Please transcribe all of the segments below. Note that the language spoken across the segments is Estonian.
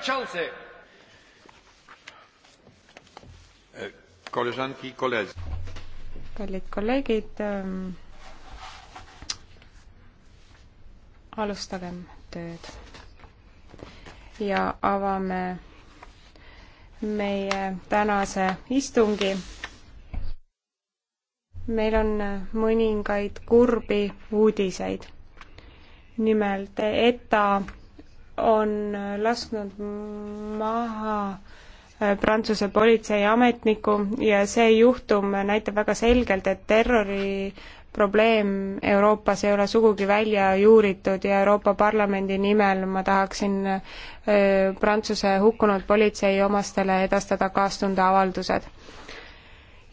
przewodniczący! koleżanki i koledzy! kallid kolleegid ehm, alustagem tööd ja avame meie tänase istungi meil on mõningaid kurbi uudiseid nimelt ETA on lasknud maha äh, Prantsuse politseiametniku ja see juhtum näitab väga selgelt, et terrori probleem Euroopas ei ole sugugi välja juuritud ja Euroopa Parlamendi nimel ma tahaksin äh, Prantsuse hukkunud politsei omastele edastada kaastundeavaldused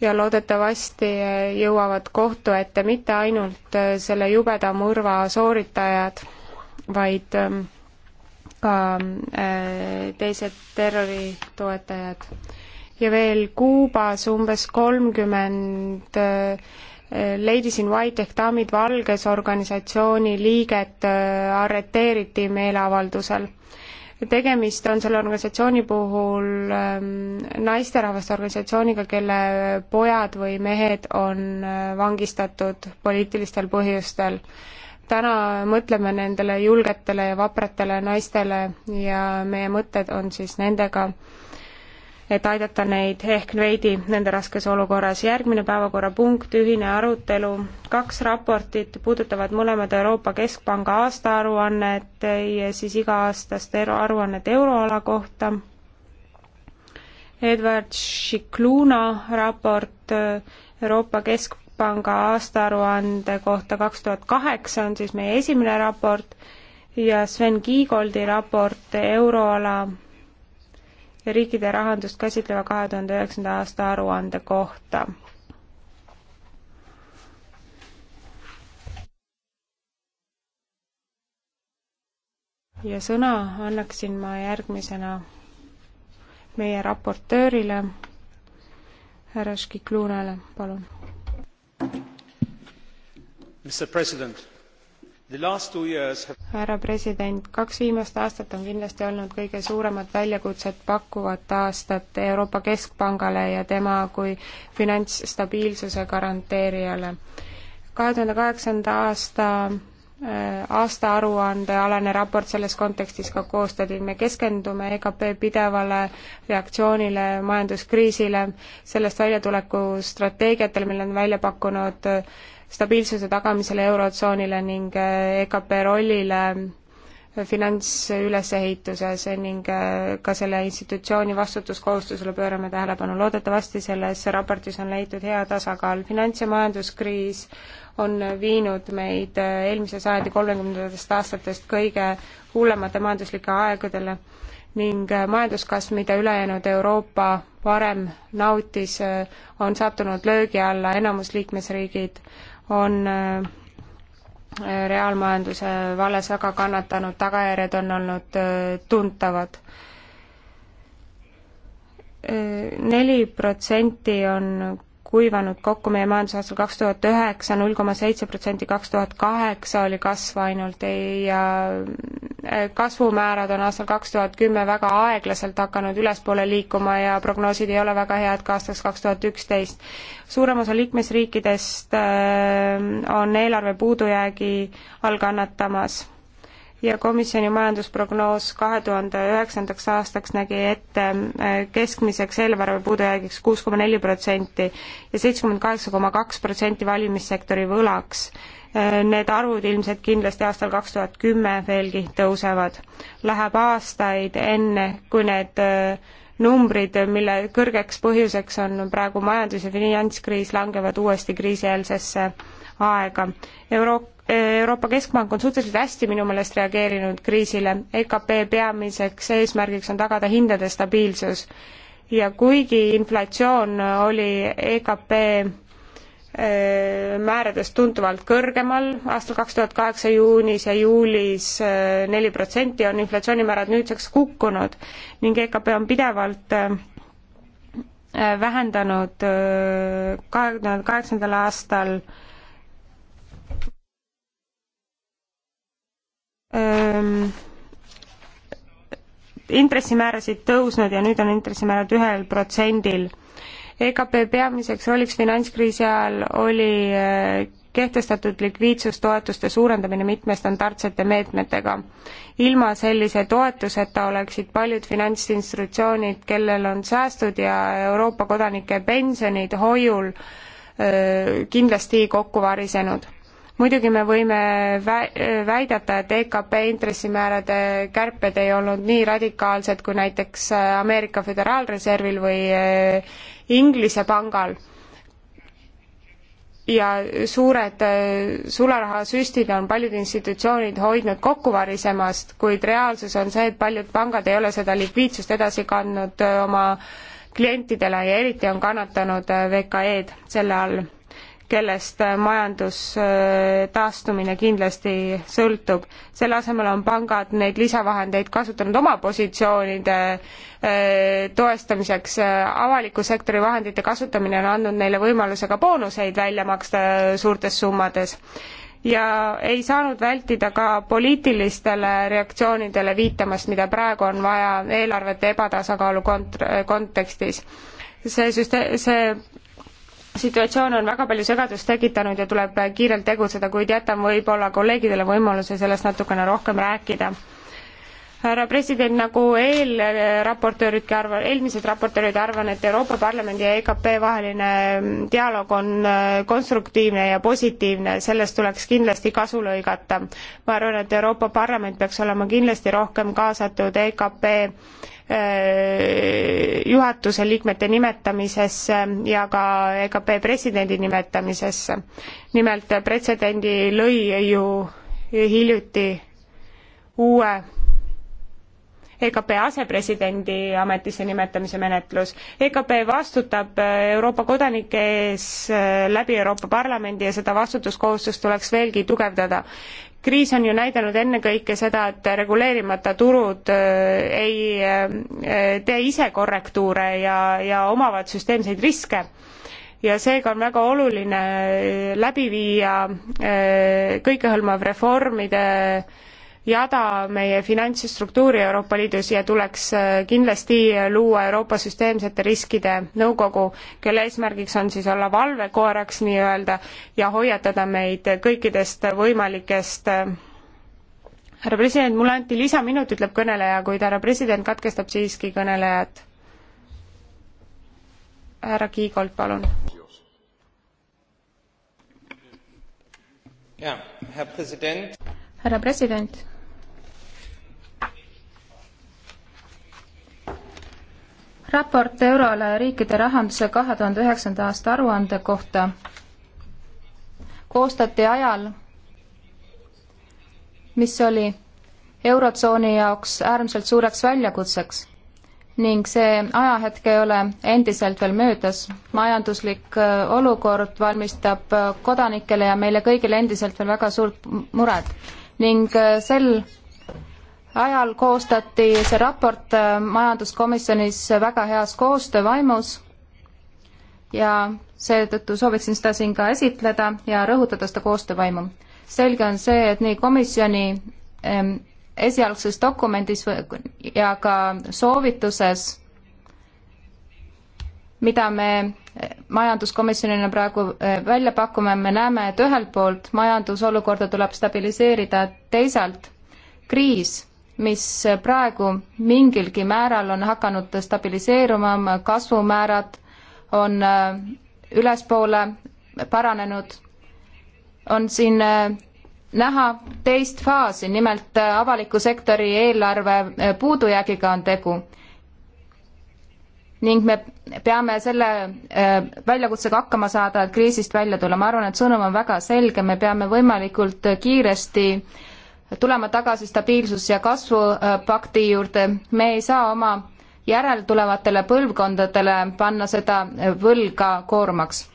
ja loodetavasti äh, jõuavad kohtu ette mitte ainult selle jubeda mõrva sooritajad, vaid ähm, ka äh, teised terroritoetajad. ja veel Kuubas umbes kolmkümmend äh, Ladies in White ehk daamid valges organisatsiooni liiget äh, arreteeriti meeleavaldusel. tegemist on selle organisatsiooni puhul ähm, naisterahvaste organisatsiooniga, kelle pojad või mehed on vangistatud poliitilistel põhjustel täna mõtleme nendele julgetele ja vapratele naistele ja meie mõtted on siis nendega, et aidata neid ehk veidi nende raskes olukorras. järgmine päevakorrapunkt, ühine arutelu, kaks raportit puudutavad mõlemad Euroopa Keskpanga aastaaruannet ja siis iga-aastast aruannet euroala kohta. Edward Shikluna raport Euroopa Kesk-, Panga aastaaruande kohta kaks tuhat kaheksa on siis meie esimene raport ja Sven Kiigoldi raport euroala ja riikide rahandust käsitleva kahe tuhande üheksanda aasta aruande kohta. ja sõna annaksin ma järgmisena meie raportöörile, härra Škiklunale, palun härra president, kaks viimast aastat on kindlasti olnud kõige suuremad väljakutsed pakkuvat aastat Euroopa Keskpangale ja tema kui finantsstabiilsuse garanteerijale. kahe tuhande kaheksanda aasta aastaaruande alane raport selles kontekstis ka koostati, me keskendume EKP pidevale reaktsioonile majanduskriisile, sellest väljatuleku strateegiatele, mille on välja pakkunud stabiilsuse tagamisele Eurotsoonile ning äh, EKP rollile äh, finantsülesehituses ning äh, ka selle institutsiooni vastutuskohustusele pöörame tähelepanu. loodetavasti selles raportis on leitud hea tasakaal. finants- ja majanduskriis on viinud meid äh, eelmise sajandi kolmekümnendatest aastatest kõige hullemate majanduslike aegadele ning äh, majanduskasv, mida ülejäänud Euroopa varem nautis, äh, on sattunud löögi alla, enamus liikmesriigid on reaalmajanduse valles väga kannatanud, tagajärjed on olnud tuntavad. neli protsenti on kuivanud kokku meie majandus aastal kaks tuhat üheksa, null koma seitse protsenti, kaks tuhat kaheksa oli kasv ainult ja äh, kasvumäärad on aastal kaks tuhat kümme väga aeglaselt hakanud ülespoole liikuma ja prognoosid ei ole väga head ka aastaks kaks tuhat üksteist. suurem osa liikmesriikidest äh, on eelarve puudujäägi all kannatamas ja komisjoni majandusprognoos kahe tuhande üheksandaks aastaks nägi ette äh, keskmiseks eelarve puudujäägiks kuus koma neli protsenti ja seitsekümmend kaheksa koma kaks protsenti valimissektori võlaks. Äh, need arvud ilmselt kindlasti aastal kaks tuhat kümme veelgi tõusevad. Läheb aastaid, enne kui need äh, numbrid, mille kõrgeks põhjuseks on praegu majandus- ja finantskriis, langevad uuesti kriisieelsesse aega. Euro-, Euroopa Keskpank on suhteliselt hästi minu meelest reageerinud kriisile. EKP peamiseks eesmärgiks on tagada hindade stabiilsus ja kuigi inflatsioon oli EKP äh, määradest tuntuvalt kõrgemal, aastal kaks tuhat kaheksa juunis ja juulis äh, neli protsenti on inflatsioonimäärad nüüdseks kukkunud ning EKP on pidevalt äh, vähendanud kahe tuhande kaheksandal aastal intressimäärasid tõusnud ja nüüd on intressimäärad ühel protsendil. EKP peamiseks rolliks finantskriisi ajal oli kehtestatud likviidsustoetuste suurendamine mitme standardsete meetmetega. ilma sellise toetuseta oleksid paljud finantsinstitutsioonid, kellel on säästud ja Euroopa kodanike pensionid hoiul kindlasti kokku varisenud muidugi me võime väidata, et EKP intressimäärade kärped ei olnud nii radikaalsed kui näiteks äh, Ameerika Föderaalreservil või äh, Inglise pangal. ja suured äh, sularahasüstid on paljud institutsioonid hoidnud kokku varisemast, kuid reaalsus on see, et paljud pangad ei ole seda likviidsust edasi kandnud oma klientidele ja eriti on kannatanud VKE-d selle all kellest majandustaastumine äh, kindlasti sõltub. selle asemel on pangad neid lisavahendeid kasutanud oma positsioonide äh, toestamiseks, avaliku sektori vahendite kasutamine on andnud neile võimaluse ka boonuseid välja maksta suurtes summades ja ei saanud vältida ka poliitilistele reaktsioonidele viitamast, mida praegu on vaja eelarvete ebatasakaalu kont-, kontekstis see süste-, see situatsioon on väga palju segadust tekitanud ja tuleb kiirelt tegutseda, kuid jätan võib-olla kolleegidele võimaluse sellest natukene rohkem rääkida. härra president, nagu eelraportööridki arva-, eelmised raportöörid arvan, et Euroopa Parlamendi ja EKP vaheline dialoog on äh, konstruktiivne ja positiivne, sellest tuleks kindlasti kasu lõigata. ma arvan, et Euroopa Parlament peaks olema kindlasti rohkem kaasatud EKP Äh, juhatuse liikmete nimetamisesse ja ka EKP presidendi nimetamisesse. nimelt pretsedendi lõi ju hiljuti uue EKP asepresidendi ametisse nimetamise menetlus. EKP vastutab äh, Euroopa kodanike ees äh, läbi Euroopa Parlamendi ja seda vastutuskohustust tuleks veelgi tugevdada kriis on ju näidanud ennekõike seda, et reguleerimata turud äh, ei äh, tee ise korrektuure ja, ja omavad süsteemseid riske ja seega on väga oluline läbi viia äh, kõikehõlmav reformide jada meie finantsstruktuuri Euroopa Liidus ja tuleks äh, kindlasti luua Euroopa süsteemsete riskide nõukogu, kelle eesmärgiks on siis olla valvekoeraks nii-öelda ja hoiatada meid kõikidest võimalikest äh, härra president, mulle anti lisaminut, ütleb kõneleja, kuid härra president katkestab siiski kõnelejat. härra Kiigolt, palun. härra president raport euroala riikide rahanduse kahe tuhande üheksanda aasta aruande kohta koostati ajal, mis oli Eurotsooni jaoks äärmiselt suureks väljakutseks ning see ajahetk ei ole endiselt veel möödas. majanduslik äh, olukord valmistab äh, kodanikele ja meile kõigile endiselt veel väga suurt muret ning äh, sel ajal koostati see raport äh, majanduskomisjonis väga heas koostöövaimus ja seetõttu sooviksin seda siin ka esitleda ja rõhutada seda koostöövaimu. selge on see, et nii komisjoni ähm, esialgses dokumendis ja ka soovituses, mida me äh, majanduskomisjonina praegu äh, välja pakume, me näeme, et ühelt poolt majandusolukorda tuleb stabiliseerida, teisalt kriis mis praegu mingilgi määral on hakanud stabiliseeruma, kasvumäärad on äh, ülespoole paranenud, on siin äh, näha teist faasi, nimelt äh, avaliku sektori eelarve puudujäägiga on tegu. ning me peame selle väljakutsega hakkama saada, et kriisist välja tulla, ma arvan, et sõnum on väga selge, me peame võimalikult kiiresti äh, tulema tagasi stabiilsus- ja kasvupakti juurde, me ei saa oma järeltulevatele põlvkondadele panna seda võlga koormaks.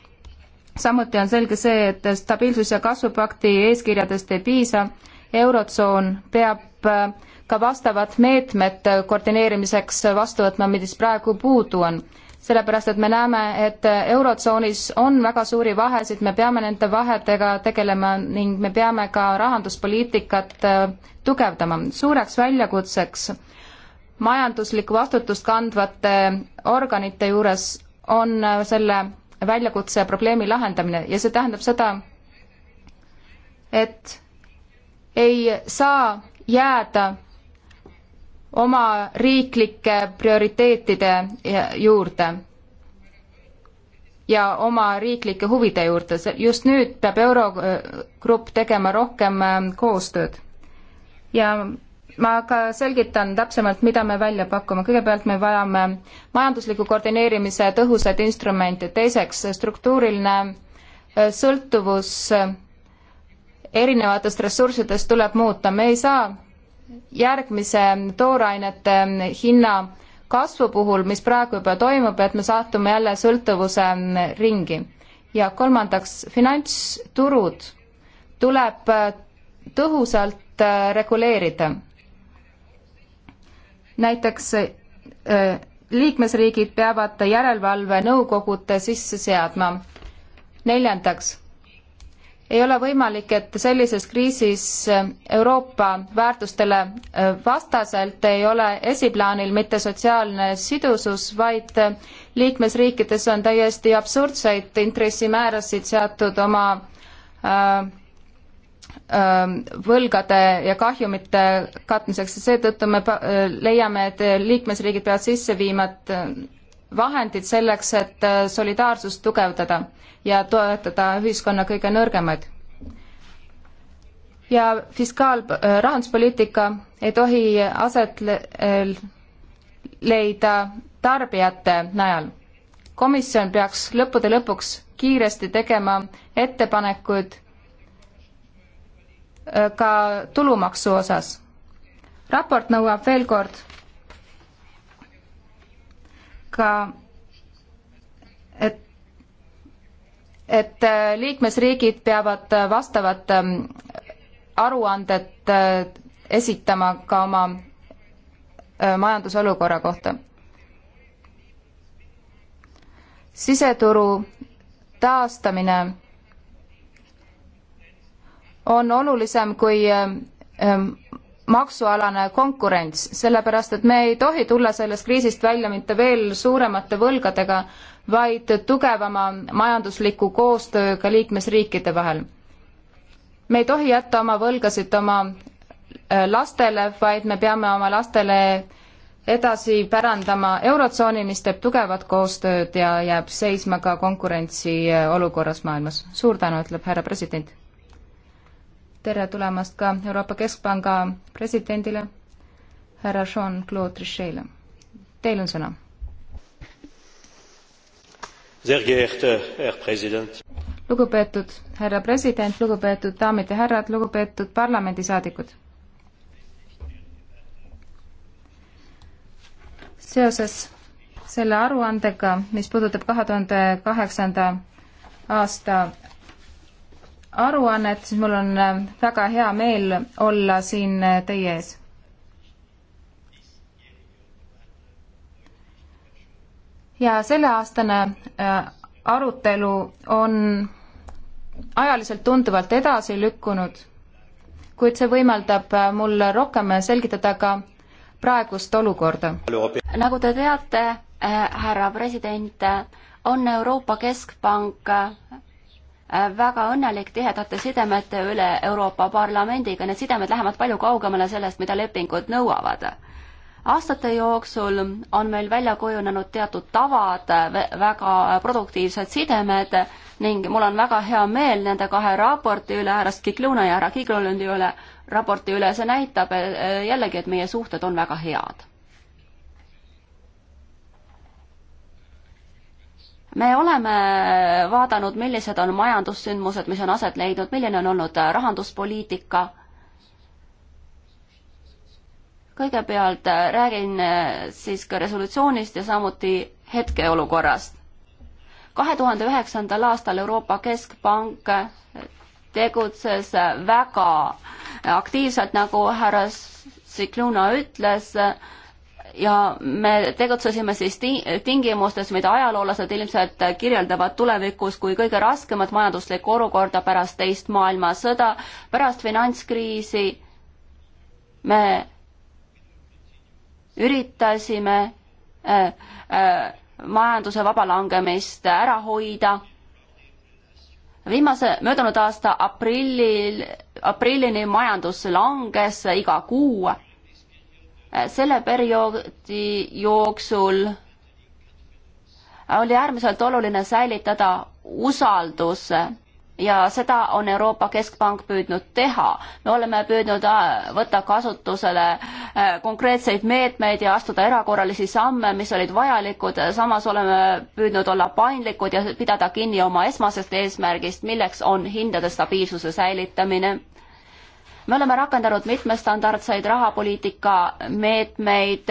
samuti on selge see, et stabiilsus- ja kasvupakti eeskirjadest ei piisa, Eurotsoon peab ka vastavad meetmed koordineerimiseks vastu võtma, mis praegu puudu on sellepärast et me näeme, et Eurotsoonis on väga suuri vahesid, me peame nende vahedega tegelema ning me peame ka rahanduspoliitikat äh, tugevdama. suureks väljakutseks majanduslikku vastutust kandvate organite juures on äh, selle väljakutse ja probleemi lahendamine ja see tähendab seda, et ei saa jääda oma riiklike prioriteetide juurde ja oma riiklike huvide juurde. just nüüd peab Eurogrupp tegema rohkem ähm, koostööd. ja ma ka selgitan täpsemalt, mida me välja pakume. kõigepealt me vajame majandusliku koordineerimise tõhusaid instrumente, teiseks struktuuriline äh, sõltuvus äh, erinevatest ressurssidest tuleb muuta. me ei saa järgmise toorainete hinna kasvu puhul, mis praegu juba toimub, et me sattume jälle sõltuvuse ringi. ja kolmandaks, finantsturud tuleb tõhusalt äh, reguleerida. näiteks äh, liikmesriigid peavad järelevalve nõukogude sisse seadma. neljandaks ei ole võimalik, et sellises kriisis Euroopa väärtustele äh, vastaselt ei ole esiplaanil mitte sotsiaalne sidusus, vaid äh, liikmesriikides on täiesti absurdseid intressimäärasid seatud oma äh, äh võlgade ja kahjumite katmiseks ja seetõttu me leiame, et liikmesriigid peavad sisse viima, et vahendid selleks, et äh, solidaarsust tugevdada ja toetada ühiskonna kõige nõrgemaid. ja fiskaal, äh, rahanduspoliitika ei tohi aset le äh, leida tarbijate najal. komisjon peaks lõppude lõpuks kiiresti tegema ettepanekuid ka tulumaksu osas. raport nõuab veel kord ka, et et liikmesriigid peavad vastavat ähm, aruandet äh, esitama ka oma äh, majandusolukorra kohta. siseturu taastamine on olulisem kui ähm, maksualane konkurents, sellepärast et me ei tohi tulla sellest kriisist välja mitte veel suuremate võlgadega, vaid tugevama majandusliku koostööga liikmesriikide vahel. me ei tohi jätta oma võlgasid oma äh, lastele, vaid me peame oma lastele edasi pärandama Eurotsooni, mis teeb tugevat koostööd ja jääb seisma ka konkurentsiolukorras äh, maailmas. suur tänu, ütleb härra president tere tulemast ka Euroopa Keskpanga presidendile, härra Jean-Claude Trichet'le. Teil on sõna. lugupeetud härra president, lugupeetud daamid ja härrad, lugupeetud parlamendisaadikud. seoses selle aruandega, mis puudutab kahe tuhande kaheksanda aasta aruannet, siis mul on äh, väga hea meel olla siin äh, teie ees. ja selleaastane äh, arutelu on ajaliselt tunduvalt edasi lükkunud, kuid see võimaldab mul rohkem selgitada ka praegust olukorda. nagu te teate, härra president, on Euroopa Keskpank Äh, väga õnnelik tihedate sidemete üle Euroopa Parlamendiga, need sidemed lähevad palju kaugemale sellest, mida lepingud nõuavad. aastate jooksul on meil välja kujunenud teatud tavad, väga produktiivsed sidemed ning mul on väga hea meel nende kahe raporti üle, härra Skikluna ja härra Kiglulundi üle, raporti üle, see näitab e-, jällegi, et meie suhted on väga head me oleme vaadanud, millised on majandussündmused, mis on aset leidnud, milline on olnud äh, rahanduspoliitika. kõigepealt äh, räägin äh, siis ka resolutsioonist ja samuti hetkeolukorrast. kahe tuhande üheksandal aastal Euroopa Keskpank tegutses väga aktiivselt, nagu härra Sikluna ütles, ja me tegutsesime siis tingimustes, mida ajaloolased ilmselt kirjeldavad tulevikus kui kõige raskemat majanduslikku olukorda pärast teist maailmasõda, pärast finantskriisi. me üritasime äh, äh, majanduse vabalangemist ära hoida. viimase, möödunud aasta aprillil, aprillini majandus langes iga kuu Äh, selle perioodi jooksul oli äärmiselt oluline säilitada usaldus ja seda on Euroopa Keskpank püüdnud teha. me oleme püüdnud äh, võtta kasutusele äh, konkreetseid meetmeid ja astuda erakorralisi samme, mis olid vajalikud, samas oleme püüdnud olla paindlikud ja pidada kinni oma esmasest eesmärgist, milleks on hindade stabiilsuse säilitamine me oleme rakendanud mitmestandardseid rahapoliitika meetmeid,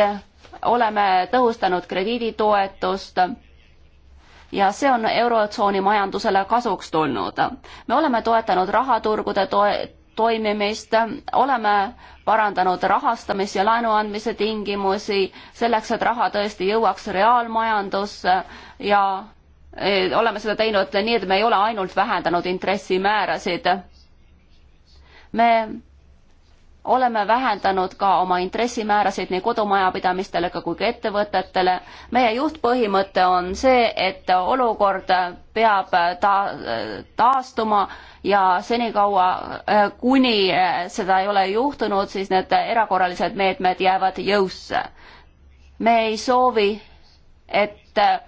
oleme tõhustanud krediiditoetust ja see on Eurotsooni majandusele kasuks tulnud. me oleme toetanud rahaturgude toe-, toimimist, oleme parandanud rahastamis- ja laenu andmise tingimusi selleks, et raha tõesti jõuaks reaalmajandusse ja e, oleme seda teinud nii, et me ei ole ainult vähendanud intressimäärasid. me oleme vähendanud ka oma intressimäärasid nii kodumajapidamistele kui ka ettevõtetele. meie juhtpõhimõte on see, et olukord peab ta-, taastuma ja senikaua, äh, kuni äh, seda ei ole juhtunud, siis need erakorralised meetmed jäävad jõusse. me ei soovi et äh,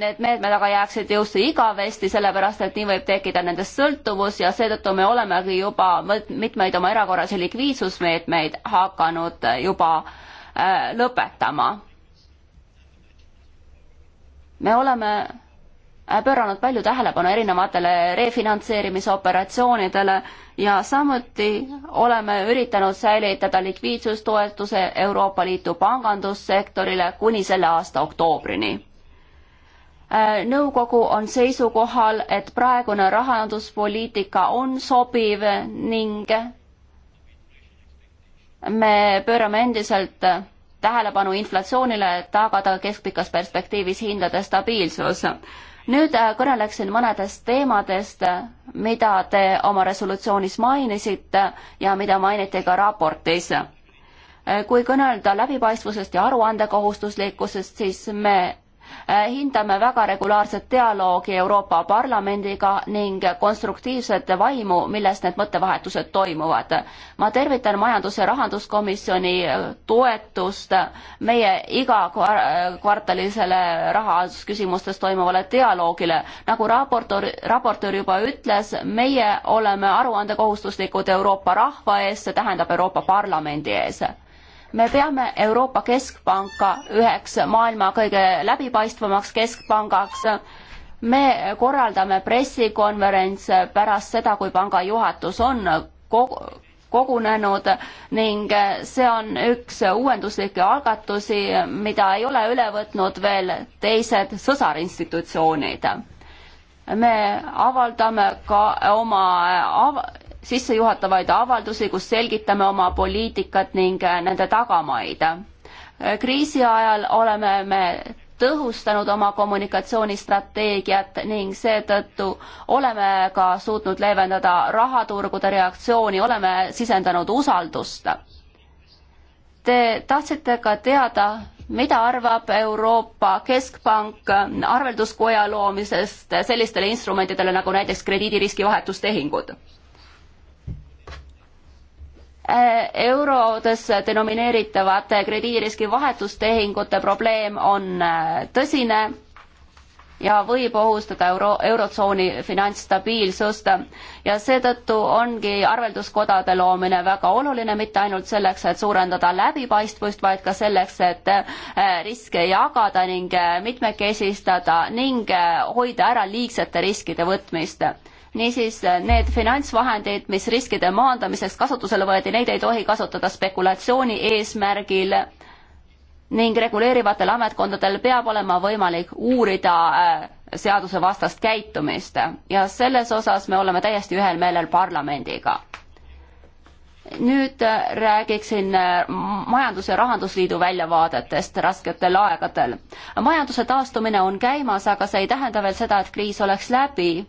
need meetmed aga jääksid jõusse igavesti, sellepärast et nii võib tekkida nendest sõltuvus ja seetõttu me olemegi juba mitmeid oma erakorralisi likviidsusmeetmeid hakanud juba äh, lõpetama. me oleme pööranud palju tähelepanu erinevatele refinantseerimisoperatsioonidele ja samuti oleme üritanud säilitada likviidsustoetuse Euroopa Liidu pangandussektorile kuni selle aasta oktoobrini äh, nõukogu on seisukohal, et praegune rahanduspoliitika on sobiv ning me pöörame endiselt tähelepanu inflatsioonile, et tagada keskpikas perspektiivis hindade stabiilsus nüüd äh, kõneleksin mõnedest teemadest, äh, mida te oma resolutsioonis mainisite ja mida mainiti ka raportis. Äh, kui kõnelda läbipaistvusest ja aruandekohustuslikkusest, siis me Eh, hindame väga regulaarset dialoogi Euroopa Parlamendiga ning konstruktiivset vaimu, milles need mõttevahetused toimuvad. ma tervitan Majandus- ja Rahanduskomisjoni eh, toetust meie igakvartalisele eh, rahandusküsimustes toimuvale dialoogile. nagu raportöör, raportöör juba ütles, meie oleme aruandekohustuslikud Euroopa rahva ees, see tähendab Euroopa Parlamendi ees me peame Euroopa Keskpanka üheks maailma kõige läbipaistvamaks keskpangaks. me korraldame pressikonverentse pärast seda, kui panga juhatus on kogu, kogunenud ning see on üks uuenduslikke algatusi, mida ei ole üle võtnud veel teised sõsarinstitutsioonid. me avaldame ka oma av-, sissejuhatavaid avaldusi, kus selgitame oma poliitikat ning äh, nende tagamaid. Äh, kriisi ajal oleme me tõhustanud oma kommunikatsioonistrateegiat ning seetõttu oleme ka suutnud leevendada rahaturgude reaktsiooni, oleme sisendanud usaldust. Te tahtsite ka teada, mida arvab Euroopa Keskpank arvelduskoja loomisest sellistele instrumentidele nagu näiteks krediidiriski vahetustehingud? Äh, eurodes denomineeritavate krediidiriski vahetustehingute probleem on äh, tõsine ja võib ohustada euro, eurotsooni finantsstabiilsust ja seetõttu ongi arvelduskodade loomine väga oluline, mitte ainult selleks, et suurendada läbipaistvust, vaid ka selleks, et äh, riske jagada ning mitmekesistada ning hoida ära liigsete riskide võtmist niisiis need finantsvahendid, mis riskide maandamiseks kasutusele võeti, neid ei tohi kasutada spekulatsiooni eesmärgil ning reguleerivatel ametkondadel peab olema võimalik uurida äh, seadusevastast käitumist ja selles osas me oleme täiesti ühel meelel parlamendiga. nüüd äh, räägiksin äh, Majandus- ja Rahandusliidu väljavaadetest rasketel aegadel. majanduse taastumine on käimas, aga see ei tähenda veel seda, et kriis oleks läbi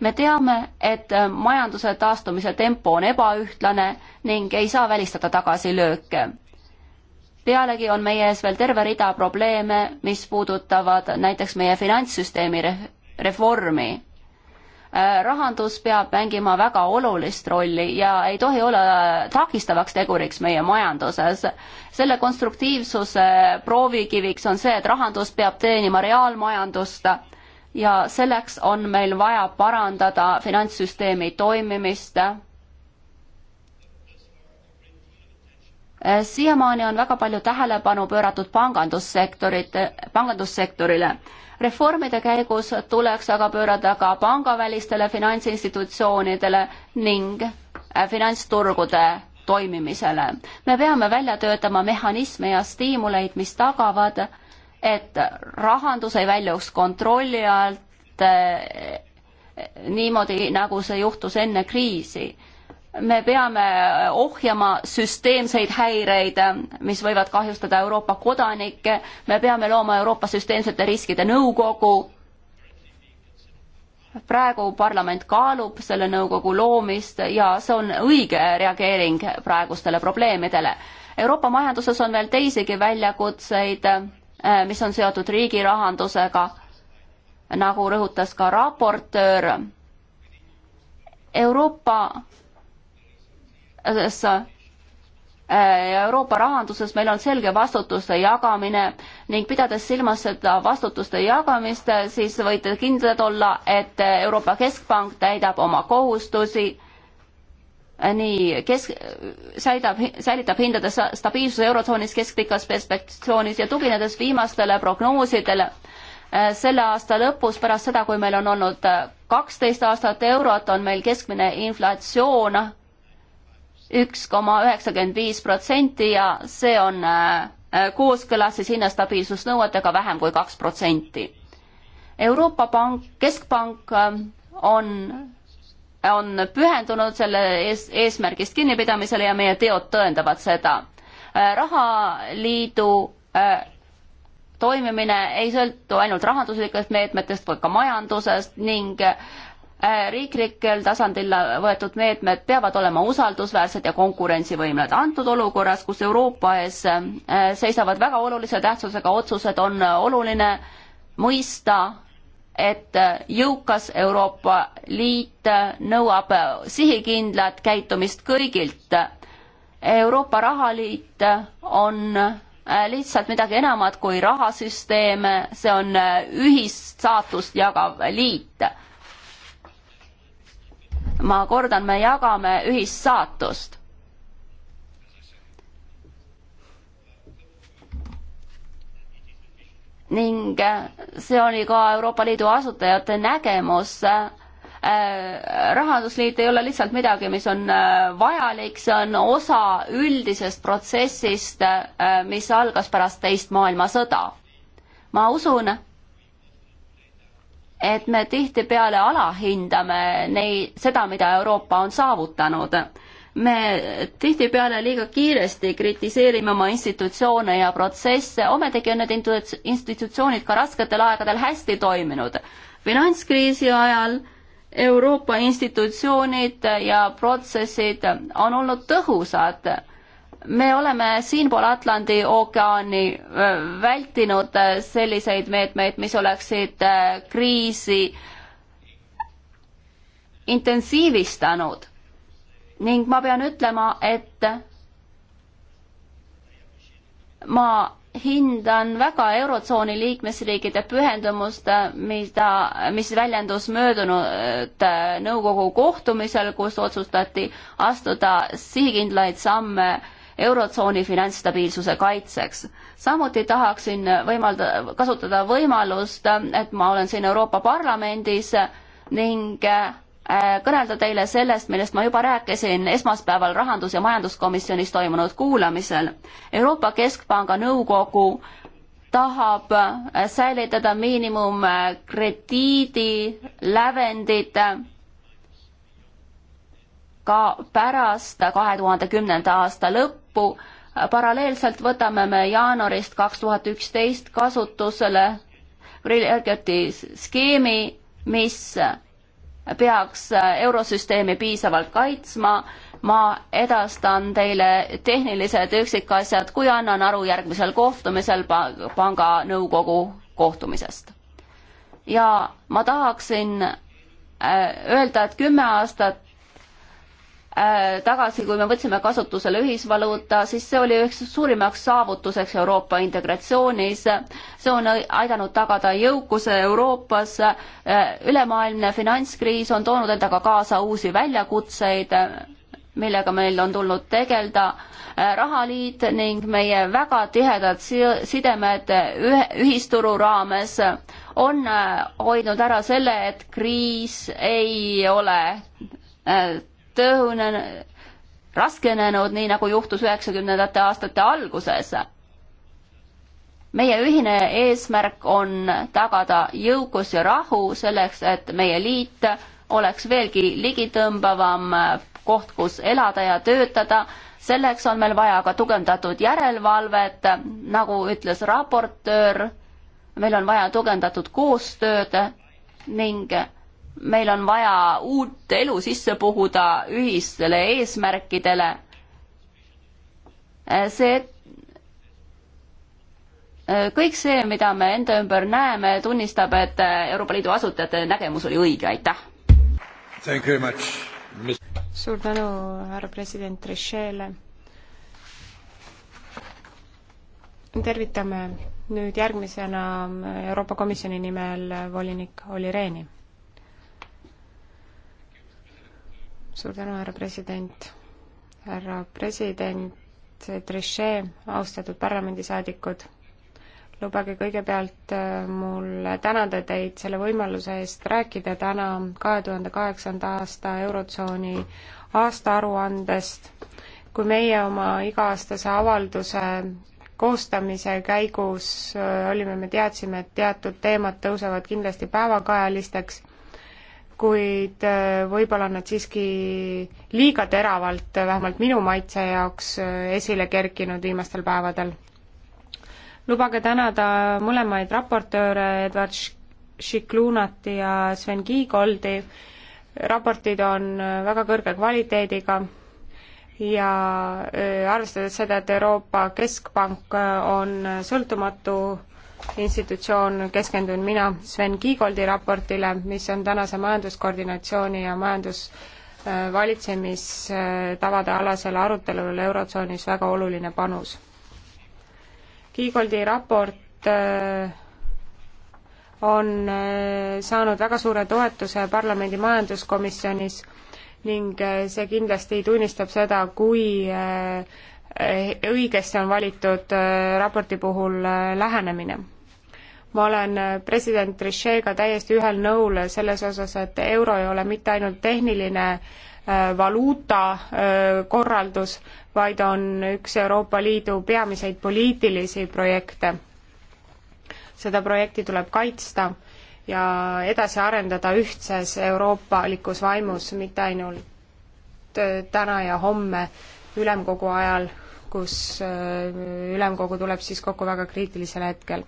me teame, et äh, majanduse taastumise tempo on ebaühtlane ning ei saa välistada tagasilööke. pealegi on meie ees veel terve rida probleeme, mis puudutavad näiteks meie finantssüsteemi reformi. Äh, rahandus peab mängima väga olulist rolli ja ei tohi olla äh, takistavaks teguriks meie majanduses. selle konstruktiivsuse proovikiviks on see, et rahandus peab teenima reaalmajandust ja selleks on meil vaja parandada finantssüsteemi toimimist. siiamaani on väga palju tähelepanu pööratud pangandussektorit, pangandussektorile. reformide käigus tuleks aga pöörada ka pangavälistele finantsinstitutsioonidele ning äh, finantsturgude toimimisele. me peame välja töötama mehhanisme ja stiimuleid, mis tagavad, et rahandus ei väljuks kontrolli alt eh, niimoodi, nagu see juhtus enne kriisi. me peame ohjama süsteemseid häireid, mis võivad kahjustada Euroopa kodanikke, me peame looma Euroopa süsteemsete riskide nõukogu, praegu parlament kaalub selle nõukogu loomist ja see on õige reageering praegustele probleemidele. Euroopa majanduses on veel teisigi väljakutseid Äh, mis on seotud riigi rahandusega, nagu rõhutas ka raportöör. Euroopa, äh, äh, Euroopa rahanduses meil on selge vastutuste jagamine ning pidades silmas seda vastutuste jagamist, siis võite kindlad olla, et Euroopa Keskpank täidab oma kohustusi nii kesk, säidab, säilitab hindade stabiilsuse Eurotsoonis keskpikas perspektsioonis ja tuginedes viimastele prognoosidele, äh, selle aasta lõpus, pärast seda, kui meil on olnud äh, kaksteist aastat eurot, on meil keskmine inflatsioon üks koma üheksakümmend viis protsenti ja see on äh, kooskõlas siis hinnastabiilsusnõuetega vähem kui kaks protsenti. Euroopa Pank, Keskpank on on pühendunud selle ees, eesmärgist kinnipidamisele ja meie teod tõendavad seda. Äh, rahaliidu äh, toimimine ei sõltu ainult rahanduslikest meetmetest, vaid ka majandusest ning äh, riiklikel tasandil võetud meetmed peavad olema usaldusväärsed ja konkurentsivõimelised. antud olukorras, kus Euroopa ees seisavad väga olulise tähtsusega otsused, on oluline mõista, et jõukas Euroopa Liit nõuab sihikindlat käitumist kõigilt. Euroopa Rahaliit on lihtsalt midagi enamat kui rahasüsteem, see on ühist saatust jagav liit. ma kordan, me jagame ühist saatust. ning äh, see oli ka Euroopa Liidu asutajate nägemus. Äh, äh, rahandusliit ei ole lihtsalt midagi, mis on vajalik, see on osa üldisest protsessist, mis algas pärast teist maailmasõda. ma usun, et me tihtipeale alahindame neid, seda, mida Euroopa on saavutanud me tihtipeale liiga kiiresti kritiseerime oma institutsioone ja protsesse, ometigi on need institutsioonid ka rasketel aegadel hästi toiminud. finantskriisi ajal Euroopa institutsioonid ja protsessid on olnud tõhusad. me oleme siinpool Atlandi ookeani vältinud selliseid meetmeid, mis oleksid kriisi intensiivistanud ning ma pean ütlema, et ma hindan väga Eurotsooni liikmesriikide pühendumust, mida, mis väljendus möödunud äh, nõukogu kohtumisel, kus otsustati astuda sihikindlaid samme Eurotsooni finantsstabiilsuse kaitseks. samuti tahaksin võimalda, kasutada võimalust, et ma olen siin Euroopa Parlamendis ning äh, Äh, kõnelda teile sellest, millest ma juba rääkisin esmaspäeval rahandus- ja majanduskomisjonis toimunud kuulamisel. Euroopa Keskpanga nõukogu tahab äh, säilitada miinimumkrediidi äh, lävendid ka pärast kahe tuhande kümnenda aasta lõppu. paralleelselt võtame me jaanuarist kaks tuhat üksteist kasutusele skeemi, mis peaks äh, eurosüsteemi piisavalt kaitsma. ma edastan teile tehnilised üksikasjad, kui annan aru järgmisel kohtumisel panga nõukogu kohtumisest. ja ma tahaksin äh, öelda, et kümme aastat Äh, tagasi, kui me võtsime kasutusele ühisvaluuta, siis see oli üheks suurimaks saavutuseks Euroopa integratsioonis. see on aidanud tagada jõukuse Euroopas. Äh, ülemaailmne finantskriis on toonud endaga kaasa uusi väljakutseid, millega meil on tulnud tegeleda. Äh, rahaliit ning meie väga tihedad sidemed ühe, ühisturu raames on hoidnud ära selle, et kriis ei ole oluliselt õhunenud, raskenenud, nii nagu juhtus üheksakümnendate aastate alguses. meie ühine eesmärk on tagada jõukus ja rahu selleks, et meie liit oleks veelgi ligitõmbavam koht, kus elada ja töötada. selleks on meil vaja ka tugevdatud järelevalvet, nagu ütles raportöör. meil on vaja tugevdatud koostööd ning meil on vaja uut elu sisse puhuda ühistele eesmärkidele. see, kõik see, mida me enda ümber näeme, tunnistab, et Euroopa Liidu asutajate nägemus oli õige, aitäh! suur tänu, härra president Trichet'le. tervitame nüüd järgmisena Euroopa Komisjoni nimel volinik Olli Rehni suur tänu, härra president. härra president Trichet, austatud parlamendisaadikud, lubage kõigepealt äh, mul tänada teid selle võimaluse eest rääkida täna kahe tuhande kaheksanda aasta Eurotsooni aastaaruandest. kui meie oma iga-aastase avalduse koostamise käigus äh, olime, me teadsime, et teatud teemad tõusevad kindlasti päevakajalisteks kuid äh, võib-olla on nad siiski liiga teravalt, äh, vähemalt minu maitse jaoks, äh, esile kerkinud viimastel päevadel. lubage tänada mõlemaid raportööre, Edward Šiklunat ja Sven Kiigoldi, raportid on väga kõrge kvaliteediga ja arvestades seda, et Euroopa Keskpank on sõltumatu institutsioon keskendun mina Sven Kiigoldi raportile, mis on tänase majanduskoordinatsiooni ja majandusvalitsemistavade äh, alasele arutelule Eurotsoonis väga oluline panus. Kiigoldi raport äh, on äh, saanud väga suure toetuse parlamendi majanduskomisjonis ning see kindlasti tunnistab seda, kui Eh, õigesti on valitud eh, raporti puhul eh, lähenemine. ma olen president Trichet'ga täiesti ühel nõul selles osas, et euro ei ole mitte ainult tehniline valuuta korraldus, vaid on üks Euroopa Liidu peamiseid poliitilisi projekte. seda projekti tuleb kaitsta ja edasi arendada ühtses euroopalikus vaimus, mitte ainult täna ja homme, ülemkogu ajal, kus äh, ülemkogu tuleb siis kokku väga kriitilisel hetkel.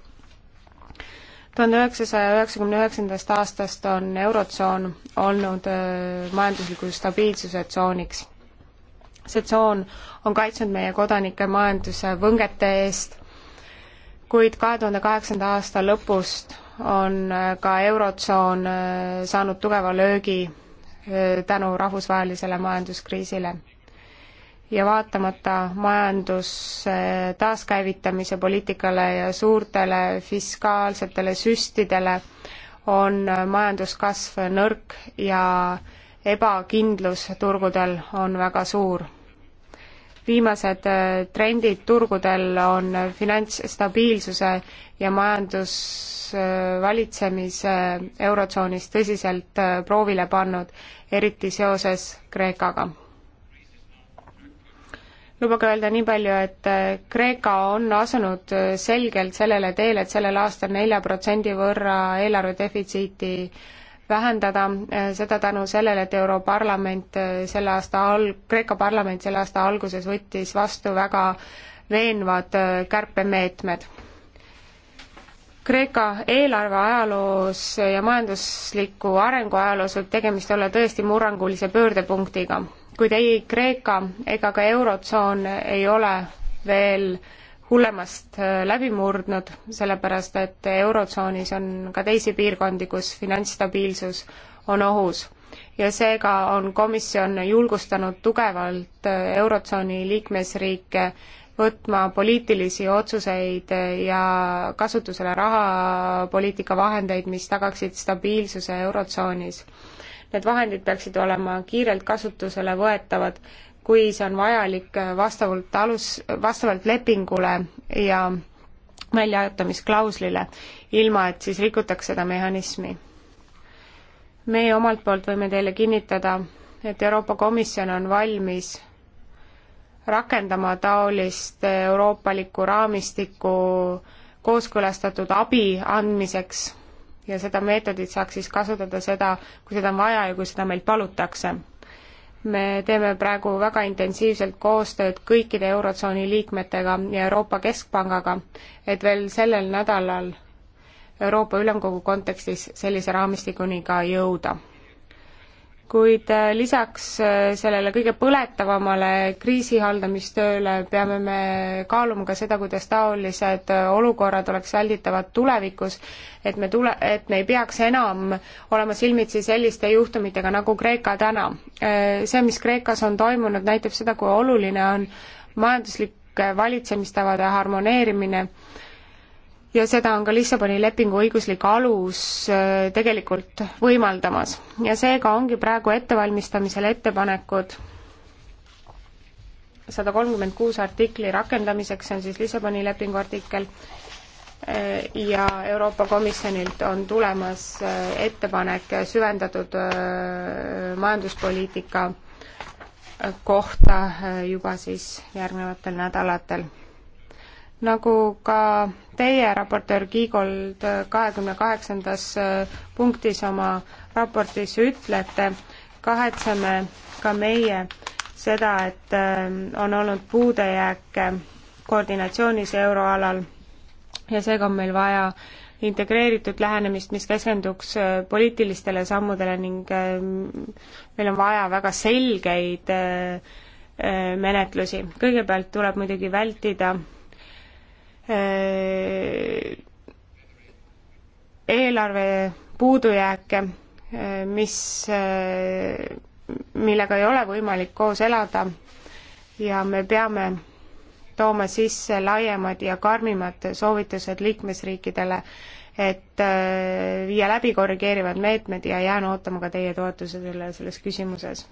tuhande üheksasaja üheksakümne üheksandast aastast on Eurotsoon olnud äh, majandusliku stabiilsuse tsooniks. see tsoon on kaitsnud meie kodanike majanduse võngete eest, kuid kahe tuhande kaheksanda aasta lõpust on äh, ka Eurotsoon saanud tugeva löögi tänu rahvusvahelisele majanduskriisile ja vaatamata majanduse taaskäivitamise poliitikale ja suurtele fiskaalsetele süstidele on majanduskasv nõrk ja ebakindlus turgudel on väga suur. viimased äh, trendid turgudel on finantsstabiilsuse ja majandusvalitsemise äh, Eurotsoonis tõsiselt äh, proovile pannud, eriti seoses Kreekaga lubage öelda nii palju, et äh, Kreeka on asunud äh, selgelt sellele teele, et sellel aastal nelja protsendi võrra eelarve defitsiiti vähendada, äh, seda tänu sellele, et Europarlament selle aasta al-, Kreeka parlament selle aasta alguses võttis vastu väga veenvad kärpemeetmed. Kreeka eelarve ajaloos ja majandusliku arengu ajaloos võib tegemist olla tõesti murrangulise pöördepunktiga kuid ei Kreeka ega ka Eurotsoon ei ole veel hullemast äh, läbi murdnud, sellepärast et Eurotsoonis on ka teisi piirkondi, kus finantsstabiilsus on ohus. ja seega on komisjon julgustanud tugevalt äh, Eurotsooni liikmesriike võtma poliitilisi otsuseid äh, ja kasutusele rahapoliitika vahendeid, mis tagaksid stabiilsuse Eurotsoonis Need vahendid peaksid olema kiirelt kasutusele võetavad, kui see on vajalik vastavalt alus, vastavalt lepingule ja väljaajutamisklauslile, ilma et siis rikutaks seda mehhanismi. meie omalt poolt võime teile kinnitada, et Euroopa Komisjon on valmis rakendama taolist euroopalikku raamistikku kooskõlastatud abi andmiseks ja seda meetodit saaks siis kasutada seda, kui seda on vaja ja kui seda meilt palutakse. me teeme praegu väga intensiivselt koostööd kõikide Eurotsooni liikmetega ja Euroopa Keskpangaga, et veel sellel nädalal Euroopa Ülemkogu kontekstis sellise raamistikuni ka jõuda kuid äh, lisaks äh, sellele kõige põletavamale kriisi haldamistööle peame me kaaluma ka seda, kuidas taolised äh, olukorrad oleks välditavad tulevikus, et me tule, et me ei peaks enam olema silmitsi selliste juhtumitega nagu Kreeka täna. see, mis Kreekas on toimunud, näitab seda, kui oluline on majanduslike valitsemistavade harmoneerimine ja seda on ka Lissaboni lepingu õiguslik alus äh, tegelikult võimaldamas. ja seega ongi praegu ettevalmistamisel ettepanekud sada kolmkümmend kuus artikli rakendamiseks, see on siis Lissaboni lepingu artikkel, äh, ja Euroopa Komisjonilt on tulemas äh, ettepanek süvendatud majanduspoliitika kohta juba siis järgnevatel nädalatel nagu ka teie, raportöör Kiigold, kahekümne kaheksandas äh, punktis oma raportis ütlete, kahetseme ka meie seda, et äh, on olnud puudejääke koordinatsioonis euroalal ja seega on meil vaja integreeritud lähenemist, mis keskenduks äh, poliitilistele sammudele ning meil on vaja väga selgeid menetlusi. kõigepealt tuleb muidugi vältida Äh, eelarve puudujääke, äh, mis, äh, millega ei ole võimalik koos elada ja me peame tooma sisse laiemad ja karmimad soovitused liikmesriikidele, et viia läbi korrigeerivad meetmed ja jään ootama ka teie toetuse selle, selles küsimuses.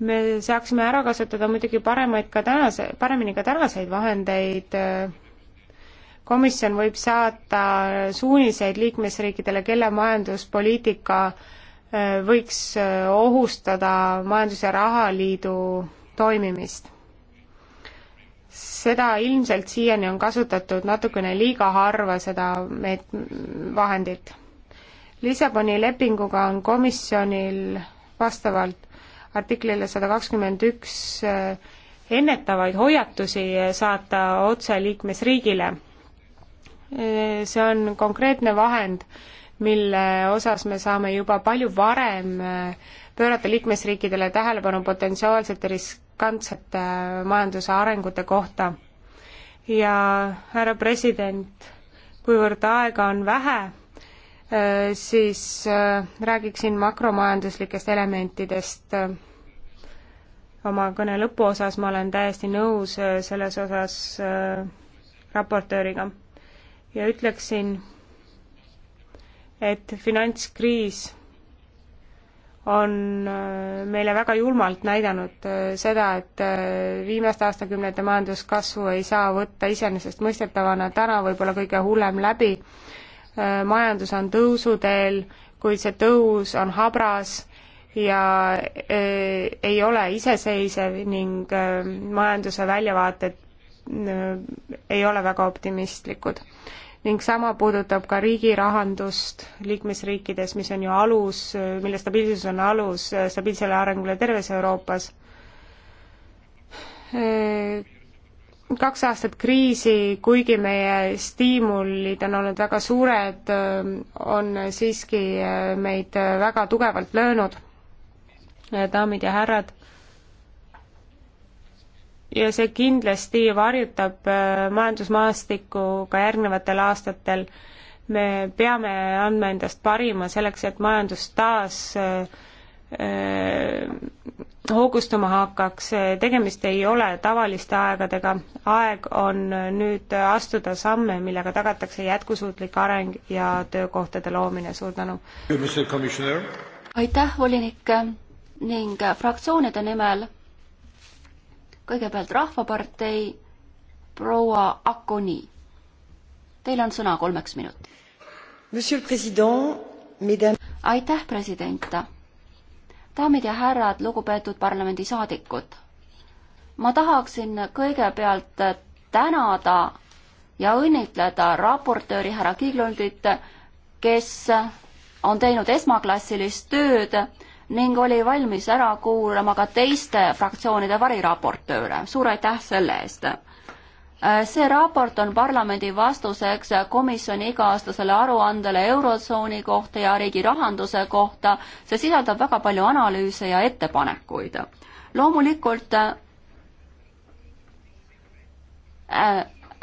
me saaksime ära kasutada muidugi paremaid ka tänase, paremini ka tänaseid vahendeid äh, komisjon võib saata suuniseid liikmesriikidele, kelle majanduspoliitika äh, võiks äh, ohustada Majandus- ja Rahaliidu toimimist. seda ilmselt siiani on kasutatud natukene liiga harva, seda meet-, vahendit. Lissaboni lepinguga on komisjonil vastavalt artiklile sada kakskümmend üks äh, ennetavaid hoiatusi saata otse liikmesriigile see on konkreetne vahend, mille osas me saame juba palju varem äh, pöörata liikmesriikidele tähelepanu potentsiaalsete riskantsete äh, majanduse arengute kohta. ja härra president, kuivõrd aega on vähe, äh, siis räägiksin makromajanduslikest elementidest. oma kõne lõpuosas ma olen täiesti nõus selles osas raportööriga ja ütleksin, et finantskriis on äh, meile väga julmalt näidanud äh, seda, et äh, viimaste aastakümnete majanduskasvu ei saa võtta iseenesestmõistetavana, täna võib-olla kõige hullem läbi, majandus on tõusuteel, kuid see tõus on habras ja ei ole iseseisev ning majanduse väljavaated ei ole väga optimistlikud ning sama puudutab ka riigi rahandust liikmesriikides, mis on ju alus, mille stabiilsus on alus stabiilsele arengule terves Euroopas. kaks aastat kriisi, kuigi meie stiimulid on olnud väga suured, on siiski meid väga tugevalt löönud, daamid ja härrad ja see kindlasti varjutab äh, majandusmaastikku ka järgnevatel aastatel. me peame andma endast parima selleks, et majandus taas äh, äh, hoogustuma hakkaks, tegemist ei ole tavaliste aegadega, aeg on nüüd astuda samme, millega tagatakse jätkusuutlik areng ja töökohtade loomine, suur tänu! aitäh, volinik ning fraktsioonide nimel kõigepealt Rahvapartei proua Akoni. Teil on sõna kolmeks minutiks. Mesdames... aitäh, president. daamid ja härrad, lugupeetud parlamendisaadikud. ma tahaksin kõigepealt tänada ja õnnitleda raportööri härra Kiglundit, kes on teinud esmaklassilist tööd ning oli valmis ära kuulama ka teiste fraktsioonide variraportööre. suur aitäh selle eest! Äh, see raport on parlamendi vastuseks komisjoni iga-aastasele aruandele Eurotsooni kohta ja riigi rahanduse kohta. see sisaldab väga palju analüüse ja ettepanekuid. loomulikult äh,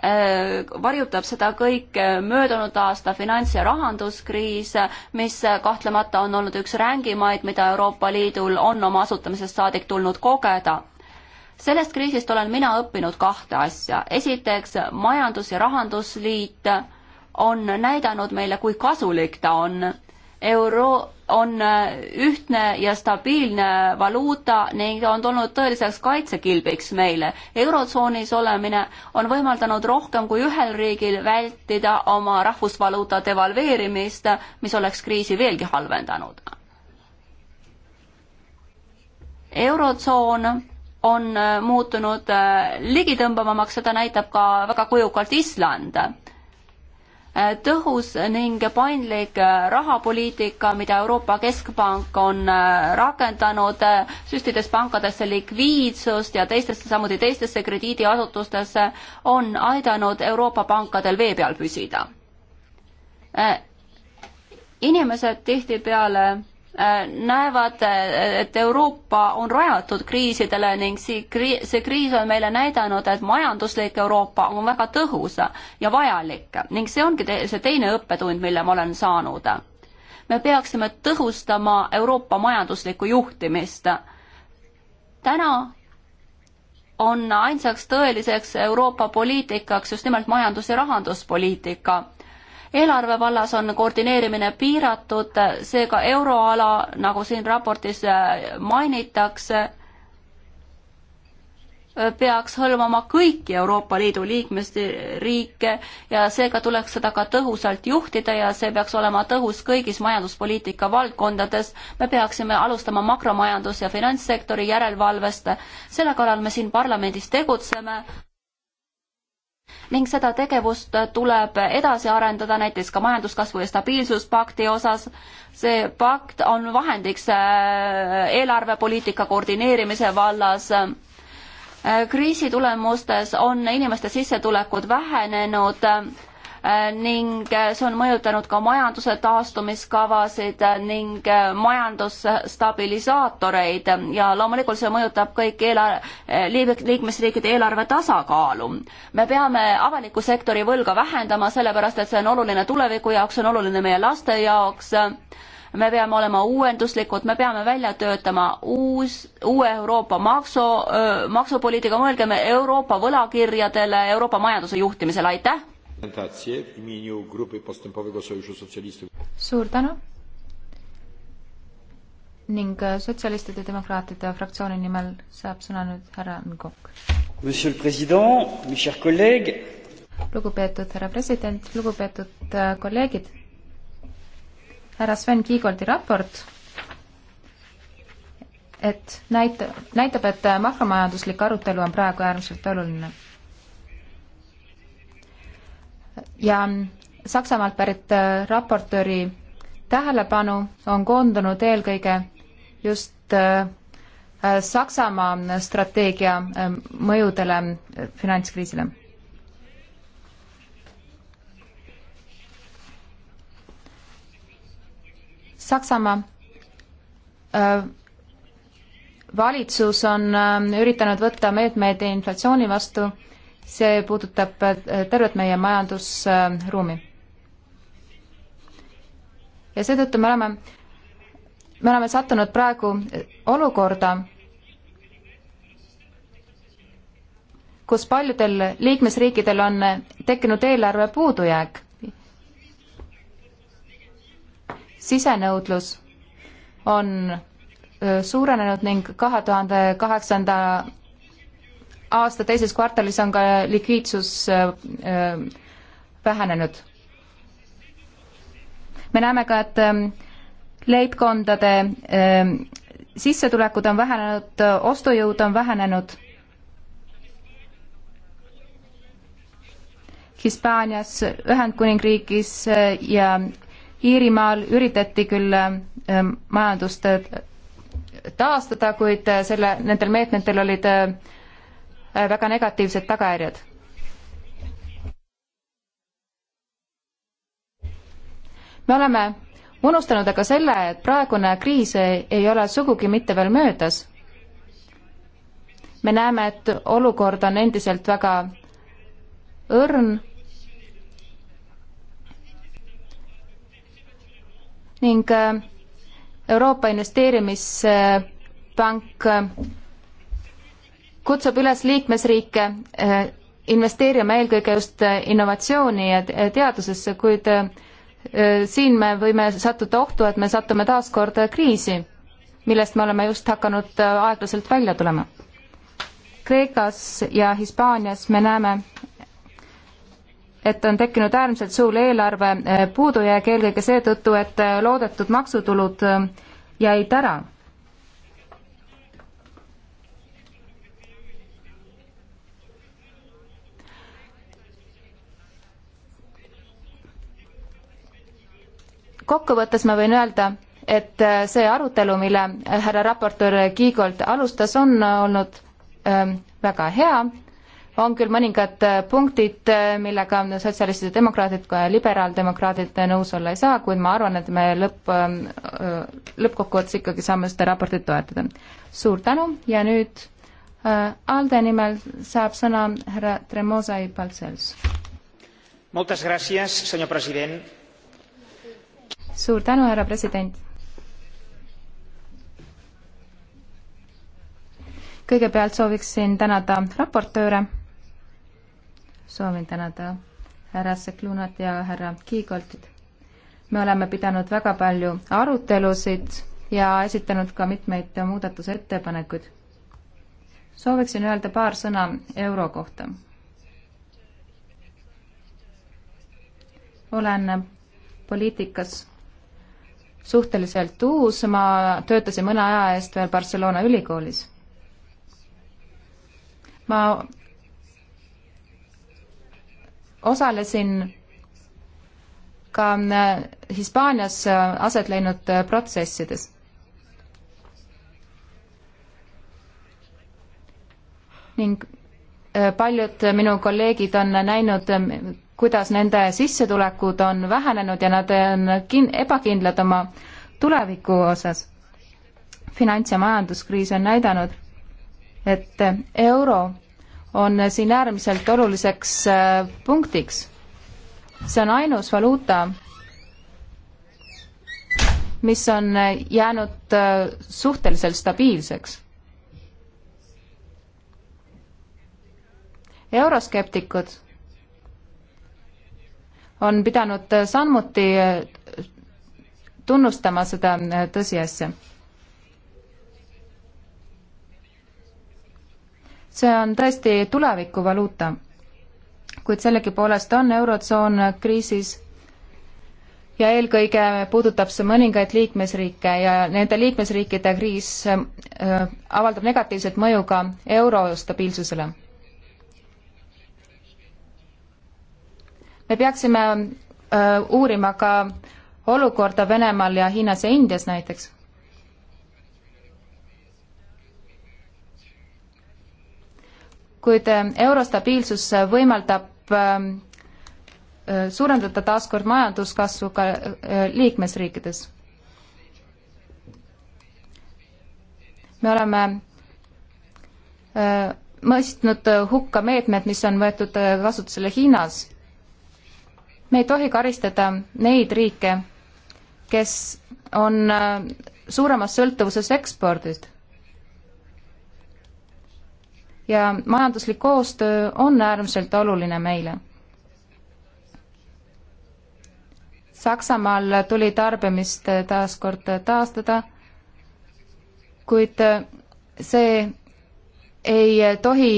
Äh, varjutab seda kõike äh, möödunud aasta finants- ja rahanduskriis, mis kahtlemata on olnud üks rängimaid, mida Euroopa Liidul on oma asutamisest saadik tulnud kogeda sellest kriisist olen mina õppinud kahte asja. esiteks, Majandus- ja Rahandusliit on näidanud meile, kui kasulik ta on euro on äh, ühtne ja stabiilne valuuta ning on tulnud tõeliseks kaitsekilbiks meile. eurotsoonis olemine on võimaldanud rohkem kui ühel riigil vältida oma rahvusvaluuta devalveerimist, mis oleks kriisi veelgi halvendanud. eurotsoon on äh, muutunud äh, ligitõmbavamaks, seda näitab ka väga kujukalt Island Äh, tõhus ning paindlik äh, rahapoliitika, mida Euroopa Keskpank on äh, rakendanud, süstides pankadesse likviidsust ja teistesse, samuti teistesse krediidiasutustesse, on aidanud Euroopa pankadel vee peal püsida. inimesed tihtipeale Äh, näevad, äh, et Euroopa on rajatud kriisidele ning see kriis on meile näidanud, et majanduslik Euroopa on väga tõhus ja vajalik ning see ongi te see teine õppetund, mille ma olen saanud. me peaksime tõhustama Euroopa majanduslikku juhtimist. täna on ainsaks tõeliseks Euroopa poliitikaks just nimelt majandus- ja rahanduspoliitika eelarve vallas on koordineerimine piiratud, seega euroala, nagu siin raportis äh, mainitakse, äh, peaks hõlmama kõiki Euroopa Liidu liikmesriike ja seega tuleks seda ka tõhusalt juhtida ja see peaks olema tõhus kõigis majanduspoliitika valdkondades. me peaksime alustama makromajandus- ja finantssektori järelevalvest, selle kallal me siin parlamendis tegutseme ning seda tegevust tuleb edasi arendada näiteks ka majanduskasvu ja stabiilsuspakti osas. see pakt on vahendiks äh, eelarvepoliitika koordineerimise vallas. Äh, kriisi tulemustes on inimeste sissetulekud vähenenud Äh, ning äh, see on mõjutanud ka majanduse taastumiskavasid ning äh, majandusstabilisaatoreid ja loomulikult see mõjutab kõik eelar-, liikmesriikide eelarve tasakaalu. me peame avaliku sektori võlga vähendama, sellepärast et see on oluline tuleviku jaoks, see on oluline meie laste jaoks me peame olema uuenduslikud, me peame välja töötama uus, uue Euroopa maksu, maksupoliitika, mõelgem Euroopa võlakirjadele, Euroopa majanduse juhtimisele, aitäh! suur tänu ning äh, sotsialistide ja demokraatide fraktsiooni nimel saab sõna nüüd härra Ngok. lugupeetud härra president, lugupeetud äh, kolleegid, härra Sven Kiigoldi raport, et näita, näitab, et äh, makromajanduslik arutelu on praegu äärmiselt oluline ja Saksamaalt pärit äh, raportööri tähelepanu on koondunud eelkõige just äh, äh, Saksamaa strateegia mõjudele finantskriisile. Saksamaa valitsus on üritanud võtta meetmeid inflatsiooni vastu see puudutab äh, tervet meie majandusruumi. ja seetõttu me oleme, me oleme sattunud praegu olukorda, kus paljudel liikmesriikidel on tekkinud eelarve puudujääk, sisenõudlus on äh, suurenenud ning kahe tuhande kaheksanda aasta teises kvartalis on ka likviidsus äh, äh, vähenenud. me näeme ka, et ähm, leibkondade ähm, sissetulekud on vähenenud, ostujõud on vähenenud. Hispaanias, Ühendkuningriigis äh, ja Iirimaal üritati küll majandust taastada, kuid selle, nendel meetmetel olid äh, Äh, väga negatiivsed tagajärjed. me oleme unustanud aga selle, et praegune kriis ei ole sugugi mitte veel möödas. me näeme, et olukord on endiselt väga õrn ning äh, Euroopa Investeerimispank kutsub üles liikmesriike eh, investeerima eelkõige just eh, innovatsiooni ja teadusesse, kuid eh, siin me võime sattuda ohtu, et me satume taas kord kriisi, millest me oleme just hakanud aeglaselt välja tulema. Kreekas ja Hispaanias me näeme, et on tekkinud äärmiselt suur eelarve puudujääk eelkõige seetõttu, et loodetud maksutulud jäid ära kokkuvõttes ma võin öelda, et äh, see arutelu, mille härra raportöör Kiigolt alustas, on olnud ähm, väga hea, on küll mõningad äh, punktid, äh, millega sotsialistid ja demokraadid, liberaaldemokraadid nõus olla ei saa, kuid ma arvan, et me lõpp, ähm, lõppkokkuvõttes ikkagi saame seda raportit toetada. suur tänu ja nüüd ALDE nimel saab sõna härra Tremosai Paltsels. Muchas gracias, senor president suur tänu, härra president. kõigepealt sooviksin tänada raportööre, soovin tänada härra Seklunat ja härra Kiigoltit. me oleme pidanud väga palju arutelusid ja esitanud ka mitmeid muudatusettepanekuid. sooviksin öelda paar sõna euro kohta. olen poliitikas suhteliselt uus, ma töötasin mõne aja eest veel Barcelona ülikoolis. ma osalesin ka äh, Hispaanias äh, aset leidnud äh, protsessides. ning paljud minu kolleegid on näinud, kuidas nende sissetulekud on vähenenud ja nad on kin-, ebakindlad oma tuleviku osas. finants- ja majanduskriis on näidanud, et euro on siin äärmiselt oluliseks äh, punktiks. see on ainus valuuta, mis on jäänud äh, suhteliselt stabiilseks. euroskeptikud on pidanud samuti tunnustama seda tõsiasja. see on tõesti tulevikuvaluuta, kuid sellegipoolest on Eurotsoon kriisis ja eelkõige puudutab see mõningaid liikmesriike ja nende liikmesriikide kriis äh, avaldab negatiivset mõju ka euro stabiilsusele me peaksime uurima ka olukorda Venemaal ja Hiinas ja Indias näiteks. kuid eurostabiilsus võimaldab suurendada taaskord majanduskasvu ka liikmesriikides. me oleme mõistnud hukka meetmed, mis on võetud kasutusele Hiinas me ei tohi karistada neid riike, kes on äh, suuremas sõltuvuses ekspordist. ja majanduslik koostöö on äärmiselt oluline meile. Saksamaal tuli tarbimist äh, taas kord äh, taastada, kuid see ei tohi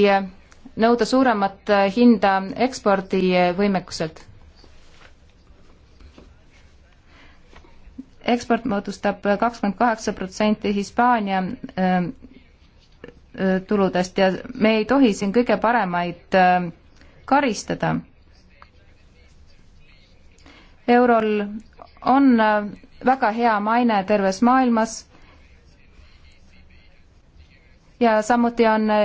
nõuda suuremat hinda ekspordivõimekuselt eksport moodustab kakskümmend kaheksa protsenti Hispaania äh, äh, tuludest ja me ei tohi siin kõige paremaid äh, karistada. eurol on väga hea maine terves maailmas ja samuti on äh,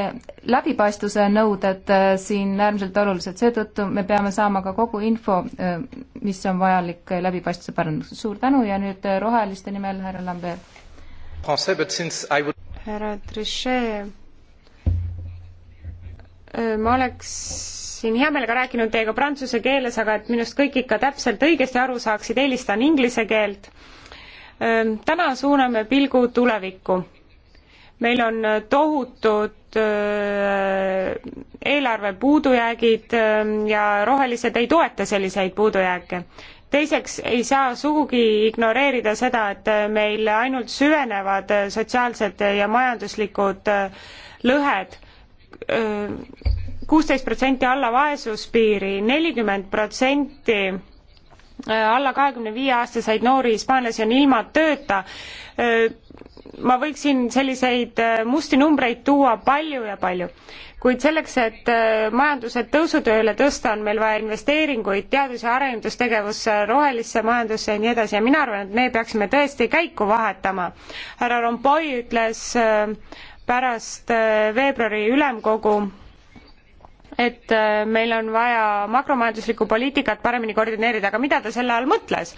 läbipaistvuse nõuded äh, siin äärmiselt olulised, seetõttu me peame saama ka kogu info, äh, mis on vajalik läbipaistvuse parandamiseks. suur tänu ja nüüd Roheliste nimel härra Lambert. härra Trichet, ma oleksin hea meelega rääkinud teiega prantsuse keeles, aga et minust kõik ikka täpselt õigesti aru saaksid, eelistan inglise keelt. täna suuname pilgu tulevikku meil on äh, tohutud äh, eelarve puudujäägid ähm, ja rohelised ei toeta selliseid puudujääke. teiseks ei saa sugugi ignoreerida seda, et äh, meil ainult süvenevad sotsiaalsed ja majanduslikud lõhed kuusteist protsenti alla vaesuspiiri, nelikümmend protsenti alla kahekümne viie aastaseid noori hispaanlasi on ilma tööta ma võiksin selliseid äh, musti numbreid tuua palju ja palju, kuid selleks, et äh, majandused tõusutööle tõsta, on meil vaja investeeringuid teadus- ja arendustegevusse, rohelisse majandusse ja nii edasi ja mina arvan, et me peaksime tõesti käiku vahetama. härra Rompuy ütles äh, pärast veebruari ülemkogu et äh, meil on vaja makromajanduslikku poliitikat paremini koordineerida, aga mida ta selle all mõtles?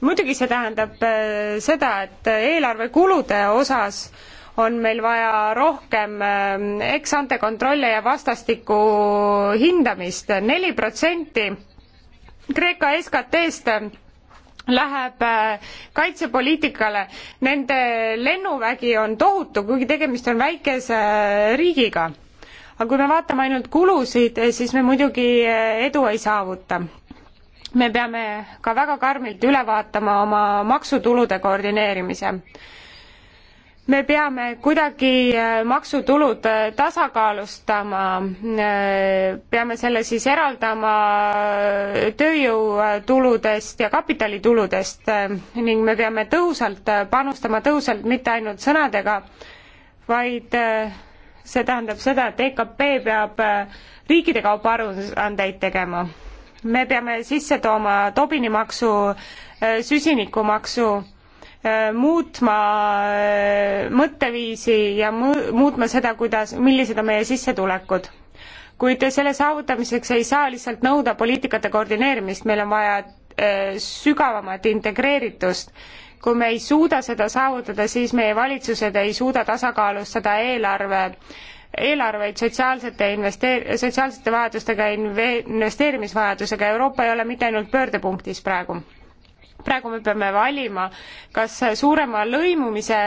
muidugi see tähendab äh, seda, et äh, eelarve kulude osas on meil vaja rohkem eksante kontrolle ja vastastikku hindamist, neli protsenti Kreeka SKT-st läheb kaitsepoliitikale, nende lennuvägi on tohutu, kuigi tegemist on väikese riigiga aga kui me vaatame ainult kulusid, eh, siis me muidugi eh, edu ei saavuta me peame ka väga karmilt üle vaatama oma maksutulude koordineerimise. me peame kuidagi eh, maksutulud tasakaalustama, peame selle siis eraldama tööjõutuludest ja kapitalituludest ning me peame tõhusalt panustama, tõhusalt mitte ainult sõnadega, vaid see tähendab seda, et EKP peab äh, riikide kaupa aruandeid tegema. me peame sisse tooma Tobini maksu, äh, süsinikumaksu, äh, muutma mõtteviisi ja mu-, muutma seda, kuidas, millised on meie sissetulekud kuid selle saavutamiseks ei saa lihtsalt nõuda poliitikate koordineerimist, meil on vaja sügavamat integreeritust kui me ei suuda seda saavutada, siis meie valitsused ei suuda tasakaalustada eelarve eelarveid sotsiaalsete investeer-, sotsiaalsete vajadustega inve-, investeerimisvajadusega, Euroopa ei ole mitte ainult pöördepunktis praegu. praegu me peame valima, kas suurema lõimumise,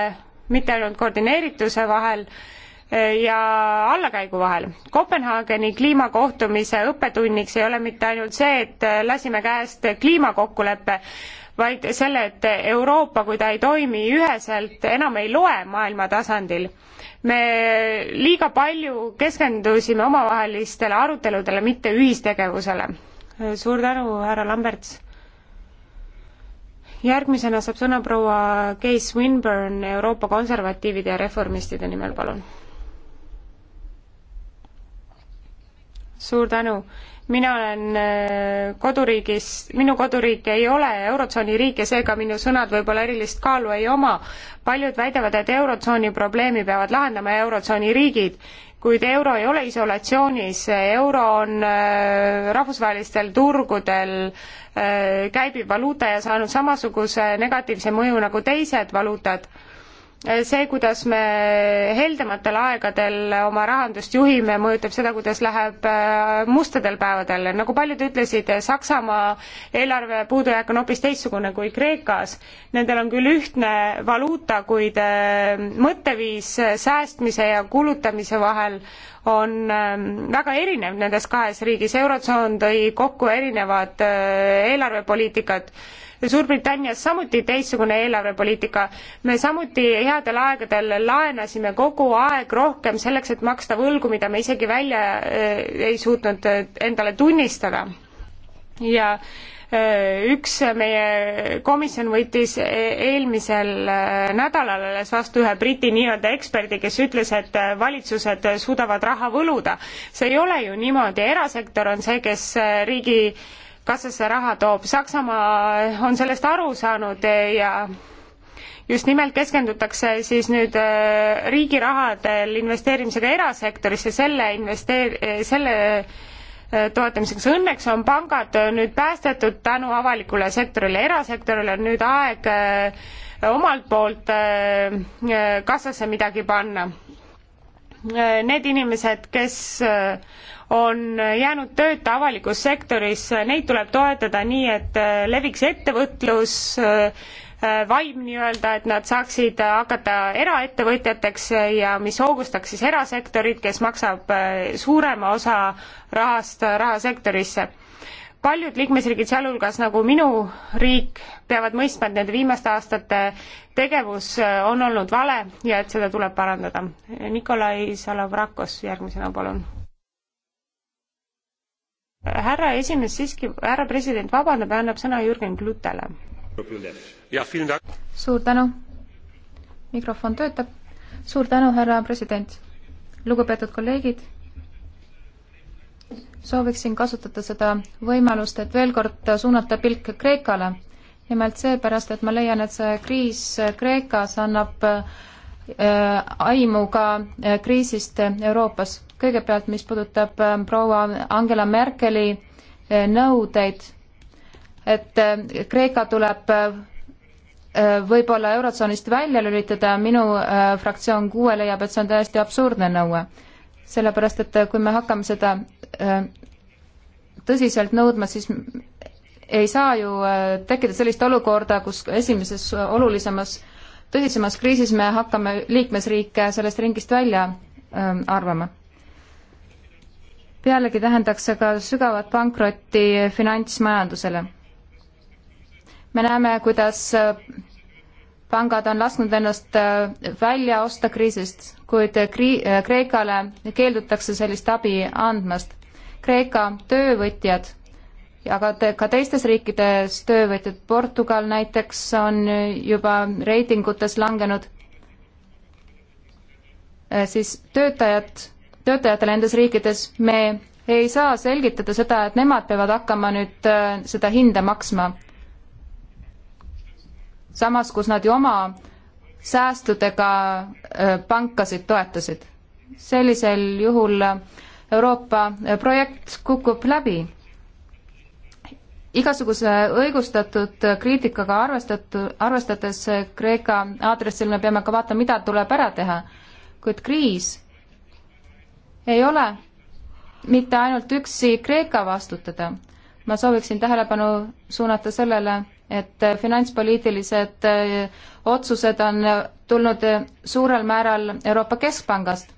mitte ainult koordineerituse vahel, eh, ja allakäigu vahel. Kopenhaageni kliimakohtumise õppetunniks ei ole mitte ainult see, et eh, lasime käest kliimakokkuleppe, vaid selle, et Euroopa, kui ta ei toimi üheselt, enam ei loe maailma tasandil. me liiga palju keskendusime omavahelistele aruteludele, mitte ühistegevusele. suur tänu, härra Lamberts! järgmisena saab sõna proua Kay Swinburne Euroopa konservatiivide ja reformistide nimel, palun. suur tänu mina olen äh, koduriigis, minu koduriik ei ole Eurotsooni riik ja seega minu sõnad võib-olla erilist kaalu ei oma. paljud väidavad, et Eurotsooni probleemi peavad lahendama Eurotsooni riigid, kuid euro ei ole isolatsioonis, euro on äh, rahvusvahelistel turgudel äh, käibiv valuuta ja saanud samasuguse negatiivse mõju nagu teised valuutad see, kuidas me heldematel aegadel oma rahandust juhime, mõjutab seda, kuidas läheb äh, mustadel päevadel. nagu paljud ütlesid, Saksamaa eelarve puudujääk on hoopis teistsugune kui Kreekas. Nendel on küll ühtne valuuta, kuid äh, mõtteviis äh, säästmise ja kulutamise vahel on ähm, väga erinev nendes kahes riigis. eurotsoon tõi kokku erinevad eelarvepoliitikad Suurbritannias samuti teistsugune eelarvepoliitika. me samuti headel aegadel laenasime kogu aeg rohkem selleks, et maksta võlgu, mida me isegi välja äh, ei suutnud äh, endale tunnistada. ja äh, üks meie komisjon võttis e-, eelmisel nädalal alles vastu ühe Briti nii-öelda eksperdi, kes ütles, et valitsused suudavad raha võluda. see ei ole ju niimoodi, erasektor on see, kes riigi kassasse raha toob. Saksamaa on sellest aru saanud eh, ja just nimelt keskendutakse siis nüüd eh, riigi rahadel investeerimisega erasektorisse, selle investeer-, eh, selle toetamiseks. Õnneks on pangad nüüd päästetud tänu avalikule sektorile, erasektorile on nüüd aeg omalt poolt kassasse midagi panna need inimesed, kes äh, on jäänud tööta avalikus sektoris, äh, neid tuleb toetada nii, et äh, leviks ettevõtlus, vaim nii-öelda, et nad saaksid hakata eraettevõtjateks ja mis hoogustaks siis erasektorit, kes maksab suurema osa rahast rahasektorisse paljud liikmesriigid, sealhulgas nagu minu riik, peavad mõistma, et nende viimaste aastate tegevus äh, on olnud vale ja et seda tuleb parandada. Nikolai Salavrakos järgmisena, palun. härra esimees siiski, härra president vabandab ja annab sõna Jürgen Klutele. suur tänu. mikrofon töötab. suur tänu, härra president. lugupeetud kolleegid sooviksin kasutada seda võimalust, et veel kord suunata pilk Kreekale. nimelt seepärast, et ma leian, et see kriis Kreekas annab äh, aimu ka äh, kriisist Euroopas. kõigepealt, mis puudutab äh, proua Angela Merkeli nõudeid, et Kreeka tuleb võib-olla Eurotsoonist välja lülitada, minu fraktsioon kuue leiab, et see on täiesti absurdne nõue sellepärast et kui me hakkame seda äh, tõsiselt nõudma, siis ei saa ju äh, tekkida sellist olukorda, kus esimeses olulisemas, tõsisemas kriisis me hakkame liikmesriike sellest ringist välja ähm, arvama. pealegi tähendaks see ka sügavat pankrotti finantsmajandusele. me näeme, kuidas äh, pangad on lasknud ennast äh, välja osta kriisist, kuid äh, kri-, äh, Kreekale keeldutakse sellist abi andmast. Kreeka töövõtjad ja ka te-, ka teistes riikides töövõtjad, Portugal näiteks on juba reitingutes langenud, siis töötajad, töötajatele nendes riikides me ei saa selgitada seda, et nemad peavad hakkama nüüd seda hinda maksma samas kus nad ju oma säästudega äh, pankasid toetasid. sellisel juhul Euroopa äh, projekt kukub läbi. igasuguse õigustatud kriitikaga arvestatu, arvestades Kreeka aadressil me peame ka vaatama, mida tuleb ära teha, kuid kriis ei ole mitte ainult üksi Kreeka vastutada. ma sooviksin tähelepanu suunata sellele, et finantspoliitilised eh, otsused on tulnud suurel määral Euroopa Keskpangast.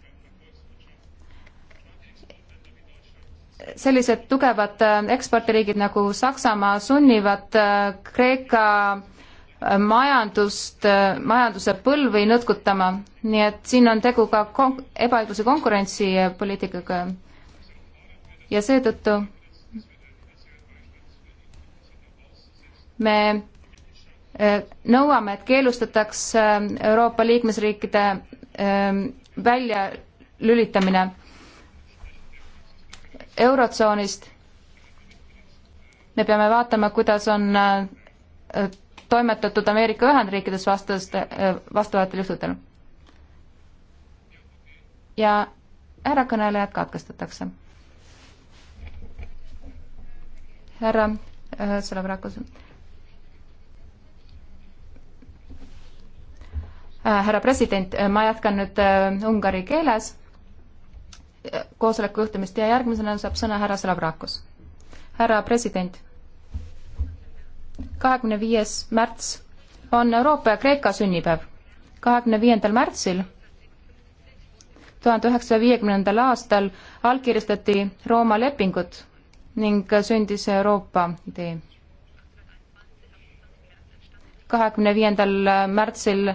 sellised tugevad eh, ekspordiriigid nagu Saksamaa sunnivad eh, Kreeka majandust, majanduse põlvi nõtkutama, nii et siin on tegu ka kon-, ebaõigluse konkurentsipoliitikaga ja seetõttu me e, nõuame, et keelustataks e, Euroopa liikmesriikide e, väljalülitamine Eurotsoonist. me peame vaatama, kuidas on toimetatud Ameerika Ühendriikides vastaste, vastavatel juhtudel. ja härra kõnelejad katkestatakse. härra Sõlavrakos äh,. Äh, härra president, äh, ma jätkan nüüd äh, ungari keeles koosoleku juhtimist ja järgmisena saab sõna härra Salavrakos. härra president, kahekümne viies märts on Euroopa ja Kreeka sünnipäev. kahekümne viiendal märtsil tuhande üheksasaja viiekümnendal aastal allkirjastati Rooma lepingut ning sündis Euroopa idee. kahekümne viiendal märtsil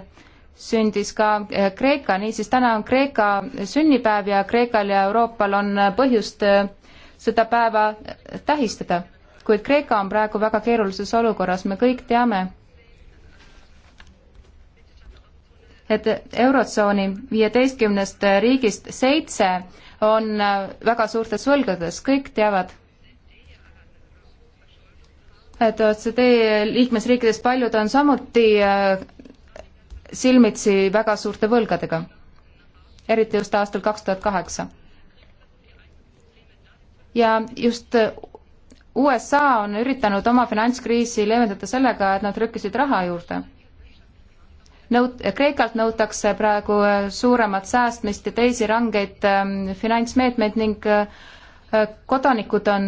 sündis ka eh, Kreeka, niisiis täna on Kreeka sünnipäev ja Kreekal ja Euroopal on eh, põhjust eh, seda päeva tähistada. kuid Kreeka on praegu väga keerulises olukorras, me kõik teame, et Eurotsooni viieteistkümnest riigist seitse on väga suurtes võlgades, kõik teavad et OECD liikmesriikidest paljud on samuti silmitsi väga suurte võlgadega, eriti just aastal kaks tuhat kaheksa. ja just USA on üritanud oma finantskriisi leevendada sellega, et nad trükkisid raha juurde. Nõut-, Kreekalt nõutakse praegu äh, suuremat säästmist ja teisi rangeid äh, finantsmeetmeid ning äh, kodanikud on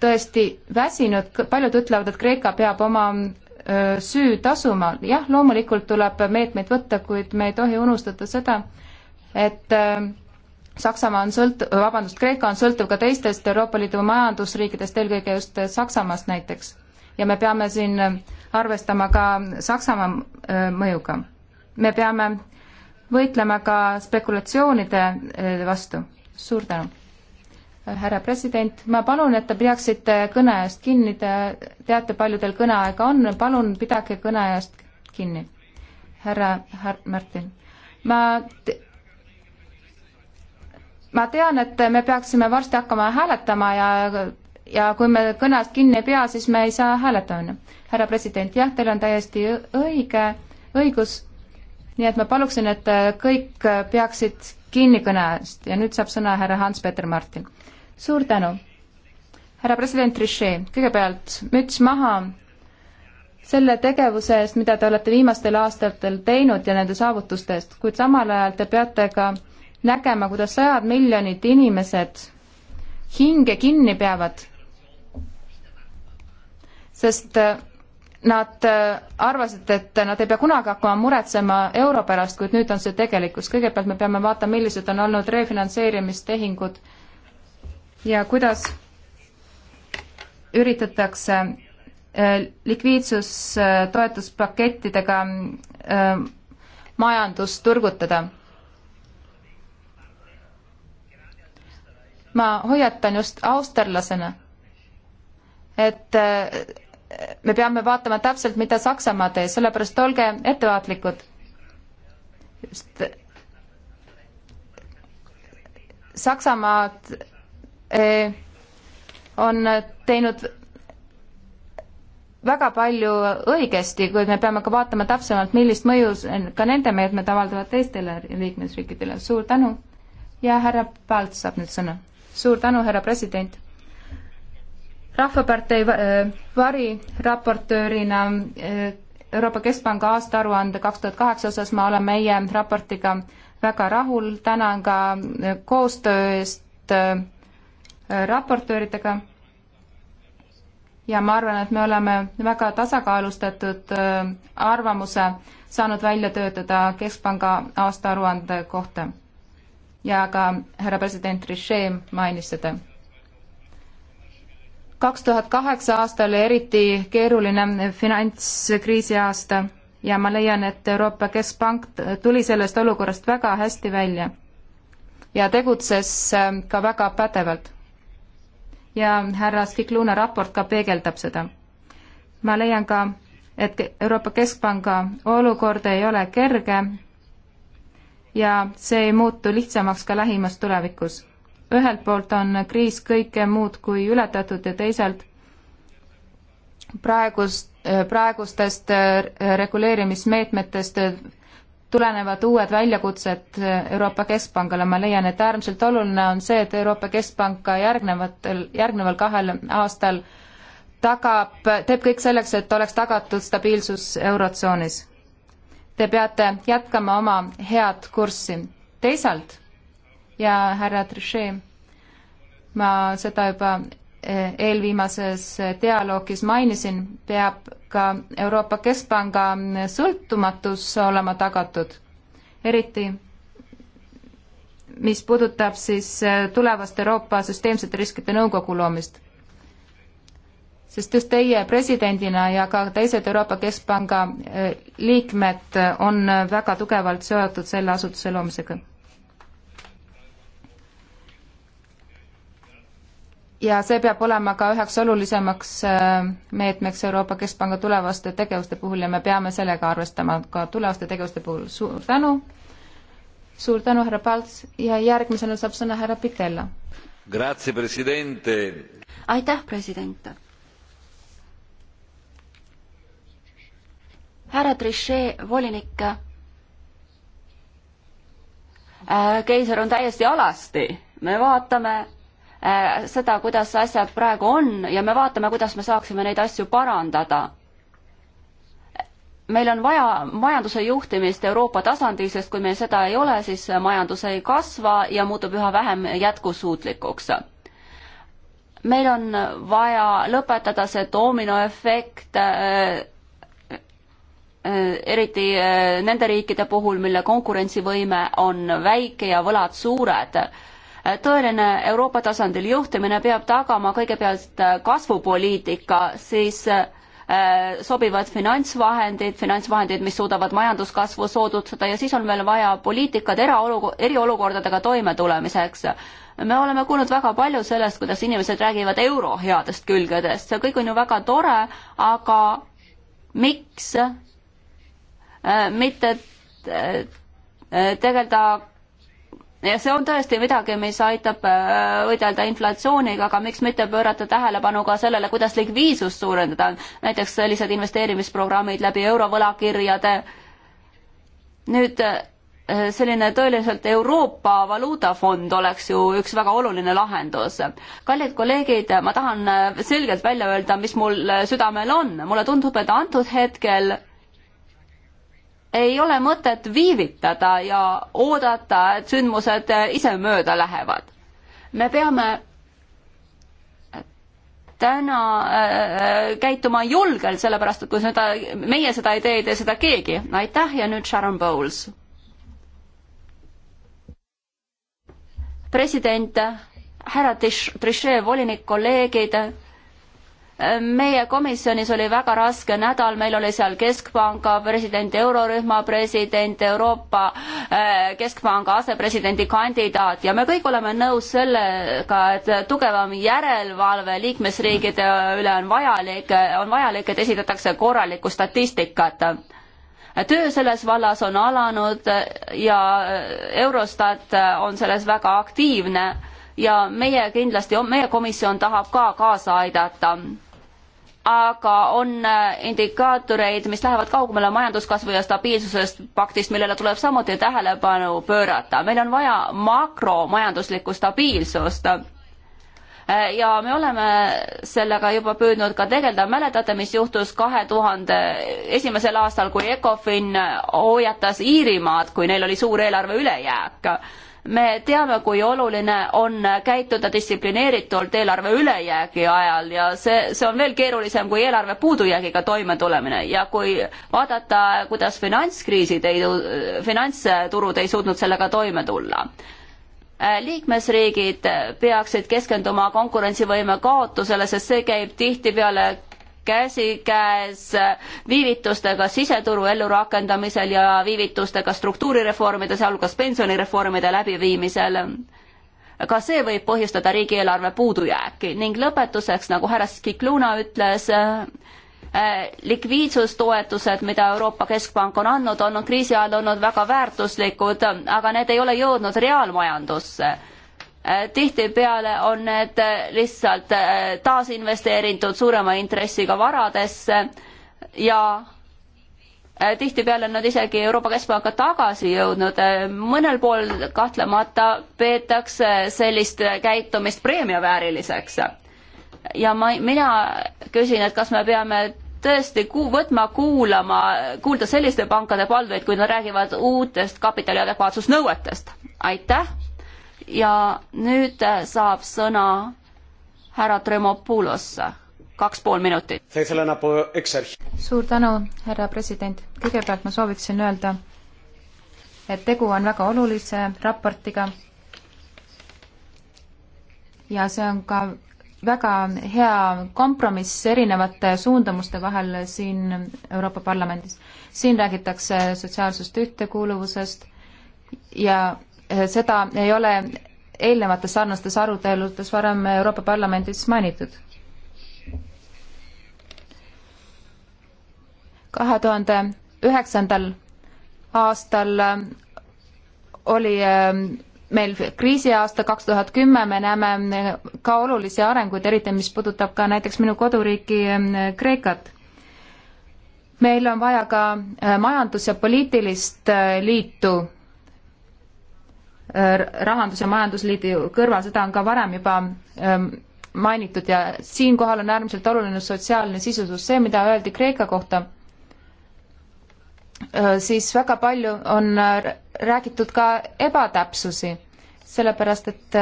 tõesti väsinud, paljud ütlevad, et Kreeka peab oma süü tasuma. jah, loomulikult tuleb meetmeid võtta, kuid me ei tohi unustada seda, et Saksamaa on sõlt-, vabandust, Kreeka on sõltuv ka teistest Euroopa Liidu majandusriikidest, eelkõige just Saksamaast näiteks. ja me peame siin arvestama ka Saksamaa mõjuga. me peame võitlema ka spekulatsioonide vastu. suur tänu! härra president, ma palun, et te peaksite kõne eest kinni, te teate, palju teil kõneaega on, palun pidage kõne eest kinni. härra, härra Martin, ma ma tean, et me peaksime varsti hakkama hääletama ja ja kui me kõnest kinni ei pea, siis me ei saa hääletada, on ju. härra president, jah, teil on täiesti õige, õigus, nii et ma paluksin, et kõik peaksid kinni kõne eest ja nüüd saab sõna härra Hans-Peter Martin suur tänu! härra president Trichet, kõigepealt müts maha selle tegevuse eest, mida te olete viimastel aastatel teinud ja nende saavutuste eest, kuid samal ajal te peate ka nägema, kuidas sajad miljonid inimesed hinge kinni peavad, sest äh, nad äh, arvasid, et nad ei pea kunagi hakkama muretsema euro pärast, kuid nüüd on see tegelikkus. kõigepealt me peame vaatama, millised on olnud refinantseerimistehingud äh, ja kuidas üritatakse äh, likviidsustoetuspakettidega äh, majandust turgutada. ma hoiatan just austerlasena, et äh, me peame vaatama täpselt, mida Saksamaa teeb, sellepärast olge ettevaatlikud. Saksamaad E on teinud väga palju õigesti, kuid me peame ka vaatama täpsemalt, millist mõju ka nende meetmed avaldavad teistele liikmesriikidele. suur tänu ja härra Palts saab nüüd sõna. suur tänu, härra president. rahvapartei äh, variraportöörina äh, Euroopa Keskpanga aastaaruande kaks tuhat kaheksa osas ma olen meie raportiga väga rahul, tänan ka äh, koostöö eest raportööridega ja ma arvan, et me oleme väga tasakaalustatud äh, arvamuse saanud välja töötada Keskpanga aastaaruande kohta. ja ka härra president Trichet mainis seda. kaks tuhat kaheksa aasta oli eriti keeruline finantskriisi aasta ja ma leian, et Euroopa Keskpank tuli sellest olukorrast väga hästi välja ja tegutses äh, ka väga pädevalt ja härra Svikluna raport ka peegeldab seda. ma leian ka, et Euroopa Keskpanga olukord ei ole kerge ja see ei muutu lihtsamaks ka lähimas tulevikus. ühelt poolt on kriis kõike muud kui ületatud ja teisalt praegust, praegustest reguleerimismeetmetest tulenevad uued väljakutsed Euroopa Keskpangale, ma leian, et äärmiselt oluline on see, et Euroopa Keskpank ka järgnevatel, järgneval kahel aastal tagab, teeb kõik selleks, et oleks tagatud stabiilsus Eurotsoonis. Te peate jätkama oma head kurssi. teisalt ja härra Trichet, ma seda juba eelviimases dialoogis mainisin, peab ka Euroopa Keskpanga sõltumatus olema tagatud, eriti mis puudutab siis tulevast Euroopa Süsteemsete Riskide Nõukogu loomist. sest just teie presidendina ja ka teised Euroopa Keskpanga eh, liikmed on väga tugevalt seotud selle asutuse loomisega ja see peab olema ka üheks olulisemaks äh, meetmeks Euroopa Keskpanga tulevaste tegevuste puhul ja me peame sellega arvestama ka tulevaste tegevuste puhul. suur tänu, suur tänu, härra Palts ja järgmisena saab sõna härra Pitella. aitäh, president. härra Trichet, volinik. Äh, keiser on täiesti alasti, me vaatame Äh, seda, kuidas asjad praegu on ja me vaatame, kuidas me saaksime neid asju parandada. meil on vaja majanduse juhtimist Euroopa tasandil, sest kui meil seda ei ole, siis majandus ei kasva ja muutub üha vähem jätkusuutlikuks meil on vaja lõpetada see dominoefekt äh, äh eriti äh, nende riikide puhul, mille konkurentsivõime on väike ja võlad suured tõeline Euroopa tasandil juhtimine peab tagama kõigepealt äh, kasvupoliitika, siis äh, sobivad finantsvahendid, finantsvahendid, mis suudavad majanduskasvu soodustada ja siis on meil vaja poliitikat eraolu-, eriolukordadega toimetulemiseks. me oleme kuulnud väga palju sellest, kuidas inimesed räägivad euro headest külgedest, see kõik on ju väga tore, aga miks äh, mitte tegeleda ja see on tõesti midagi, mis aitab äh, võidelda inflatsiooniga, aga miks mitte pöörata tähelepanu ka sellele, kuidas likviidsust suurendada, näiteks sellised investeerimisprogrammid läbi eurovõlakirjade. nüüd äh, selline tõeliselt Euroopa valuutafond oleks ju üks väga oluline lahendus. kallid kolleegid, ma tahan äh, selgelt välja öelda, mis mul südamel on, mulle tundub, et antud hetkel ei ole mõtet viivitada ja oodata, et sündmused ise mööda lähevad. me peame täna äh, käituma julgelt, sellepärast et kui seda, meie seda ei tee, ei tee seda keegi. aitäh ja nüüd Sharon Bowles. president, härra Trichet, volinik, kolleegid meie komisjonis oli väga raske nädal, meil oli seal Keskpanga president, Eurorühma president, Euroopa äh, Keskpanga asepresidendi kandidaat ja me kõik oleme nõus sellega, et tugevam järelevalve liikmesriigide üle on vajalik, on vajalik, et esitatakse korralikku statistikat töö selles vallas on alanud ja Eurostat on selles väga aktiivne ja meie kindlasti, meie komisjon tahab ka kaasa aidata aga on äh, indikaatoreid, mis lähevad kaugemale majanduskasvu ja stabiilsusest paktist, millele tuleb samuti tähelepanu pöörata. meil on vaja makromajanduslikku stabiilsust äh, ja me oleme sellega juba püüdnud ka tegeleda, mäletate, mis juhtus kahe tuhande esimesel aastal, kui Ecofin hoiatas Iirimaad, kui neil oli suur eelarve ülejääk me teame, kui oluline on käituda distsiplineeritult eelarve ülejäägi ajal ja see, see on veel keerulisem kui eelarve puudujäägiga toimetulemine ja kui vaadata, kuidas finantskriisid ei, finantsturud ei suutnud sellega toime tulla äh, liikmesriigid peaksid keskenduma konkurentsivõime kaotusele, sest see käib tihtipeale käsikäes viivitustega siseturu ellurakendamisel ja viivitustega struktuurireformide, sealhulgas pensionireformide läbiviimisel. ka see võib põhjustada riigieelarve puudujääki ning lõpetuseks, nagu härra Skikluna ütles, likviidsustoetused, mida Euroopa Keskpank on andnud, on kriisi ajal olnud väga väärtuslikud, aga need ei ole jõudnud reaalmajandusse Äh, tihtipeale on need äh, lihtsalt äh, taasinvesteeritud suurema intressiga varadesse ja tihtipeale on nad isegi Euroopa Keskpanka tagasi jõudnud. mõnel pool kahtlemata peetakse sellist käitumist preemiavääriliseks. ja ma, mina küsin, et kas me peame tõesti ku-, võtma kuulama, kuulda selliste pankade palveid, kui nad räägivad uutest kapitali adekvaatsusnõuetest. aitäh! ja nüüd äh, saab sõna härra Tremopoulos, kaks pool minutit. suur tänu, härra president. kõigepealt ma sooviksin öelda, et tegu on väga olulise raportiga ja see on ka väga hea kompromiss erinevate suundumuste vahel siin Euroopa Parlamendis. siin räägitakse sotsiaalsest ühtekuuluvusest ja Eh, seda ei ole eelnevates sarnastes aruteludes varem Euroopa Parlamendis mainitud. kahe tuhande üheksandal aastal oli eh, meil kriisiaasta kaks tuhat kümme, me näeme eh, ka olulisi arenguid, eriti mis puudutab ka näiteks minu koduriiki Kreekat meil on vaja ka majandus- ja poliitilist liitu Äh, rahandus- ja majandusliidu kõrval, seda on ka varem juba ähm, mainitud ja siinkohal on äärmiselt oluline sotsiaalne sisusus, see, mida öeldi Kreeka kohta, äh, siis väga palju on äh, räägitud ka ebatäpsusi, sellepärast et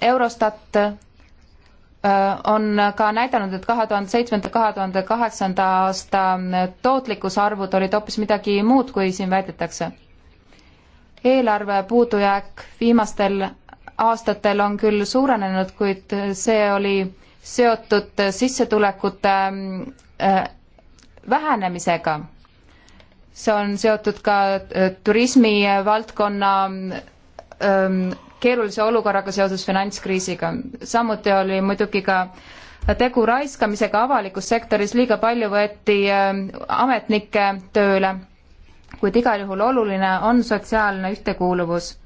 Eurostat Äh, on ka näidanud, et kahe tuhande seitsmenda, kahe tuhande kaheksanda aasta tootlikkusarvud olid hoopis midagi muud, kui siin väidetakse. eelarve puudujääk viimastel aastatel on küll suurenenud, kuid see oli seotud sissetulekute äh, vähenemisega. see on seotud ka äh, turismivaldkonna ähm, keerulise olukorraga seoses finantskriisiga. samuti oli muidugi ka tegu raiskamisega avalikus sektoris, liiga palju võeti äh, ametnikke tööle, kuid igal juhul oluline on sotsiaalne ühtekuuluvus.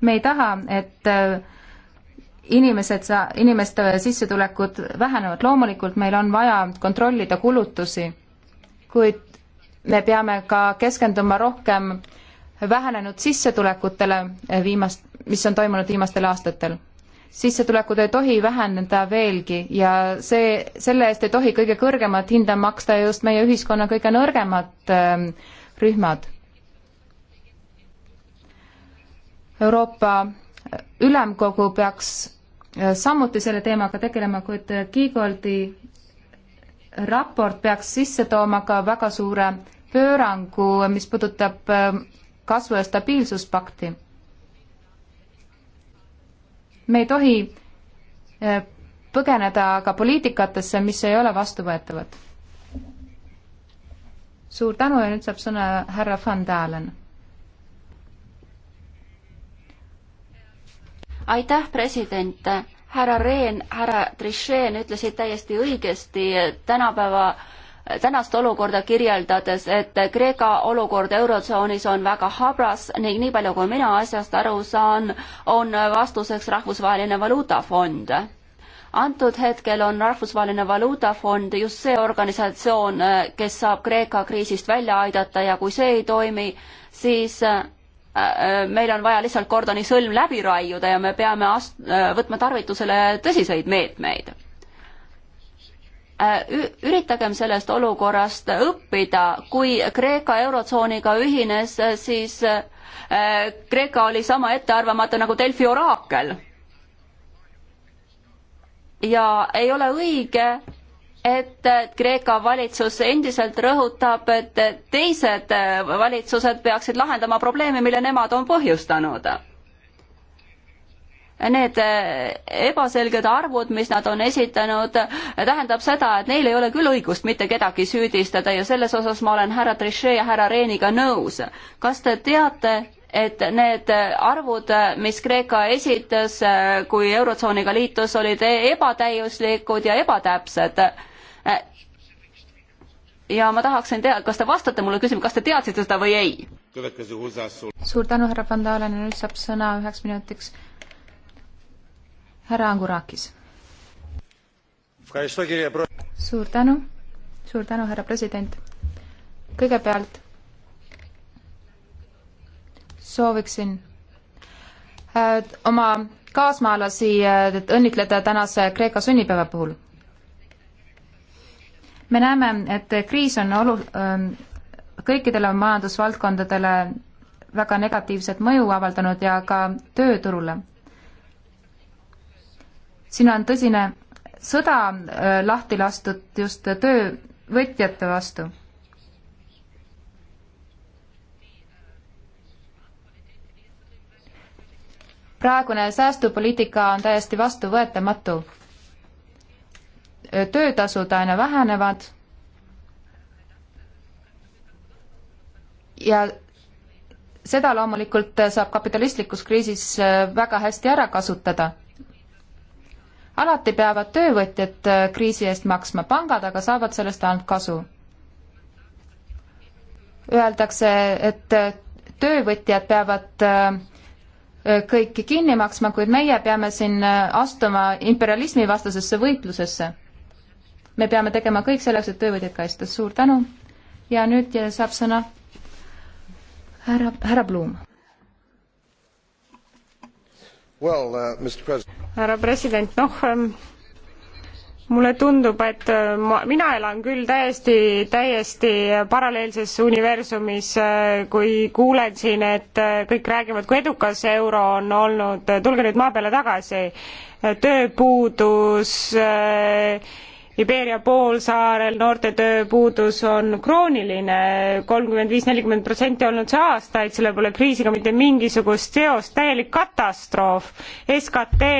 me ei taha, et äh, inimesed sa-, inimeste sissetulekud vähenevad, loomulikult meil on vaja kontrollida kulutusi, kuid me peame ka keskenduma rohkem vähenenud sissetulekutele viimast, mis on toimunud viimastel aastatel. sissetulekud ei tohi väheneda veelgi ja see, selle eest ei tohi kõige kõrgemat hinda maksta just meie ühiskonna kõige nõrgemad äh, rühmad. Euroopa äh, Ülemkogu peaks äh, samuti selle teemaga tegelema, kuid äh, Kiigoldi raport peaks sisse tooma ka väga suure pöörangu, mis puudutab kasvu- ja stabiilsuspakti me ei tohi eh, põgeneda ka poliitikatesse, mis ei ole vastuvõetavad. suur tänu ja nüüd saab sõna härra Van Dalen. aitäh, president härra Rehn, härra Trichet ütlesid täiesti õigesti, tänapäeva tänast olukorda kirjeldades, et Kreeka olukord Eurotsoonis on väga habras ning nii palju, kui mina asjast aru saan, on vastuseks Rahvusvaheline Valuutafond. antud hetkel on Rahvusvaheline Valuutafond just see organisatsioon, kes saab Kreeka kriisist välja aidata ja kui see ei toimi, siis äh, äh, meil on vaja lihtsalt Gordoni sõlm läbi raiuda ja me peame ast-, võtma tarvitusele tõsiseid meetmeid meet Äh, üritagem sellest olukorrast õppida, kui Kreeka Eurotsooniga ühines, äh, siis äh, Kreeka oli sama ettearvamatu nagu Delfi oraakel. ja ei ole õige, et Kreeka valitsus endiselt rõhutab, et teised valitsused peaksid lahendama probleeme, mille nemad on põhjustanud need äh, ebaselged arvud, mis nad on esitanud, tähendab seda, et neil ei ole küll õigust mitte kedagi süüdistada ja selles osas ma olen härra Trichet ja härra Rehniga nõus. kas te teate, et need arvud, mis Kreeka esitas, äh, kui Eurotsooniga liitus, olid ebatäiuslikud ja ebatäpsed. Äh, ja ma tahaksin teada, kas te vastate mulle küsimusele, kas te teadsite seda või ei? suur tänu, härra Vandalen, nüüd saab sõna üheks minutiks härra Angurakis. suur tänu, suur tänu, härra president. kõigepealt sooviksin äh, oma kaasmaalasi äh, õnnitleda tänase Kreeka sünnipäeva puhul. me näeme, et kriis on olu-, ähm, kõikidele majandusvaldkondadele väga negatiivset mõju avaldanud ja ka tööturule siin on tõsine sõda äh, lahti lastud just töövõtjate vastu. praegune säästupoliitika on täiesti vastuvõetamatu. Äh, töötasud aina vähenevad ja seda loomulikult saab kapitalistlikus kriisis äh, väga hästi ära kasutada alati peavad töövõtjad äh, kriisi eest maksma, pangad aga saavad sellest ainult kasu. Öeldakse, et äh, töövõtjad peavad äh, kõiki kinni maksma, kuid meie peame siin astuma imperialismi vastasesse võitlusesse. me peame tegema kõik selleks, et töövõtjaid kaitsta, suur tänu ja nüüd saab sõna härra, härra Blum Uh, härra president, noh, ähm, mulle tundub, et äh, ma, mina elan küll täiesti, täiesti paralleelses universumis, äh, kui kuulen siin, et äh, kõik räägivad, kui edukas see euro on olnud, tulge nüüd maa peale tagasi, tööpuudus äh, Iberia poolsaarel noorte tööpuudus on krooniline, kolmkümmend viis, nelikümmend protsenti olnud see aastaid, sellel pole kriisiga mitte mingisugust seost, täielik katastroof. SKT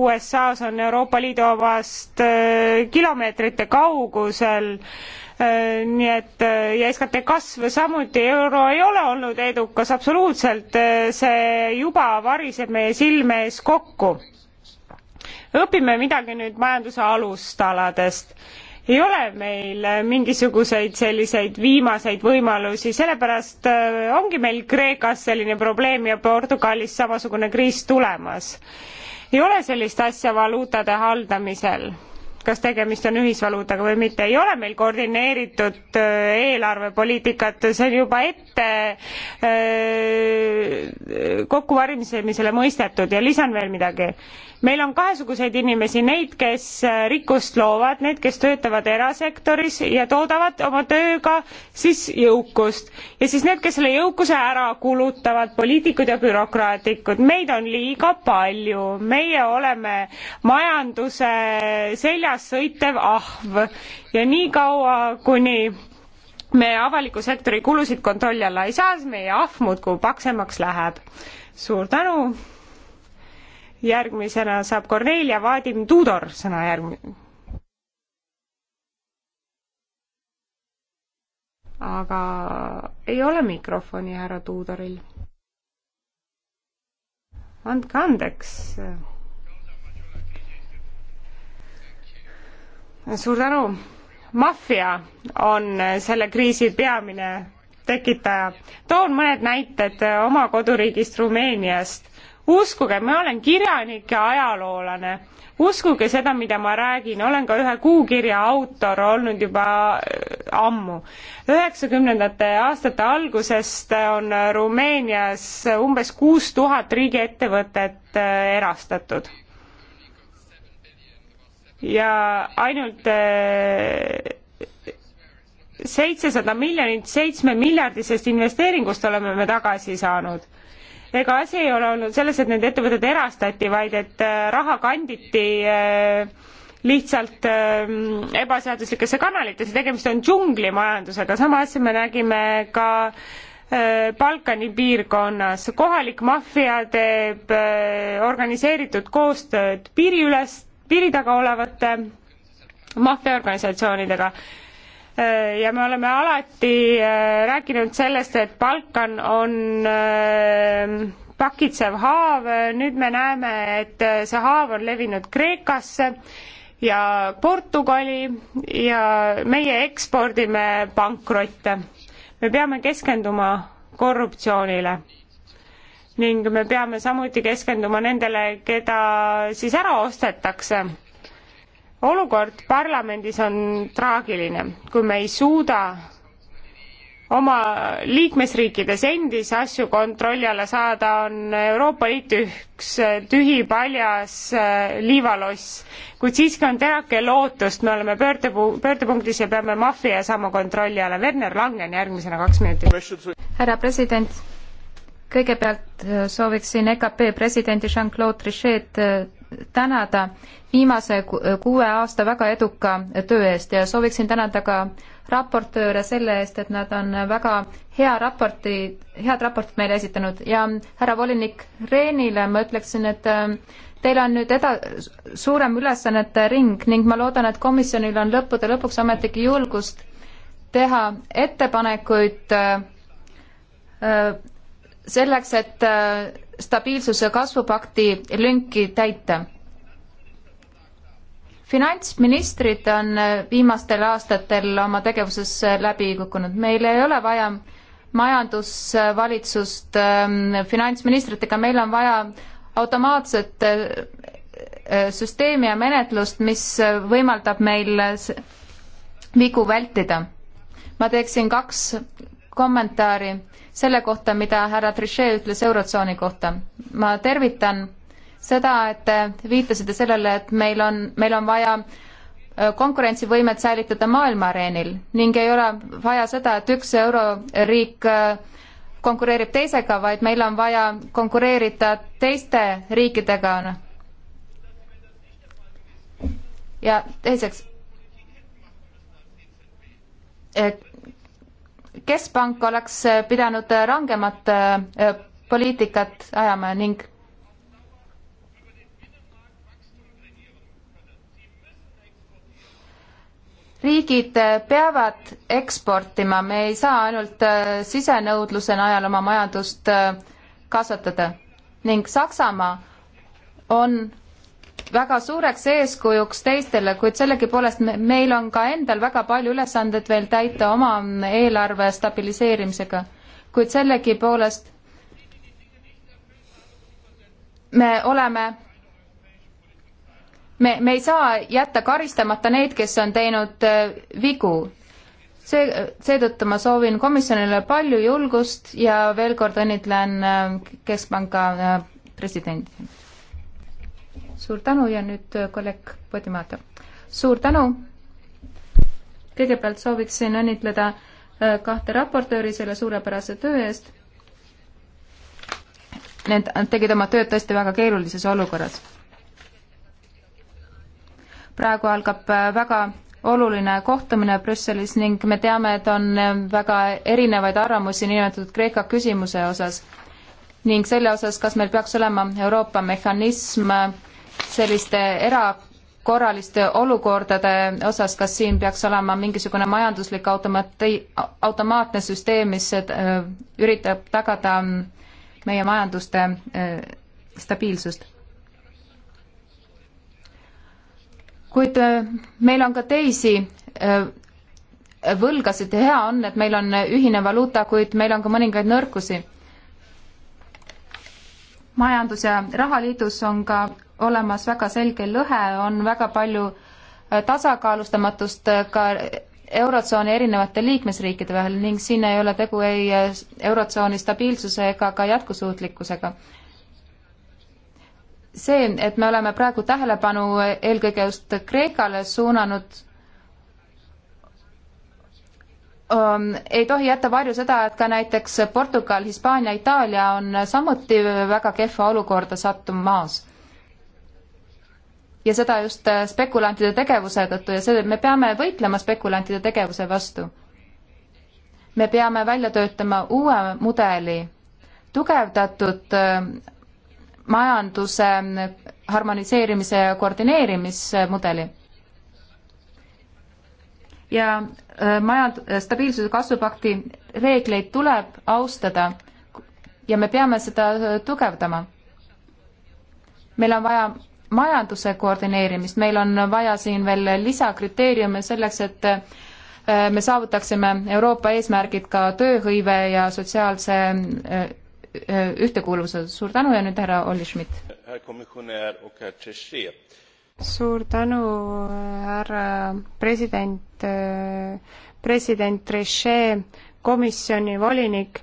USA-s on Euroopa Liidu omast äh, kilomeetrite kaugusel äh, nii et äh, ja SKT kasv samuti, euro ei ole olnud edukas absoluutselt, see juba variseb meie silme ees kokku õpime midagi nüüd majanduse alustaladest ei ole meil mingisuguseid selliseid viimaseid võimalusi, sellepärast äh, ongi meil Kreekas selline probleem ja Portugalis samasugune kriis tulemas. ei ole sellist asja valuutade haldamisel kas tegemist on ühisvaluutaga või mitte, ei ole meil koordineeritud äh, eelarvepoliitikat, see on juba ette äh, kokkuvarisemisele mõistetud ja lisan veel midagi. meil on kahesuguseid inimesi, neid, kes äh, rikkust loovad, need, kes töötavad erasektoris ja toodavad oma tööga siis jõukust ja siis need, kes selle jõukuse ära kulutavad, poliitikud ja bürokraatikud, meid on liiga palju, meie oleme majanduse seljas väljas sõitev ahv ja niikaua, kuni me avaliku sektori kulusid kontrolli alla ei saa, siis meie ahv muudkui paksemaks läheb. suur tänu. järgmisena saab Kornelia Vadim Tudor sõna järgmine. aga ei ole mikrofoni härra Tuudoril. andke andeks suur tänu. maffia on selle kriisi peamine tekitaja. toon mõned näited oma koduriigist Rumeeniast. uskuge, ma olen kirjanik ja ajaloolane. uskuge seda, mida ma räägin, olen ka ühe kuukirja autor olnud juba äh, ammu. üheksakümnendate aastate algusest on Rumeenias umbes kuus tuhat riigiettevõtet äh, erastatud ja ainult eh, seitsesada miljonit seitsme miljardisest investeeringust oleme me tagasi saanud. ega asi ei ole olnud selles, et need ettevõtted erastati, vaid et eh, raha kanditi eh, lihtsalt ebaseaduslikesse kanalitesse, tegemist on džunglimajandusega, sama asja me nägime ka Balkani piirkonnas, kohalik maffia teeb organiseeritud koostööd piiriülest piiri taga olevate maffiaorganisatsioonidega äh, ja me oleme alati äh, rääkinud sellest, et Balkan on äh, pakitsev haav, nüüd me näeme, et see haav on levinud Kreekasse ja Portugali ja meie ekspordime pankrotte. me peame keskenduma korruptsioonile ning me peame samuti keskenduma nendele, keda siis ära ostetakse. olukord parlamendis on traagiline, kui me ei suuda oma liikmesriikides endis asju kontrolli alla saada, on Euroopa Liit üks tühipaljas äh, liivaloss. kuid siiski on terake lootust, me oleme pöörde, pöördepunktis ja peame maffia saama kontrolli alla. Werner Langen järgmisena kaks minutit. härra president kõigepealt äh, sooviksin EKP presidenti Jean-Claude Trichet äh, tänada viimase äh, kuue aasta väga eduka töö eest ja sooviksin tänada ka raportööre selle eest, et nad on väga hea raporti, head raportit meile esitanud ja mm, härra volinik Rehnile ma ütleksin, et ähm, teil on nüüd eda-, suurem ülesannete ring ning ma loodan, et komisjonil on lõppude lõpuks ometigi julgust teha ettepanekuid öö, selleks, et äh, stabiilsuse kasvupakti lünki täita. finantsministrid on äh, viimastel aastatel oma tegevuses äh, läbi kukkunud, meil ei ole vaja majandusvalitsust ähm, finantsministritega, meil on vaja automaatset süsteemi ja menetlust, mis võimaldab meil vigu vältida. ma teeksin kaks kommentaari selle kohta, mida härra Trichet ütles Eurotsooni kohta. ma tervitan seda, et te viitasite sellele, et meil on, meil on vaja konkurentsivõimet säilitada maailma areenil ning ei ole vaja seda, et üks euroriik konkureerib teisega, vaid meil on vaja konkureerida teiste riikidega. ja teiseks, et keskpank oleks pidanud rangemat äh, poliitikat ajama ning riigid peavad eksportima, me ei saa ainult äh, sisenõudluse najal oma majandust äh, kasvatada ning Saksamaa on väga suureks eeskujuks teistele, kuid sellegipoolest meil on ka endal väga palju ülesandeid veel täita oma eelarve stabiliseerimisega. kuid sellegipoolest me oleme me, me ei saa jätta karistamata neid, kes on teinud äh, vigu. see, seetõttu ma soovin komisjonile palju julgust ja veel kord õnnitlen äh, Keskpanga äh, presidenti suur tänu ja nüüd äh, kolleeg Podimata. suur tänu. kõigepealt sooviksin õnnitleda äh, kahte raportööri selle suurepärase töö eest. Need äh, tegid oma tööd tõesti väga keerulises olukorras. praegu algab väga oluline kohtumine Brüsselis ning me teame, et on väga erinevaid arvamusi niinimetatud Kreeka küsimuse osas ning selle osas, kas meil peaks olema Euroopa mehhanism selliste erakorraliste olukordade osas, kas siin peaks olema mingisugune majanduslik automati-, automaatne süsteem, mis äh, üritab tagada mm, meie majanduste äh, stabiilsust? kuid äh, meil on ka teisi võlgasid ja hea on, et meil on ühine valuuta, kuid meil on ka mõningaid nõrkusi. majandus- ja rahaliidus on ka olemas väga selge lõhe, on väga palju äh, tasakaalustamatust äh, ka Eurotsooni erinevate liikmesriikide vahel ning siin ei ole tegu ei äh, Eurotsooni stabiilsuse ega ka jätkusuutlikkusega. see, et me oleme praegu tähelepanu eelkõige just Kreekale suunanud um, ei tohi jätta varju seda, et ka näiteks Portugal, Hispaania, Itaalia on samuti väga kehva olukorda sattumas ja seda just äh, spekulantide tegevuse tõttu ja see, me peame võitlema spekulantide tegevuse vastu. me peame välja töötama uue mudeli, tugevdatud äh, majanduse äh, harmoniseerimise ja koordineerimismudeli. ja majand-, stabiilsuse kasvupakti reegleid tuleb austada ja me peame seda tugevdama. meil on vaja majanduse koordineerimist, meil on vaja siin veel lisakriteeriume selleks, et äh, me saavutaksime Euroopa eesmärgid ka tööhõive ja sotsiaalse äh, äh, ühtekuuluvuse. suur tänu ja nüüd härra Olli Schmidt. suur tänu, härra president, president Trichet, komisjoni volinik,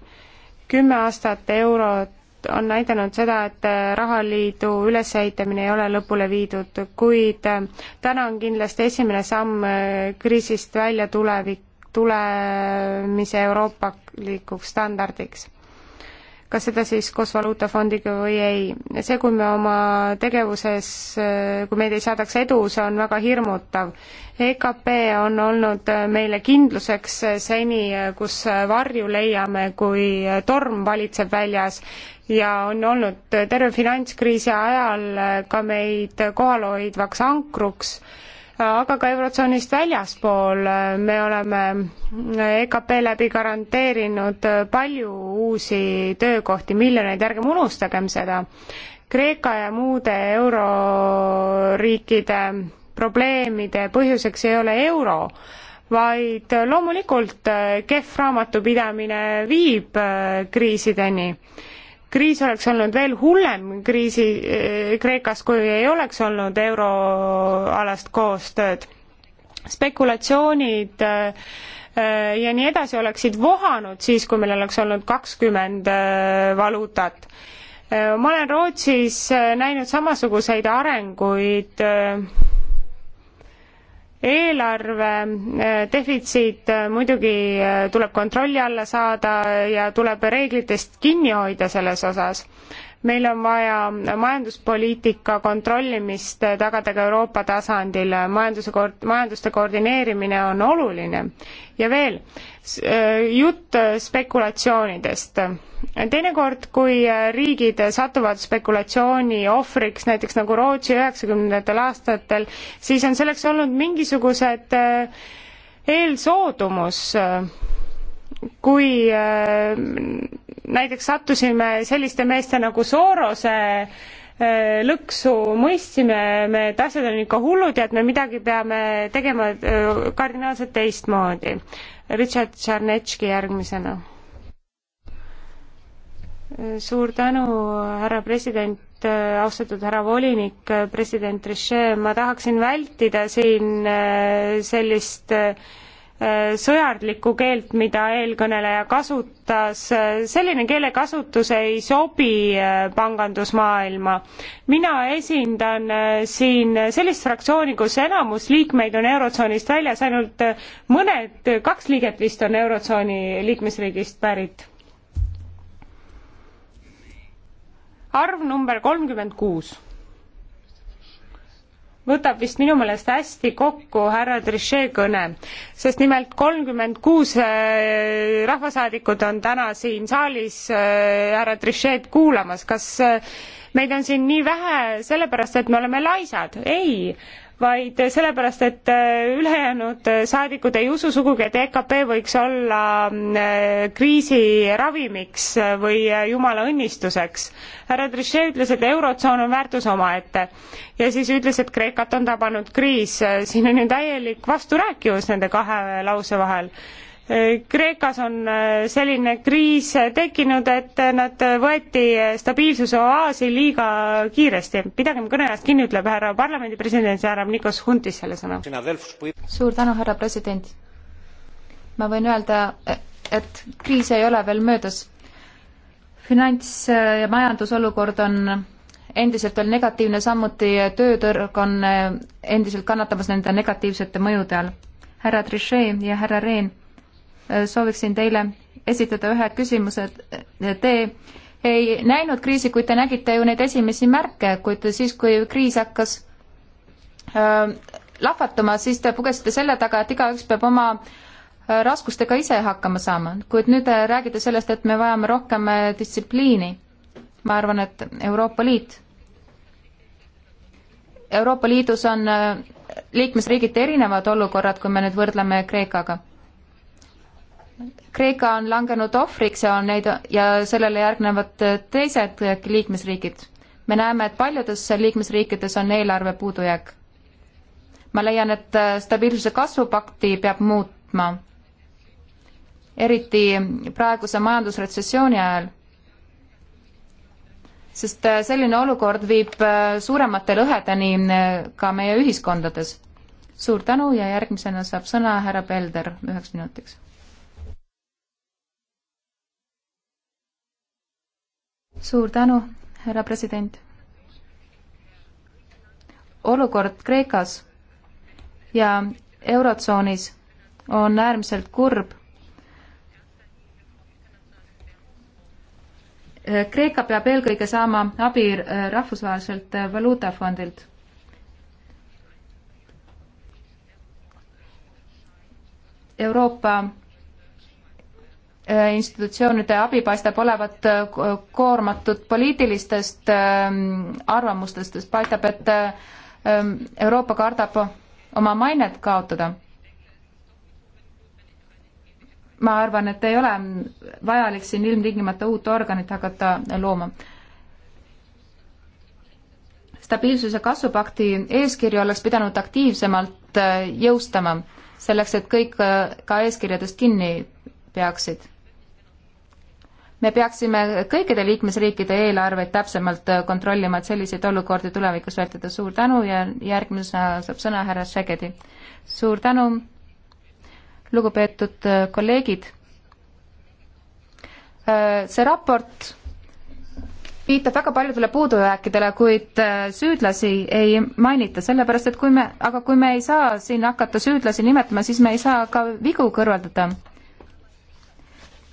kümme aastat eurot raport on näidanud seda, et äh, rahaliidu ülesehitamine ei ole lõpule viidud, kuid äh, täna on kindlasti esimene samm äh, kriisist välja tulevik, tulemise euroopalikuks standardiks. kas seda siis koos Valuutafondiga või ei. see, kui me oma tegevuses, kui meid ei saadaks edu, see on väga hirmutav. EKP on olnud meile kindluseks seni, kus varju leiame, kui torm valitseb väljas ja on olnud terve finantskriisi ajal ka meid kohalhoidvaks ankruks, aga ka Eurotsoonist väljaspool me oleme EKP läbi garanteerinud palju uusi töökohti, miljoneid, ärgem unustagem seda. Kreeka ja muude euroriikide probleemide põhjuseks ei ole euro, vaid loomulikult kehv raamatupidamine viib kriisideni kriis oleks olnud veel hullem kriisi eh, Kreekas, kui ei oleks olnud euroalast koostööd. spekulatsioonid eh, eh, ja nii edasi oleksid vohanud siis, kui meil oleks olnud kakskümmend valuutat. ma olen Rootsis näinud samasuguseid arenguid eelarve äh, defitsiit äh, muidugi äh, tuleb kontrolli alla saada ja tuleb reeglitest kinni hoida selles osas. meil on vaja majanduspoliitika kontrollimist tagada ka Euroopa tasandil, majanduse, majanduste koordineerimine on oluline. ja veel, Äh, jutt äh, spekulatsioonidest. teinekord, kui äh, riigid satuvad spekulatsiooni ohvriks, näiteks nagu Rootsi üheksakümnendatel aastatel, siis on selleks olnud mingisugused eelsoodumus, kui näiteks sattusime selliste meeste nagu Soorose lõksu mõistsime me, et asjad on ikka hullud ja et me midagi peame tegema kardinaalselt teistmoodi. Richard Tšarnetški järgmisena. suur tänu, härra president, austatud härra volinik, president Trichet, ma tahaksin vältida siin äh, sellist äh, sõjardlikku keelt, mida eelkõneleja kasutas, selline keelekasutus ei sobi äh, pangandusmaailma. mina esindan äh, siin sellist fraktsiooni, kus enamus liikmeid on Eurotsoonist väljas, ainult äh, mõned, kaks liiget vist on Eurotsooni liikmesriigist pärit. arv number kolmkümmend kuus võtab vist minu meelest hästi kokku härra Trichet kõne, sest nimelt kolmkümmend kuus äh, rahvasaadikut on täna siin saalis äh, härra Trichet kuulamas, kas äh, meid on siin nii vähe sellepärast, et me oleme laisad, ei vaid sellepärast, et äh, ülejäänud äh, saadikud ei usu sugugi, et EKP võiks olla äh, kriisi ravimiks või jumala õnnistuseks. härra Trichet ütles, et eurotsoon on väärtus omaette ja siis ütles, et Kreekat on tabanud kriis. siin on ju täielik vasturääkivus nende kahe lause vahel Kreekas on äh, selline kriis tekkinud, et nad võeti stabiilsuse oaasi liiga kiiresti. pidagem kõneajast kinni, ütleb härra parlamendi president ja härra Nikos Huntis selle sõna. suur tänu, härra president. ma võin öelda, et kriis ei ole veel möödas. finants- ja majandusolukord on endiselt veel negatiivne, samuti töötõrg on endiselt kannatamas nende negatiivsete mõjude all. härra Trichet ja härra Rehn Äh, sooviksin teile esitada ühe küsimuse. Äh, te ei näinud kriisi, kuid te nägite ju neid esimesi märke, kuid siis, kui kriis hakkas äh, lahvatama, siis te pugesite selle taga, et igaüks peab oma äh, raskustega ise hakkama saama, kuid nüüd te äh, räägite sellest, et me vajame rohkem äh, distsipliini. ma arvan, et Euroopa Liit, Euroopa Liidus on liikmesriigiti erinevad olukorrad, kui me nüüd võrdleme Kreekaga Kreeka on langenud ohvriks ja on neid ja sellele järgnevad äh, teised äh, liikmesriigid. me näeme, et paljudes liikmesriikides on eelarve puudujääk. ma leian, et äh, stabiilsuse kasvupakti peab muutma, eriti praeguse majandusretsessiooni ajal sest selline olukord viib suuremate lõhedeni ka meie ühiskondades. suur tänu ja järgmisena saab sõna härra Pelder üheks minutiks. suur tänu, härra president. olukord Kreekas ja Eurotsoonis on äärmiselt kurb. Kreeka peab eelkõige saama abi äh, rahvusvaheliselt äh, valuutafondilt Euroopa Äh, institutsioonide abi paistab olevat äh, koormatud poliitilistest ähm, arvamustest, sest paistab, et äh, ähm, Euroopa kardab oma mainet kaotada. ma arvan, et ei ole vajalik siin ilmtingimata uut organit hakata looma. stabiilsuse kasvupakti eeskirju oleks pidanud aktiivsemalt jõustama, selleks et kõik ka eeskirjadest kinni peaksid me peaksime kõikide liikmesriikide eelarveid täpsemalt äh, kontrollima, et selliseid olukordi tulevikus vältida. suur tänu ja järgmisena saab sõna härra Šegedi. suur tänu, lugupeetud äh, kolleegid. Äh, see raport viitab väga paljudele puudujääkidele, kuid süüdlasi ei mainita, sellepärast et kui me, aga kui me ei saa siin hakata süüdlasi nimetama, siis me ei saa ka vigu kõrvaldada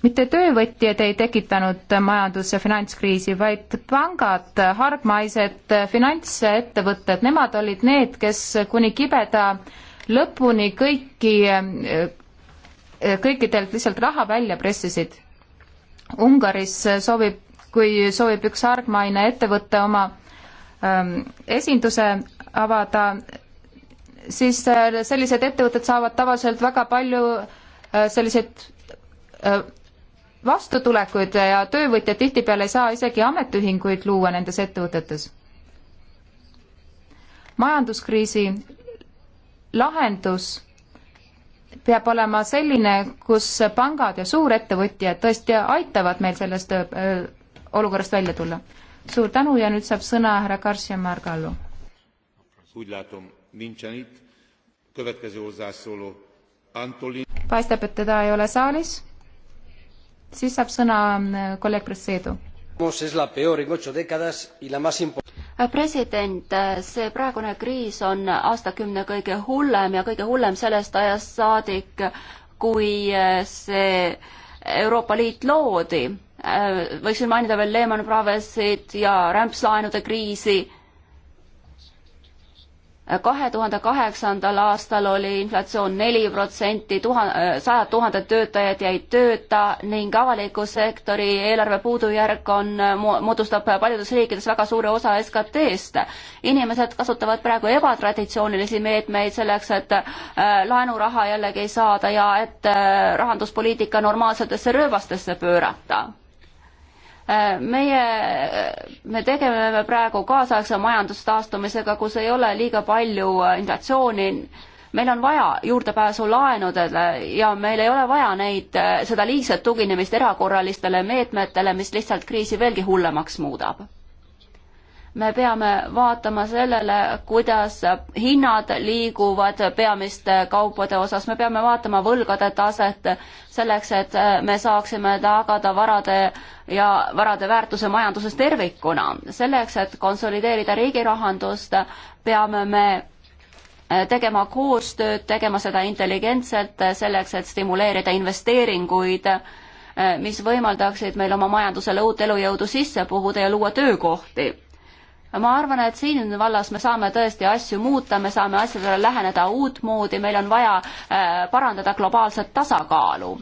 mitte töövõtjad ei tekitanud majandus- ja finantskriisi, vaid pangad, hargmaised finantsettevõtted, nemad olid need, kes kuni kibeda lõpuni kõiki, kõikidelt lihtsalt raha välja pressisid. Ungaris soovib, kui soovib üks hargmaine ettevõte oma ähm, esinduse avada, siis äh, sellised ettevõtted saavad tavaliselt väga palju äh, selliseid äh, vastutulekud ja töövõtjad tihtipeale ei saa isegi ametiühinguid luua nendes ettevõtetes. majanduskriisi lahendus peab olema selline, kus pangad ja suurettevõtjad tõesti aitavad meil sellest äh, olukorrast välja tulla. suur tänu ja nüüd saab sõna härra Karsia Margallu. paistab, et teda ei ole saalis siis saab sõna mm, kolleeg Presedu. Äh, president, äh, see praegune kriis on aastakümne kõige hullem ja kõige hullem sellest ajast saadik, kui äh, see Euroopa Liit loodi. võiksin mainida veel Lehman Brothersit ja rämpslaenude kriisi kahe tuhande kaheksandal aastal oli inflatsioon neli protsenti, tuhan-, äh, sajad tuhanded töötajad jäid tööta ning avaliku sektori eelarve puudujärk on, äh, moodustab paljudes riikides väga suure osa SKT-st. inimesed kasutavad praegu ebatraditsioonilisi meetmeid selleks, et äh, laenuraha jällegi saada ja et rahanduspoliitika normaalsetesse rööbastesse pöörata meie, me tegeleme praegu kaasaegse majandustaastumisega, kus ei ole liiga palju äh, inflatsiooni. meil on vaja juurdepääsu laenudele ja meil ei ole vaja neid, äh, seda liigset tuginemist erakorralistele meetmetele, mis lihtsalt kriisi veelgi hullemaks muudab me peame vaatama sellele, kuidas hinnad liiguvad peamiste kaupade osas, me peame vaatama võlgade taset selleks, et me saaksime tagada varade ja varade väärtuse majanduses tervikuna. selleks, et konsolideerida riigi rahandust, peame me tegema koostööd, tegema seda intelligentselt, selleks et stimuleerida investeeringuid, mis võimaldaksid meil oma majandusele uut elujõudu sisse puhuda ja luua töökohti ma arvan, et siin vallas me saame tõesti asju muuta, me saame asjadele läheneda uutmoodi, meil on vaja äh, parandada globaalset tasakaalu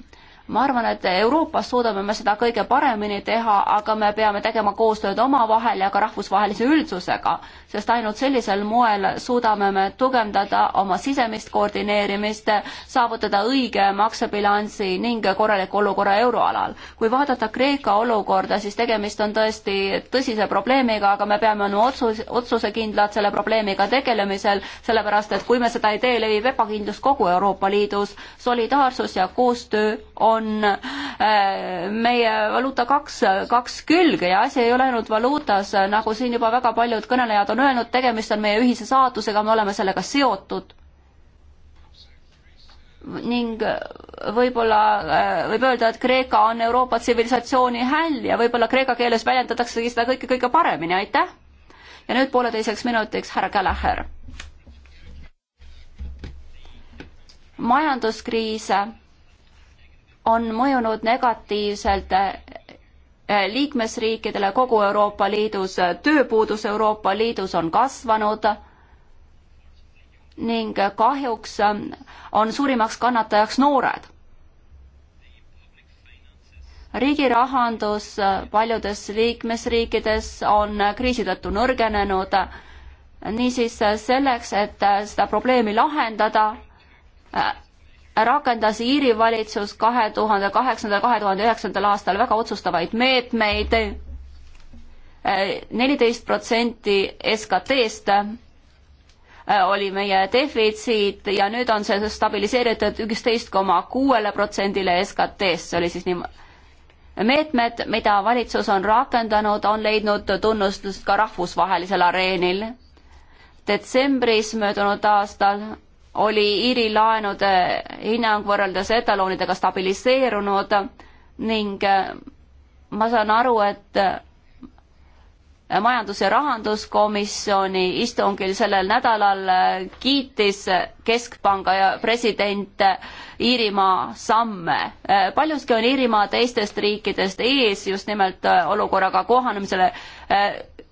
ma arvan, et Euroopas suudame me seda kõige paremini teha, aga me peame tegema koostööd omavahel ja ka rahvusvahelise üldsusega sest ainult sellisel moel suudame me tugevdada oma sisemist koordineerimist, saavutada õige maksebilansi ning korraliku olukorra euroalal. kui vaadata Kreeka olukorda, siis tegemist on tõesti tõsise probleemiga, aga me peame olema otsus, otsusekindlad selle probleemiga tegelemisel, sellepärast et kui me seda ei tee, levib ebakindlus kogu Euroopa Liidus. solidaarsus ja koostöö on äh, meie valuuta kaks, kaks külge ja asi ei ole ainult valuutas, nagu siin juba väga paljud kõnelejad on on öelnud, tegemist on meie ühise saatusega, me oleme sellega seotud. ning võib-olla äh, võib öelda, et Kreeka on Euroopa tsivilisatsiooni häll ja võib-olla kreeka keeles väljendataksegi seda kõike kõige paremini, aitäh! ja nüüd pooleteiseks minutiks härra Kälaher. majanduskriis on mõjunud negatiivselt Eh, liikmesriikidele kogu Euroopa Liidus, eh, tööpuudus Euroopa Liidus on kasvanud ning eh, kahjuks on suurimaks kannatajaks noored. riigi rahandus paljudes liikmesriikides on kriisi tõttu nõrgenenud. niisiis selleks, et seda probleemi lahendada, rakendas Iiri valitsus kahe tuhande kaheksandal, kahe tuhande üheksandal aastal väga otsustavaid meetmeid, neliteist protsenti SKT-st äh, oli meie defitsiit ja nüüd on see stabiliseeritud üksteist koma kuuele protsendile SKT-st, see oli siis nii meetmed, mida valitsus on rakendanud, on leidnud tunnustust ka rahvusvahelisel areenil. detsembris möödunud aastal oli Iiri laenude hinnang võrreldes etaloonidega stabiliseerunud ning äh, ma saan aru, et äh, majandus- ja rahanduskomisjoni istungil sellel nädalal äh, kiitis Keskpanga president Iirimaa samme. paljuski on Iirimaa teistest riikidest ees just nimelt olukorraga kohanemisele.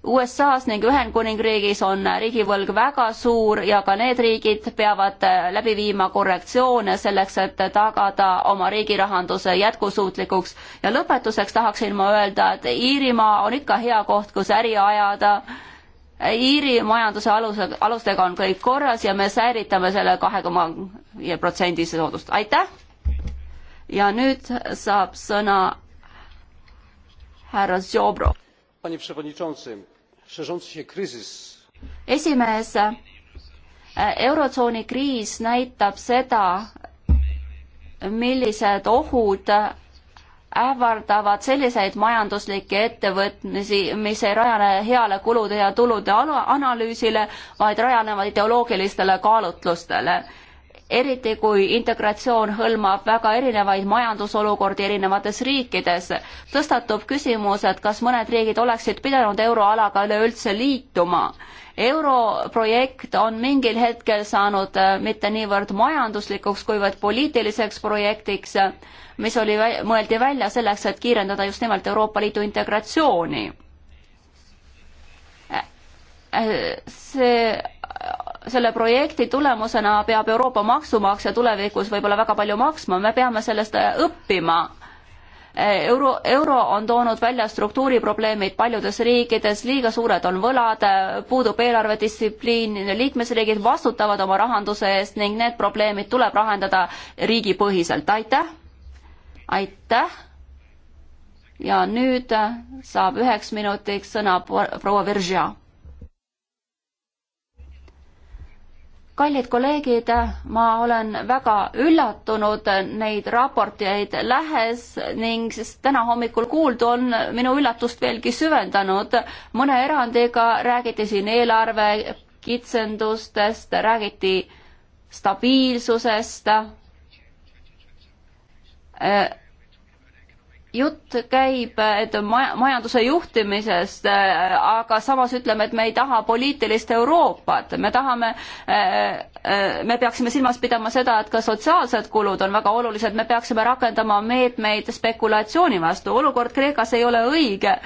USA-s ning Ühendkuningriigis on riigivõlg väga suur ja ka need riigid peavad äh, läbi viima korrektsioone selleks, et tagada oma riigi rahanduse jätkusuutlikuks. ja lõpetuseks tahaksin ma öelda, et Iirimaa on ikka hea koht, kus äri ajada. Iiri majanduse aluse, alustega on kõik korras ja me säilitame selle kahe koma viie protsendise soodust, aitäh! ja nüüd saab sõna härra Zobrov esimees, eurotsooni kriis näitab seda, millised ohud ähvardavad selliseid majanduslikke ettevõtmisi, mis ei rajane heale kulude ja tulude analüüsile, vaid rajanevad ideoloogilistele kaalutlustele eriti kui integratsioon hõlmab väga erinevaid majandusolukordi erinevates riikides. tõstatub küsimus, et kas mõned riigid oleksid pidanud euroalaga üleüldse liituma. europrojekt on mingil hetkel saanud äh, mitte niivõrd majanduslikuks, kuivõrd poliitiliseks projektiks, äh, mis oli, mõeldi välja selleks, et kiirendada just nimelt Euroopa Liidu integratsiooni. Äh, see selle projekti tulemusena peab Euroopa maksumaksja tulevikus võib-olla väga palju maksma, me peame sellest õppima euro, euro on toonud välja struktuuriprobleemid paljudes riikides, liiga suured on võlad, puudub eelarvedistsipliin, liikmesriigid vastutavad oma rahanduse eest ning need probleemid tuleb lahendada riigipõhiselt, aitäh! aitäh! ja nüüd saab üheks minutiks sõna proua Veržia kallid kolleegid, ma olen väga üllatunud neid raporteid lähes ning sest täna hommikul kuuldu on minu üllatust veelgi süvendanud. mõne erandiga räägiti siin eelarve kitsendustest, räägiti stabiilsusest äh, jutt käib et majanduse juhtimisest, äh, aga samas ütleme, et me ei taha poliitilist Euroopat, me tahame, äh, äh, me peaksime silmas pidama seda, et ka sotsiaalsed kulud on väga olulised, me peaksime rakendama meetmeid spekulatsiooni vastu, olukord Kreekas ei ole õige.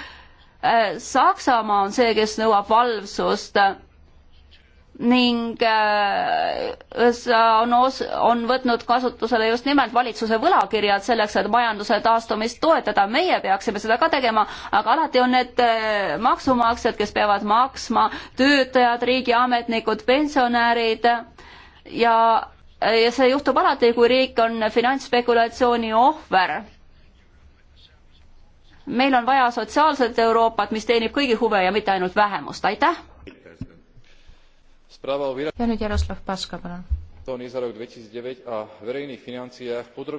Saksamaa on see, kes nõuab valvsust ning äh, on, os-, on võtnud kasutusele just nimelt valitsuse võlakirjad selleks, et majanduse taastumist toetada, meie peaksime seda ka tegema, aga alati on need äh, maksumaksjad, kes peavad maksma, töötajad, riigiametnikud, pensionärid ja, ja see juhtub alati, kui riik on finantsspekulatsiooni ohver meil on vaja sotsiaalset Euroopat, mis teenib kõigi huve ja mitte ainult vähemust, aitäh! ja nüüd Jaroslav Paska, palun.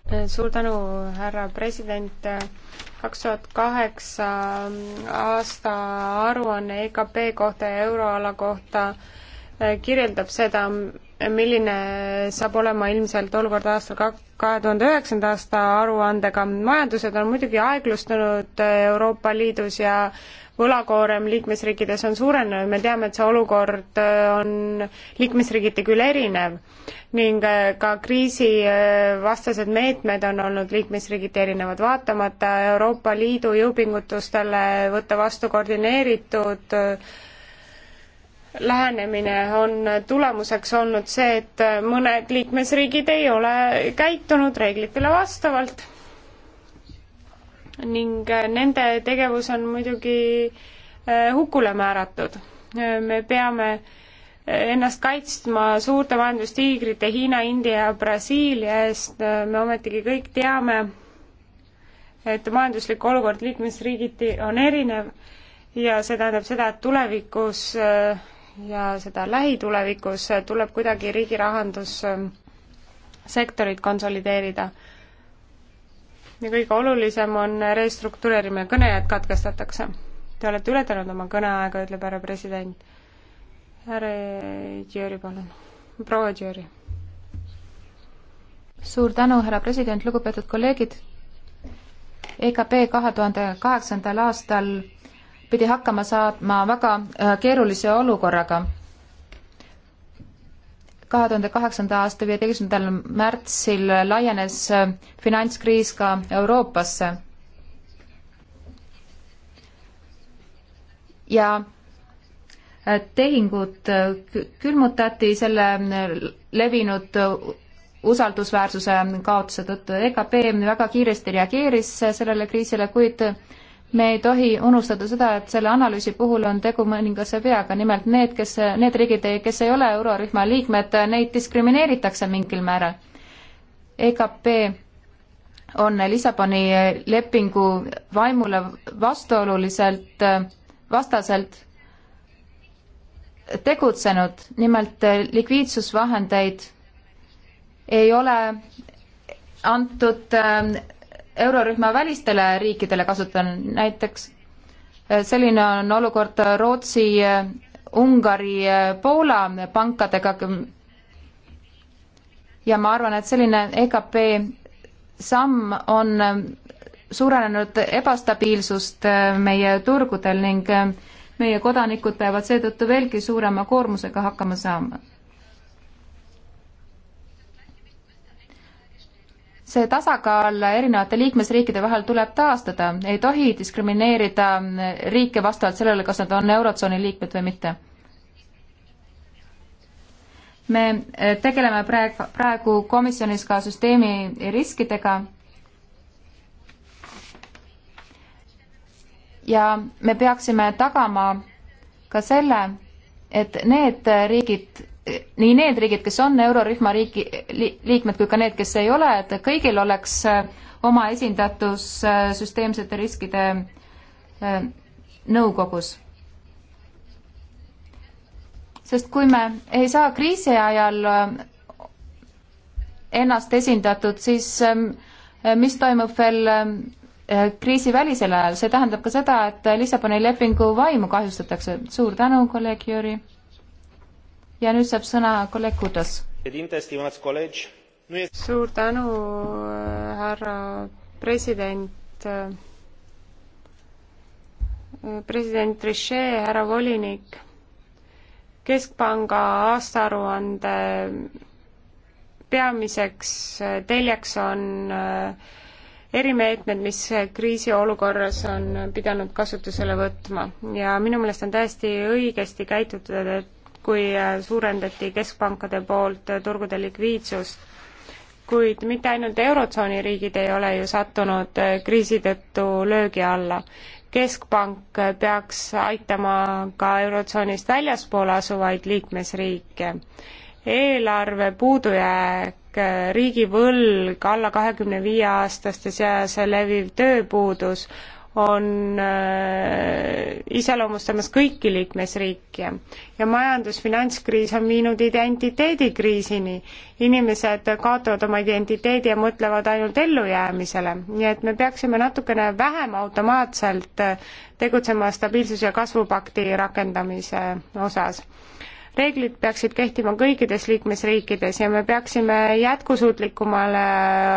E, suur tänu, härra president. E, kaks tuhat kaheksa aasta aruanne EKP kohta ja euroala kohta e, kirjeldab seda, milline saab olema ilmselt olukord aastal kahe tuhande üheksanda aasta aruandega. majandused on muidugi aeglustunud Euroopa Liidus ja võlakoorem liikmesriikides on suurenenud, me teame, et see olukord äh, on liikmesriigiti küll erinev ning äh, ka kriisivastased äh, meetmed on olnud liikmesriigiti erinevad, vaatamata Euroopa Liidu jõupingutustele võtta vastu koordineeritud lähenemine on tulemuseks olnud see, et mõned liikmesriigid ei ole käitunud reeglitele vastavalt ning äh, nende tegevus on muidugi äh, hukule määratud. Äh, me peame ennast kaitsma suurte majandustiigrite Hiina, India ja Brasiilia eest, me ometigi kõik teame, et majanduslik olukord liikmesriigiti on erinev ja see tähendab seda, et tulevikus ja seda lähitulevikus tuleb kuidagi riigi rahandussektorit konsolideerida ja kõige olulisem on restruktureerimine, kõnejad katkestatakse. Te olete ületanud oma kõneaega, ütleb härra president. härra Jüri, palun. proua Jüri. suur tänu, härra president, lugupeetud kolleegid. EKP kahe tuhande kaheksandal aastal pidi hakkama saama väga äh, keerulise olukorraga kahe tuhande kaheksanda aasta viieteistkümnendal märtsil laienes äh, finantskriis ka Euroopasse. ja äh, tehingud äh, külmutati selle levinud usaldusväärsuse kaotuse tõttu. EKP väga kiiresti reageeris sellele kriisile, kuid me ei tohi unustada seda, et selle analüüsi puhul on tegu mõningase veaga, nimelt need, kes, need riigid, kes ei ole eurorühma liikmed, neid diskrimineeritakse mingil määral. EKP on Lissaboni lepingu vaimule vastuoluliselt, vastaselt tegutsenud, nimelt likviidsusvahendeid ei ole antud eurorühma välistele riikidele kasutada, näiteks eh, selline on olukord Rootsi, eh, Ungari, eh, Poola pankadega ja ma arvan, et selline EKP samm on suurenenud ebastabiilsust meie turgudel ning meie kodanikud peavad seetõttu veelgi suurema koormusega hakkama saama see tasakaal erinevate liikmesriikide vahel tuleb taastada, ei tohi diskrimineerida riike vastavalt sellele, kas nad on Eurotsooni liikmed või mitte. me tegeleme praegu, praegu komisjonis ka süsteemi riskidega ja me peaksime tagama ka selle, et need riigid, nii need riigid, kes on eurorühma riigi li, liikmed, kui ka need, kes ei ole, et kõigil oleks äh, oma esindatus äh, süsteemsete riskide äh, nõukogus. sest kui me ei saa kriisi ajal ennast esindatud, siis mis toimub veel Äh, kriisi välisel ajal, see tähendab ka seda, et Lissaboni lepingu vaimu kahjustatakse. suur tänu, kolleeg Jüri. ja nüüd saab sõna kolleeg Kudas. E- suur tänu, äh, härra president äh, president Trichet, härra volinik, keskpanga aastaaruande peamiseks teljeks on äh, erimeetmed, mis kriisiolukorras on pidanud kasutusele võtma ja minu meelest on täiesti õigesti käitutud, et kui suurendati keskpankade poolt turgude likviidsust, kuid mitte ainult Eurotsooni riigid ei ole ju sattunud kriisi tõttu löögi alla. keskpank peaks aitama ka Eurotsoonist väljaspool asuvaid liikmesriike. eelarve puudujääk Äh, riigivõlg, alla kahekümne viie aastaste seas leviv tööpuudus on äh, iseloomustamas kõiki liikmesriike ja majandusfinantskriis on viinud identiteedikriisini. inimesed kaotavad oma identiteedi ja mõtlevad ainult ellujäämisele, nii et me peaksime natukene vähem automaatselt äh, tegutsema stabiilsus- ja kasvupakti rakendamise osas reeglid peaksid kehtima kõikides liikmesriikides ja me peaksime jätkusuutlikumale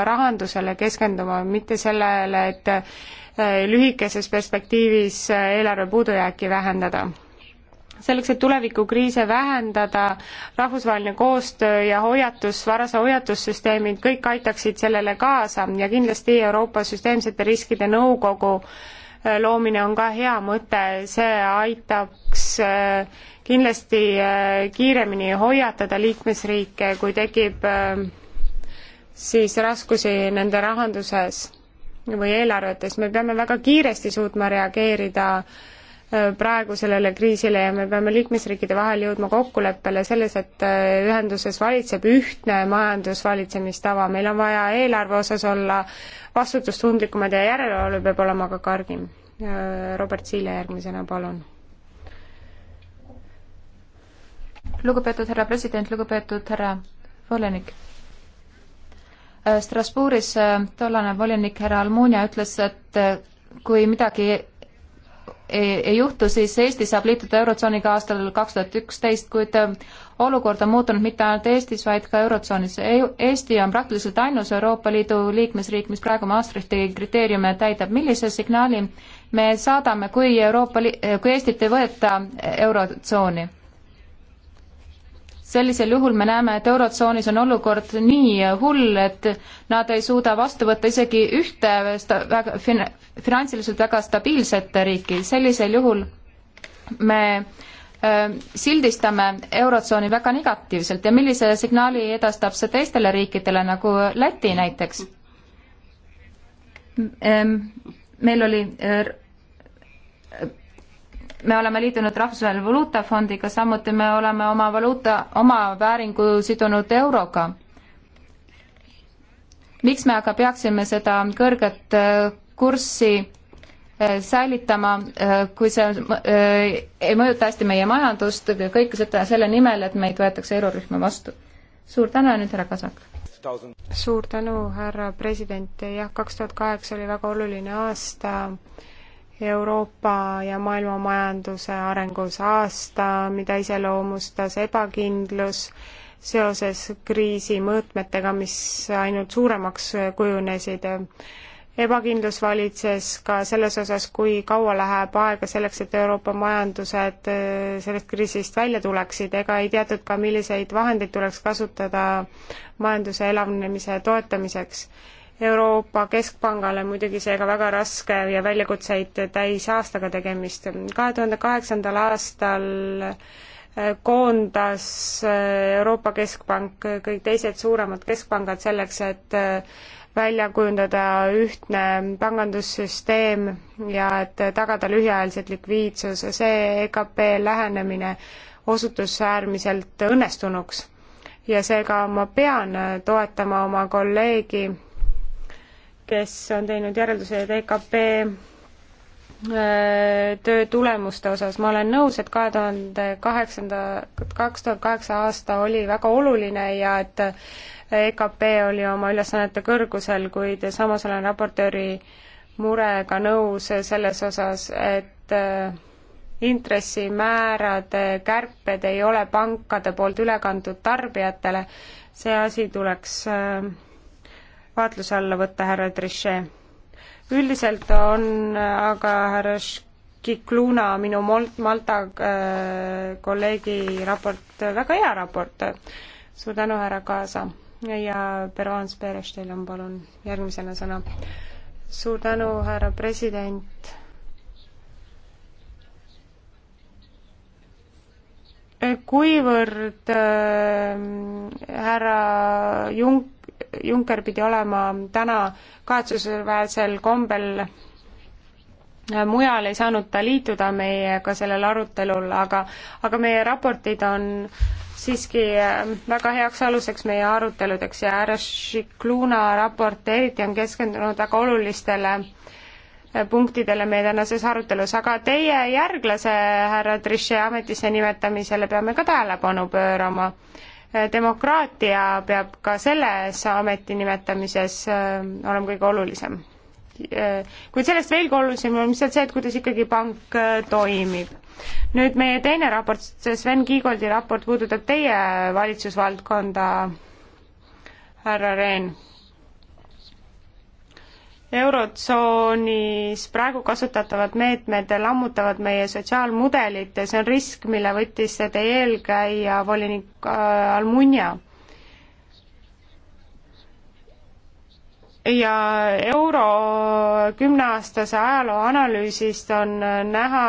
rahandusele keskenduma, mitte sellele, et eh, lühikeses perspektiivis eh, eelarve puudujääki vähendada selleks, et tulevikukriise vähendada, rahvusvaheline koostöö ja hoiatus, varase hoiatussüsteemid, kõik aitaksid sellele kaasa ja kindlasti Euroopa Süsteemsete Riskide Nõukogu eh, loomine on ka hea mõte, see aitaks kindlasti äh, kiiremini hoiatada liikmesriike, kui tekib äh, siis raskusi nende rahanduses või eelarvetes, me peame väga kiiresti suutma reageerida äh, praegu sellele kriisile ja me peame liikmesriikide vahel jõudma kokkuleppele selles, et ühenduses valitseb ühtne majandusvalitsemistava, meil on vaja eelarve osas olla vastutustundlikumad ja järelevalve peab olema ka kargim. Robert Siile järgmisena, palun lugupeetud härra president, lugupeetud härra volinik. Äh, Strasbourgis äh, tollane volinik härra Almunia ütles, et äh, kui midagi ei, ei juhtu, siis Eesti saab liituda Eurotsooniga aastal kaks tuhat üksteist, kuid olukord on muutunud mitte ainult Eestis, vaid ka Eurotsoonis. E-, Eesti on praktiliselt ainus Euroopa Liidu liikmesriik, mis praegu Maastrichti kriteeriume täidab. millise signaali me saadame, kui Euroopa Li-, kui Eestit ei võeta Eurotsooni? sellisel juhul me näeme, et Eurotsoonis on olukord nii hull, et nad ei suuda vastu võtta isegi ühte väga, fin finantsiliselt väga stabiilset riiki, sellisel juhul me äh, sildistame Eurotsooni väga negatiivselt ja millise signaali edastab see teistele riikidele, nagu Läti näiteks ähm,? meil oli äh, me oleme liitunud Rahvusvahelise Valuutafondiga, samuti me oleme oma valuuta, oma vääringu sidunud euroga. miks me aga peaksime seda kõrget äh, kurssi äh, säilitama, äh, kui see ei mõjuta hästi meie majandust, kõike seda selle nimel, et meid võetakse eurorühma vastu. suur tänu ja nüüd härra Kasak. suur tänu, härra president, jah, kaks tuhat kaheksa oli väga oluline aasta Euroopa ja maailma majanduse arengus aasta, mida iseloomustas ebakindlus seoses kriisi mõõtmetega, mis ainult suuremaks kujunesid. ebakindlus valitses ka selles osas, kui kaua läheb aega selleks, et Euroopa majandused äh, sellest kriisist välja tuleksid, ega ei teatud ka, milliseid vahendeid tuleks kasutada majanduse elavnemise toetamiseks Euroopa Keskpangale muidugi seega väga raske ja väljakutseid täis aastaga tegemist. kahe tuhande kaheksandal aastal äh, koondas äh, Euroopa Keskpank kõik teised suuremad keskpangad selleks, et äh, välja kujundada ühtne pangandussüsteem ja et tagada lühiajaliselt likviidsus. see EKP lähenemine osutus äärmiselt õnnestunuks ja seega ma pean toetama oma kolleegi kes on teinud järelduse, et EKP äh, töö tulemuste osas, ma olen nõus, et kahe tuhande kaheksanda, kaks tuhat kaheksa aasta oli väga oluline ja et EKP oli oma ülesannete kõrgusel, kuid samas olen raportööri murega nõus selles osas, et äh, intressimäärade kärped ei ole pankade poolt üle kantud tarbijatele, see asi tuleks äh, vaatluse alla võtta, härra Trichet. üldiselt on aga härra Škikluna, minu Malt-, Malta äh, kolleegi raport äh, väga hea raport. suur tänu, härra Kaasa. ja Pervans Peres, teil on palun järgmisena sõna. suur tänu, härra president kuivõrd äh, härra Junk Juncker pidi olema täna kahetsusväärsel kombel mujal ei saanud ta liituda meiega sellel arutelul, aga, aga meie raportid on siiski väga heaks aluseks meie aruteludeks ja härra Šikluna raport eriti on keskendunud väga olulistele punktidele meie tänases arutelus, aga teie järglase härra Trichet ametisse nimetamisele peame ka tähelepanu pöörama demokraatia peab ka selles ameti nimetamises äh, olema kõige olulisem. Äh, kuid sellest veelgi olulisem on lihtsalt see, et kuidas ikkagi pank äh, toimib. nüüd meie teine raport, see Sven Kiigoldi raport puudutab teie valitsusvaldkonda, härra Rehn eurotsoonis praegu kasutatavad meetmed lammutavad meie sotsiaalmudelit ja see on risk, mille võttis teie eelkäija volinik äh, Almunia. ja euro kümneaastase ajaloo analüüsist on näha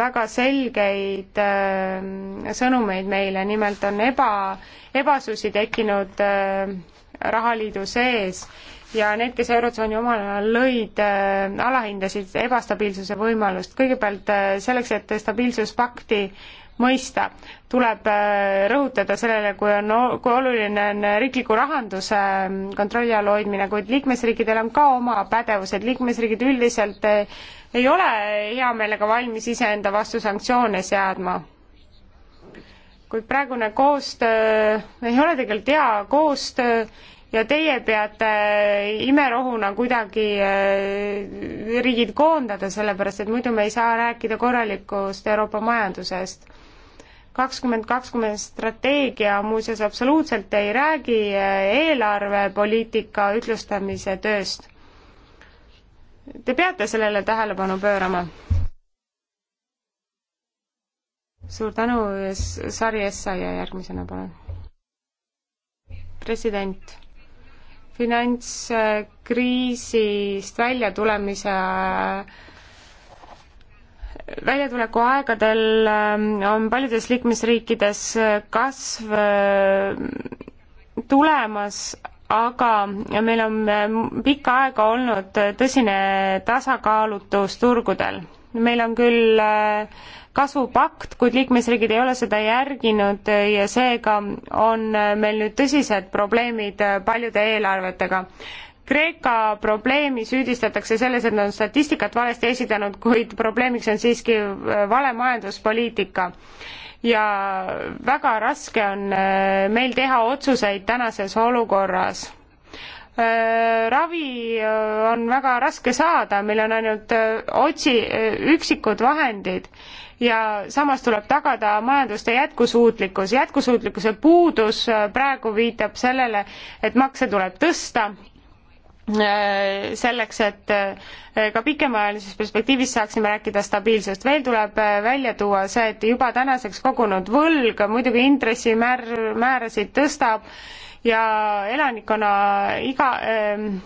väga selgeid äh, sõnumeid meile, nimelt on eba, ebasusi tekkinud äh, rahaliidu sees ja need, kes Eurotsooni omal ajal lõid, äh, alahindasid ebastabiilsuse võimalust. kõigepealt äh, selleks, et stabiilsuspakti mõista, tuleb äh, rõhutada sellele, kui on, kui oluline on riikliku rahanduse ähm, kontrolli all hoidmine, kuid liikmesriikidel on ka oma pädevused, liikmesriigid üldiselt ei ole hea meelega valmis iseenda vastu sanktsioone seadma. kuid praegune koostöö ei ole tegelikult hea koostöö ja teie peate imerohuna kuidagi äh, riigid koondada, sellepärast et muidu me ei saa rääkida korralikust Euroopa majandusest. kakskümmend kakskümmend strateegia muuseas absoluutselt ei räägi äh, eelarvepoliitika ütlustamise tööst. Te peate sellele tähelepanu pöörama. suur tänu, Sari Essa ja järgmisena palun. president finantskriisist väljatulemise väljatuleku aegadel ähm, on paljudes liikmesriikides kasv äh, tulemas, aga meil on äh, pikka aega olnud tõsine tasakaalutus turgudel meil on küll äh, kasvupakt, kuid liikmesriigid ei ole seda järginud äh, ja seega on äh, meil nüüd tõsised probleemid paljude eelarvetega. Kreeka probleemi süüdistatakse selles, et nad on statistikat valesti esitanud, kuid probleemiks on siiski vale majanduspoliitika ja väga raske on meil teha otsuseid tänases olukorras Äh, ravi äh, on väga raske saada, meil on ainult äh, otsi, üksikud vahendid ja samas tuleb tagada majanduste jätkusuutlikkus. jätkusuutlikkuse puudus praegu viitab sellele, et makse tuleb tõsta selleks, et ka pikemaajalises perspektiivis saaksime rääkida stabiilsust. veel tuleb välja tuua see, et juba tänaseks kogunud võlg muidugi intressimäärasid tõstab ja elanikkonna iga ähm,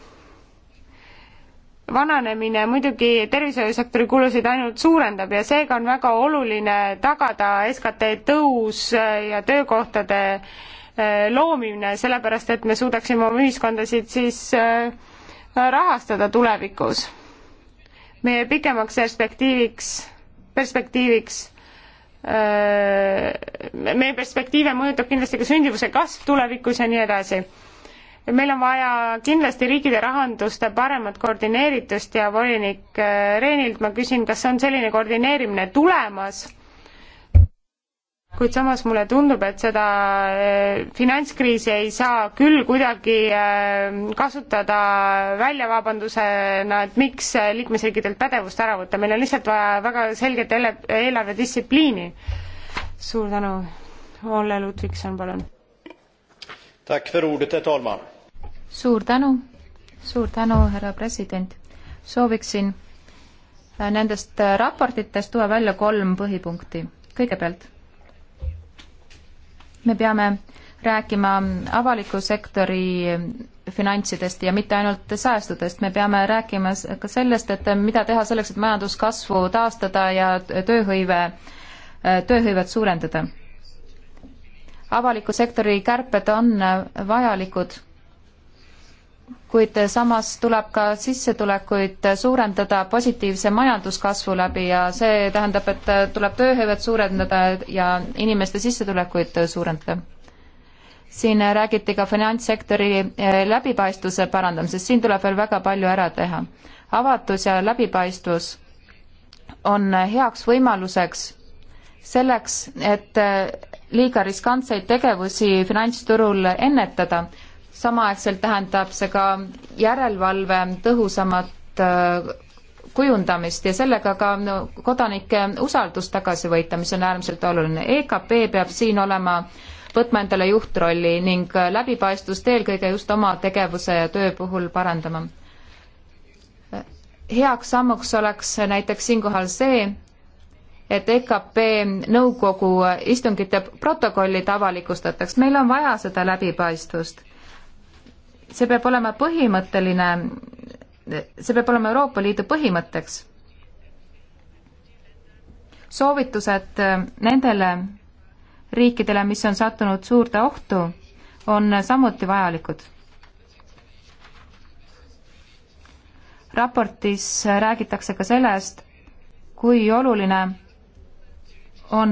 vananemine muidugi tervishoiusektori kulusid ainult suurendab ja seega on väga oluline tagada SKT tõus äh, ja töökohtade äh, loomine, sellepärast et me suudaksime oma ühiskondasid siis äh, rahastada tulevikus. meie pikemaks perspektiiviks, perspektiiviks Äh, meie perspektiive mõjutab kindlasti ka sündivuse kasv tulevikus ja nii edasi. meil on vaja kindlasti riikide rahanduste paremat koordineeritust ja volinik äh, Reenilt ma küsin, kas on selline koordineerimine tulemas kuid samas mulle tundub, et seda eh, finantskriisi ei saa küll kuidagi eh, kasutada väljavabandusena, et miks eh, liikmesriikidelt pädevust ära võtta, meil on lihtsalt vaja väga selget eelarvedistsipliini. suur tänu, Olle Ludvigson, palun. suur tänu, suur tänu, härra president. sooviksin nendest raportitest tuua välja kolm põhipunkti. kõigepealt me peame rääkima avaliku sektori finantsidest ja mitte ainult säästudest, me peame rääkima ka sellest, et mida teha selleks, et majanduskasvu taastada ja tööhõive, tööhõivet suurendada. avaliku sektori kärped on vajalikud kuid samas tuleb ka sissetulekuid suurendada positiivse majanduskasvu läbi ja see tähendab, et tuleb tööhõivet suurendada ja inimeste sissetulekuid suurendada. siin räägiti ka finantssektori eh, läbipaistvuse parandamisest, siin tuleb veel väga palju ära teha. avatus ja läbipaistvus on heaks võimaluseks selleks, et eh, liiga riskantseid tegevusi finantsturul ennetada samaaegselt tähendab see ka järelevalve tõhusamat äh, kujundamist ja sellega ka kodanike usaldus tagasi võita, mis on äärmiselt oluline. EKP peab siin olema, võtma endale juhtrolli ning äh, läbipaistvust eelkõige just oma tegevuse ja töö puhul parandama. heaks sammuks oleks näiteks siinkohal see, et EKP nõukogu istungite protokollid avalikustataks. meil on vaja seda läbipaistvust see peab olema põhimõtteline, see peab olema Euroopa Liidu põhimõtteks. soovitused äh, nendele riikidele, mis on sattunud suurde ohtu, on samuti vajalikud. raportis räägitakse ka sellest, kui oluline on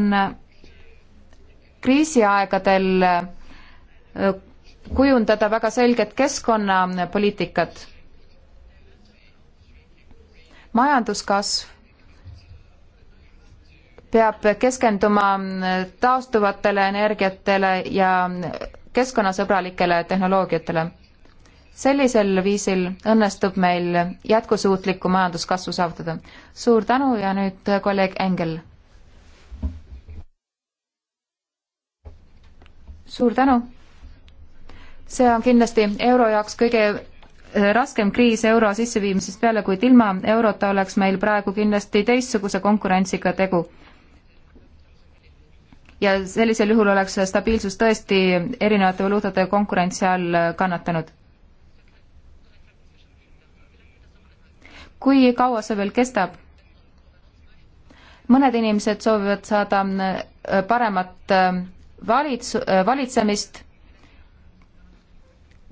kriisiaegadel äh, kujundada väga selget keskkonnapoliitikat. majanduskasv peab keskenduma taastuvatele energiatele ja keskkonnasõbralikele tehnoloogiatele. sellisel viisil õnnestub meil jätkusuutlikku majanduskasvu saavutada. suur tänu ja nüüd kolleeg Engel. suur tänu see on kindlasti euro jaoks kõige eh, raskem kriis euro sisseviimisest peale, kuid ilma eurota oleks meil praegu kindlasti teistsuguse konkurentsiga tegu. ja sellisel juhul oleks stabiilsus tõesti erinevate valuutade konkurentsi all kannatanud. kui kaua see veel kestab? mõned inimesed soovivad saada eh, paremat eh, valits-, valitsemist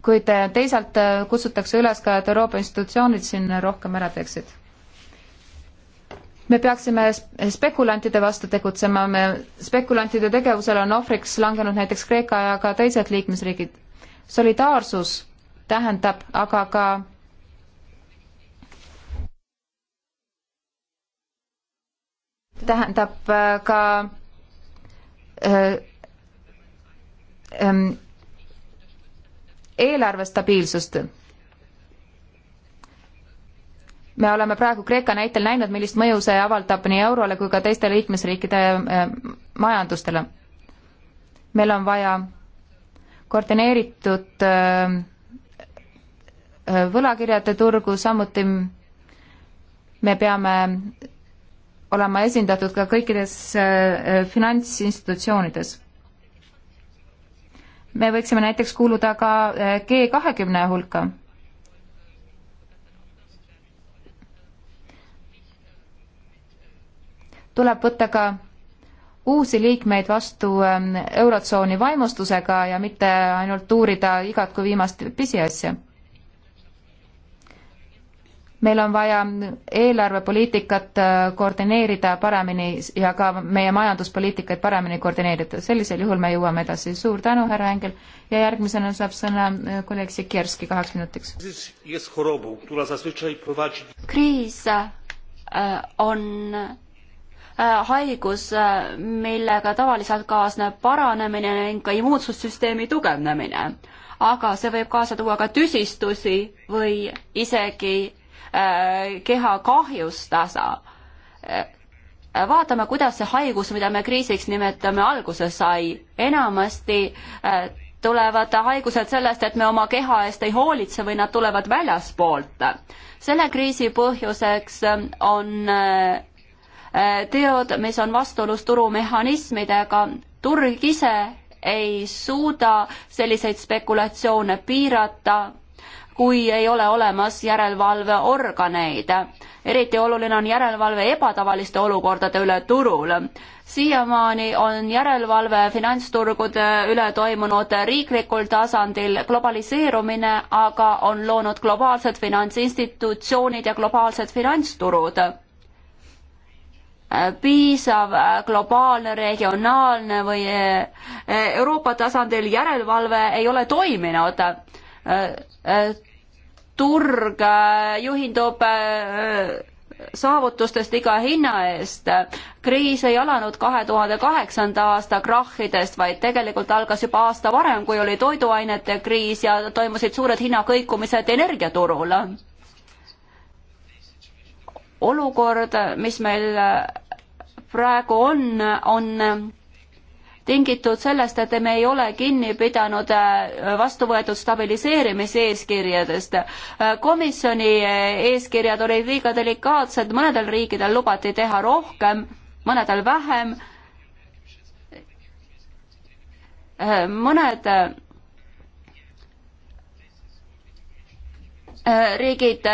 kuid eh, teisalt eh, kutsutakse üles ka, et Euroopa institutsioonid siin rohkem ära teeksid. me peaksime spekulantide vastu tegutsema, me, spekulantide tegevusel on ohvriks langenud näiteks Kreeka ja ka teised liikmesriigid. solidaarsus tähendab aga ka tähendab eh, ka äh, ähm, eelarve stabiilsust. me oleme praegu Kreeka näitel näinud, millist mõju see avaldab nii eurole kui ka teiste liikmesriikide äh, majandustele. meil on vaja koordineeritud äh, äh, võlakirjade turgu, samuti me peame olema esindatud ka kõikides finantsinstitutsioonides me võiksime näiteks kuuluda ka eh, G kahekümne hulka. tuleb võtta ka uusi liikmeid vastu ehm, Eurotsooni vaimustusega ja mitte ainult uurida igat kui viimast pisiasja meil on vaja eelarvepoliitikat äh, koordineerida paremini ja ka meie majanduspoliitikaid paremini koordineerida, sellisel juhul me jõuame edasi. suur tänu, härra Engel, ja järgmisena saab sõna äh, kolleeg Sikerski kaheks minutiks. kriis äh, on haigus, millega tavaliselt kaasneb paranemine ning ka immuunsussüsteemi tugevnemine aga see võib kaasa tuua ka tüsistusi või isegi Äh, keha kahjustada. Äh, vaatame, kuidas see haigus, mida me kriisiks nimetame, alguse sai. enamasti äh, tulevad haigused sellest, et me oma keha eest ei hoolitse või nad tulevad väljaspoolt. selle kriisi põhjuseks on teod, mis on vastuolus turumehhanismidega, turg ise ei suuda selliseid spekulatsioone piirata kui ei ole olemas järelevalveorganeid. eriti oluline on järelevalve ebatavaliste olukordade üle turul. siiamaani on järelevalve finantsturgude üle toimunud riiklikul tasandil, globaliseerumine aga on loonud globaalsed finantsinstitutsioonid ja globaalsed finantsturud piisav globaalne, regionaalne või eh, Euroopa tasandil järelevalve ei ole toiminud eh, eh, turg äh, juhindub äh, saavutustest iga hinna eest. kriis ei alanud kahe tuhande kaheksanda aasta krahhidest, vaid tegelikult algas juba aasta varem, kui oli toiduainete kriis ja toimusid suured hinnakõikumised energiaturul. olukord, mis meil äh, praegu on, on tingitud sellest, et me ei ole kinni pidanud äh, vastu võetud stabiliseerimiseeskirjadest. Äh, komisjoni äh, eeskirjad olid liiga delikaatsed, mõnedel riikidel lubati teha rohkem, mõnedel vähem, mõned riigid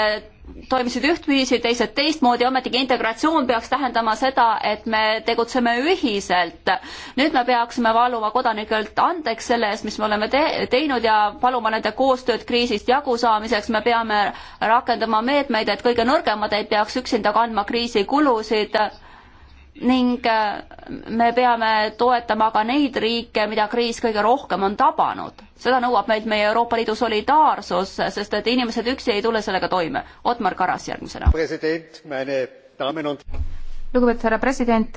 toimisid ühtviisi, teised teistmoodi, ometigi integratsioon peaks tähendama seda, et me tegutseme ühiselt. nüüd me peaksime paluma kodanikelt andeks selle eest, mis me oleme te teinud ja paluma nende koostööd kriisist jagusaamiseks, me peame rakendama meetmeid, et kõige nõrgemad ei peaks üksinda kandma kriisi kulusid ning äh, me peame toetama ka neid riike, mida kriis kõige rohkem on tabanud. seda nõuab meilt meie Euroopa Liidu solidaarsus, sest et inimesed üksi ei tule sellega toime. Otmar Karas järgmisena. lugupeetud härra president,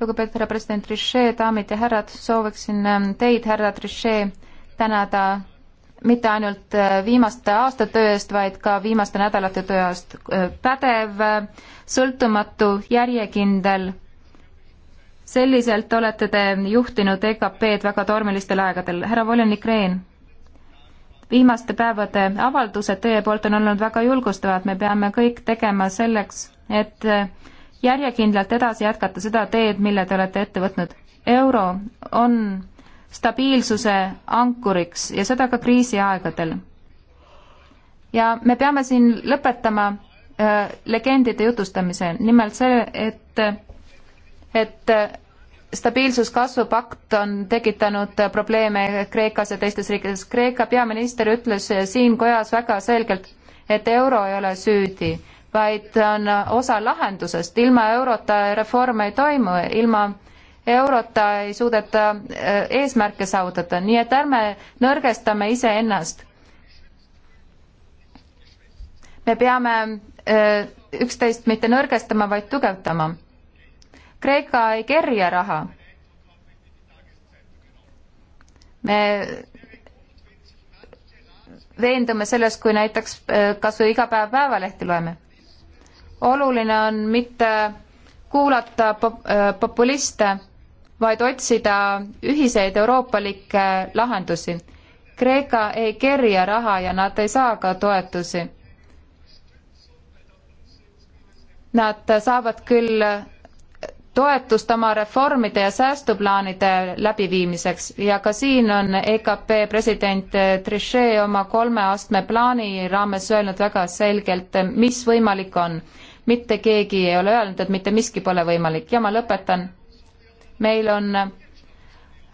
lugupeetud härra president Trichet, daamid ja härrad, sooviksin ähm, teid, härra Trichet, tänada mitte ainult äh, viimaste aastate ööst, vaid ka viimaste nädalate tööst. Äh, pädev, sõltumatu, järjekindel. selliselt olete te juhtinud EKP-d väga tormilistel aegadel. härra volinik Rehn, viimaste päevade avaldused teie poolt on olnud väga julgustavad, me peame kõik tegema selleks, et äh, järjekindlalt edasi jätkata seda teed, mille te olete ette võtnud. euro on stabiilsuse ankuriks ja seda ka kriisiaegadel. ja me peame siin lõpetama äh, legendide jutustamise, nimelt see, et, et äh, stabiilsuskasvupakt on tekitanud probleeme Kreekas ja teistes riikides. Kreeka peaminister ütles siin kojas väga selgelt, et euro ei ole süüdi, vaid on osa lahendusest. ilma eurota reforme ei toimu, ilma eurot ei suudeta äh, eesmärke saavutada, nii et ärme nõrgestame iseennast. me peame äh, üksteist mitte nõrgestama, vaid tugevdama. Kreeka ei kerja raha. me veendume selles, kui näiteks äh, kas või iga päev päevalehti loeme. oluline on mitte kuulata pop-, populiste vaid otsida ühiseid euroopalikke lahendusi. Kreeka ei kerja raha ja nad ei saa ka toetusi. Nad saavad küll toetust oma reformide ja säästuplaanide läbiviimiseks ja ka siin on EKP president Trichet oma kolme astme plaani raames öelnud väga selgelt, mis võimalik on. mitte keegi ei ole öelnud, et mitte miski pole võimalik ja ma lõpetan meil on äh,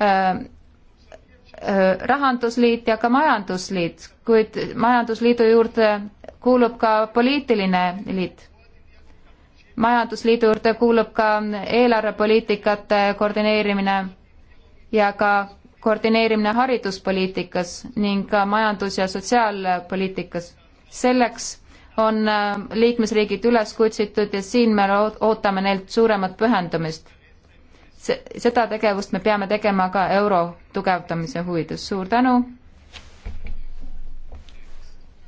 äh, rahandusliit ja ka majandusliit, kuid majandusliidu juurde kuulub ka poliitiline liit. majandusliidu juurde kuulub ka eelarvepoliitikate koordineerimine ja ka koordineerimine hariduspoliitikas ning ka majandus- ja sotsiaalpoliitikas. selleks on äh, liikmesriigid üles kutsutud ja siin me ootame neilt suuremat pühendumist seda tegevust me peame tegema ka euro tugevdamise huvides. suur tänu.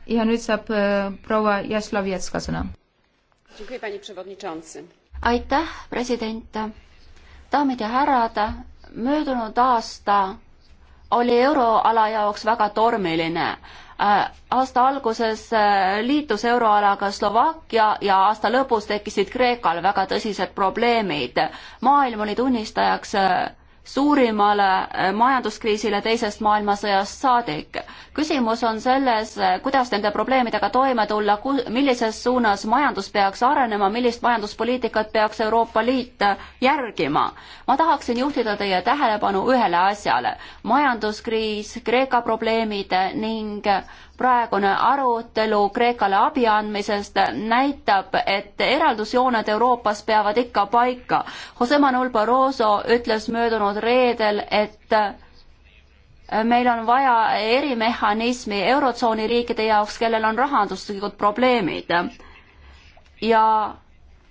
ja nüüd saab äh, proua Jaslovjetska sõna. aitäh, president. daamid ja härrad, möödunud aasta oli euroala jaoks väga tormiline Äh, aasta alguses äh, liitus euroalaga Slovakkia ja aasta lõpus tekkisid Kreekal väga tõsised probleemid. maailm oli tunnistajaks äh, suurimale eh, majanduskriisile teisest maailmasõjast saadik. küsimus on selles, eh, kuidas nende probleemidega toime tulla, millises suunas majandus peaks arenema, millist majanduspoliitikat peaks Euroopa Liit eh, järgima. ma tahaksin juhtida teie tähelepanu ühele asjale. majanduskriis, Kreeka probleemid ning praegune arutelu Kreekale abi andmisest näitab, et eraldusjooned Euroopas peavad ikka paika. Jose Manuel Barroso ütles möödunud reedel, et meil on vaja erimehhanismi Eurotsooni riikide jaoks, kellel on rahanduslikud probleemid. ja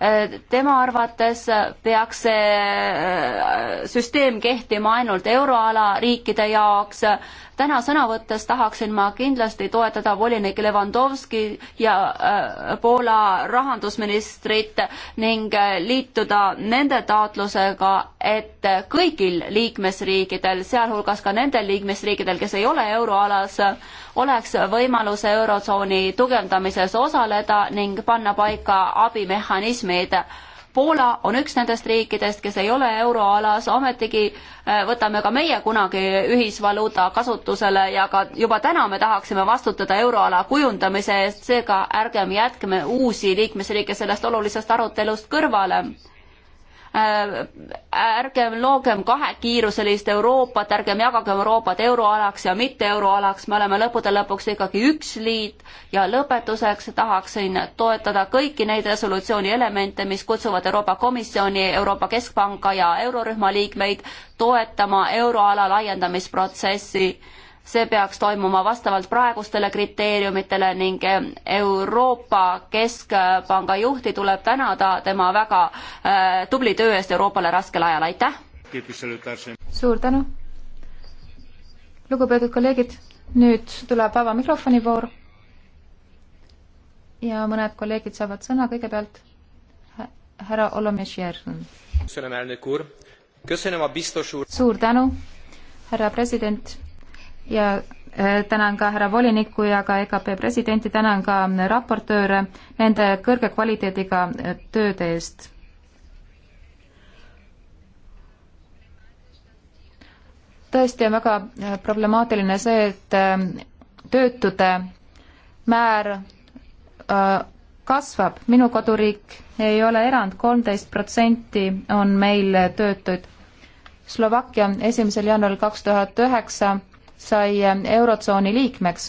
eh, tema arvates peaks see eh, süsteem kehtima ainult euroala riikide jaoks, täna sõna võttes tahaksin ma kindlasti toetada volinik Levandovski ja äh, Poola rahandusministrit ning äh, liituda nende taotlusega, et kõigil liikmesriikidel, sealhulgas ka nendel liikmesriikidel, kes ei ole euroalas, oleks võimalus eurotsooni tugevdamises osaleda ning panna paika abimehhanismid Poola on üks nendest riikidest, kes ei ole euroalas, ometigi äh, võtame ka meie kunagi ühisvaluuta kasutusele ja ka juba täna me tahaksime vastutada euroala kujundamise eest, seega ärgem jätkame uusi liikmesriike sellest olulisest arutelust kõrvale Äh, ärgem loogem kahekiiruselist Euroopat, ärgem jagagem Euroopat euroalaks ja mitte euroalaks, me oleme lõppude lõpuks ikkagi üks liit ja lõpetuseks tahaksin toetada kõiki neid resolutsiooni elemente, mis kutsuvad Euroopa Komisjoni, Euroopa Keskpanka ja eurorühma liikmeid toetama euroala laiendamisprotsessi see peaks toimuma vastavalt praegustele kriteeriumitele ning eh, Euroopa Keskpanga juhti tuleb tänada tema väga eh, tubli töö eest Euroopale raskel ajal, aitäh! suur tänu! lugupeetud kolleegid, nüüd tuleb vaba mikrofoni voor ja mõned kolleegid saavad sõna kõigepealt. härra Olomesjärv. suur tänu, härra president ja äh, tänan ka härra volinikku ja ka EKP presidenti, tänan ka äh, raportööre nende kõrge kvaliteediga äh, tööde eest. tõesti on väga problemaatiline see, et töötute määr kasvab, minu koduriik ei ole erand, kolmteist protsenti on meil töötuid. Slovakkia esimesel jaanuaril kaks tuhat üheksa sai äh, Eurotsooni liikmeks.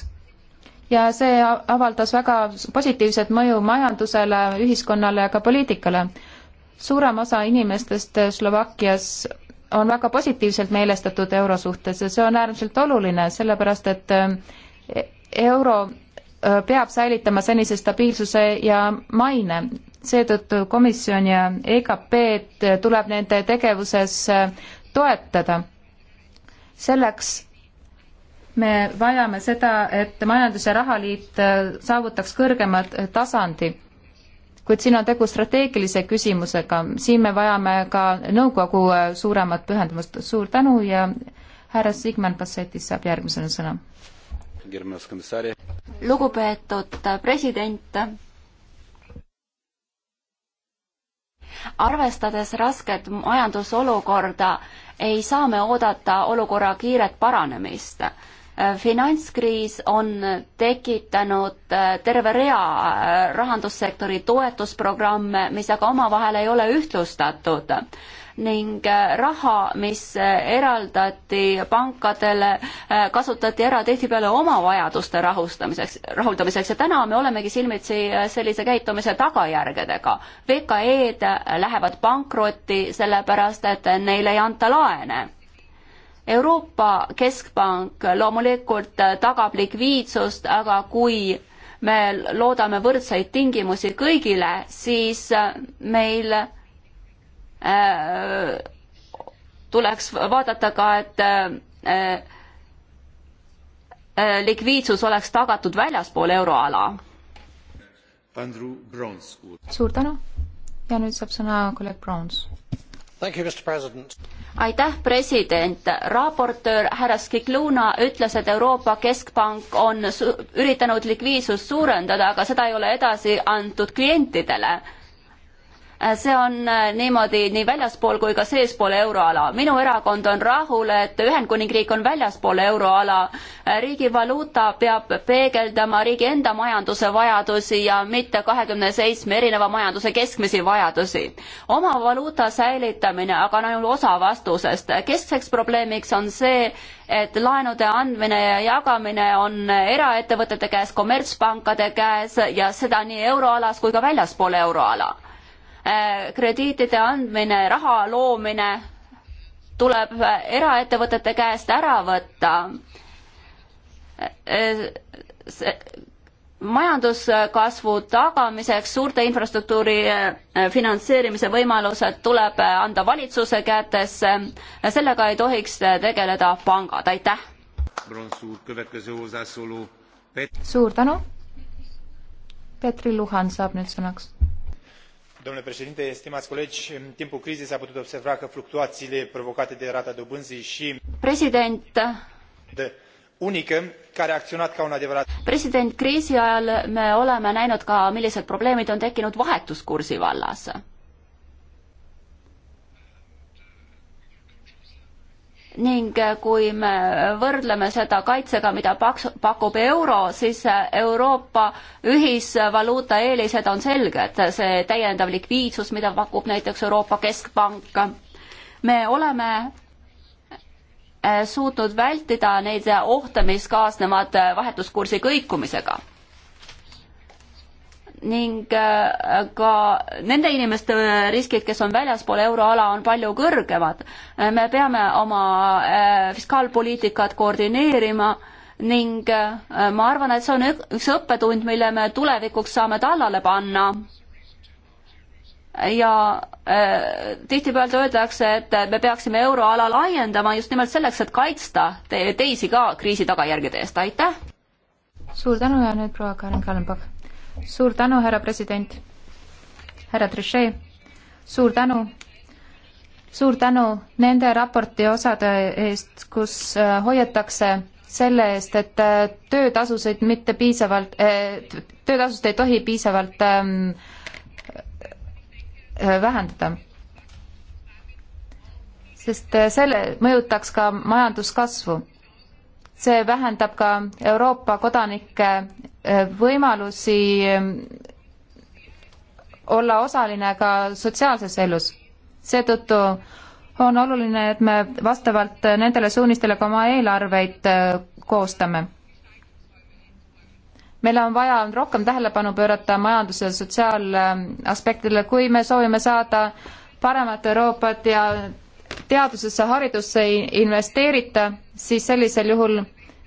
ja see avaldas väga positiivset mõju majandusele, ühiskonnale ja ka poliitikale. suurem osa inimestest äh, Slovakkias on väga positiivselt meelestatud euro suhtes ja see on äärmiselt oluline, sellepärast et äh, euro peab säilitama senise stabiilsuse ja maine. seetõttu komisjon ja EKP-d tuleb nende tegevuses toetada. selleks, me vajame seda, et Majandus- ja Rahaliit äh, saavutaks kõrgema äh, tasandi. kuid siin on tegu strateegilise küsimusega, siin me vajame ka nõukogu äh, suuremat pühendumust. suur tänu ja härra Sigmund Bassetis saab järgmisena sõna. lugupeetud president, arvestades rasket majandusolukorda, ei saa me oodata olukorra kiiret paranemist Äh, finantskriis on tekitanud äh, terve rea äh, rahandussektori toetusprogramme, mis aga omavahel ei ole ühtlustatud ning raha, mis eraldati pankadele, kasutati ära tihtipeale oma vajaduste rahustamiseks, rahuldamiseks ja täna me olemegi silmitsi sellise käitumise tagajärgedega. VKE-d lähevad pankrotti sellepärast, et neile ei anta laene Euroopa Keskpank loomulikult tagab likviidsust, aga kui me loodame võrdseid tingimusi kõigile, siis meil äh, tuleks vaadata ka, et äh, äh, likviidsus oleks tagatud väljaspool euroala. suur tänu ja nüüd saab sõna kolleeg Browns aitäh, president. raportöör härra Skikluna ütles, et Euroopa Keskpank on üritanud likviidsust suurendada, aga seda ei ole edasi antud klientidele Äh, see on äh, niimoodi nii väljaspool kui ka seespool euroala. minu erakond on rahul, et Ühendkuningriik on väljaspool euroala. Äh, riigi valuuta peab peegeldama riigi enda majanduse vajadusi ja mitte kahekümne seitsme erineva majanduse keskmisi vajadusi. oma valuuta säilitamine aga on ainult osa vastusest. keskseks probleemiks on see, et laenude andmine ja jagamine on eraettevõtete käes, kommertspankade käes ja seda nii euroalas kui ka väljaspool euroala Äh, krediitide andmine, raha loomine tuleb äh, eraettevõtete käest ära võtta. Äh, majanduskasvu tagamiseks suurte infrastruktuuri finantseerimise võimalused tuleb anda valitsuse kätesse, sellega ei tohiks tegeleda pangad, aitäh. suur tänu. Petri Luhan saab nüüd sõnaks în timpul crizei s a putut observa că fluctuațiile provocate de rata dobânzii și unică care a acționat ca un adevărat president kriisi ajal me oleme näinud ka millised probleemid on tekkinud vahetuskursi vallas ning eh, kui me võrdleme seda kaitsega, mida paks-, pakub euro, siis eh, Euroopa ühisvaluuta eelised on selged, see täiendav likviidsus, mida pakub näiteks Euroopa Keskpank. me oleme eh, suutnud vältida neid ohte, mis kaasnevad vahetuskursi kõikumisega ning äh, ka nende inimeste riskid, kes on väljaspool euroala, on palju kõrgemad. Äh, me peame oma äh, fiskaalpoliitikat koordineerima ning ma arvan, et see on üks õppetund, mille me tulevikuks saame tallale panna. ja tihtipeale öeldakse, et me peaksime euroala laiendama just nimelt selleks, et kaitsta te teisi ka kriisi tagajärgede eest, aitäh! suur tänu ja nüüd proua Karin Kallenbach suur tänu, härra president, härra Trichet, suur tänu, suur tänu nende raporti osade eest, kus äh, hoiatakse selle eest, et äh, töötasusid mitte piisavalt, äh, töötasust ei tohi piisavalt ähm, vähendada. sest selle mõjutaks ka majanduskasvu. see vähendab ka Euroopa kodanike võimalusi ehm, olla osaline ka sotsiaalses elus. seetõttu on oluline, et me vastavalt nendele suunistele ka oma eelarveid ehm, koostame. meil on vaja rohkem tähelepanu pöörata majanduse ja sotsiaalaspektidele, ehm, kui me soovime saada paremat Euroopat ja teadusesse, haridusse ei investeerita, siis sellisel juhul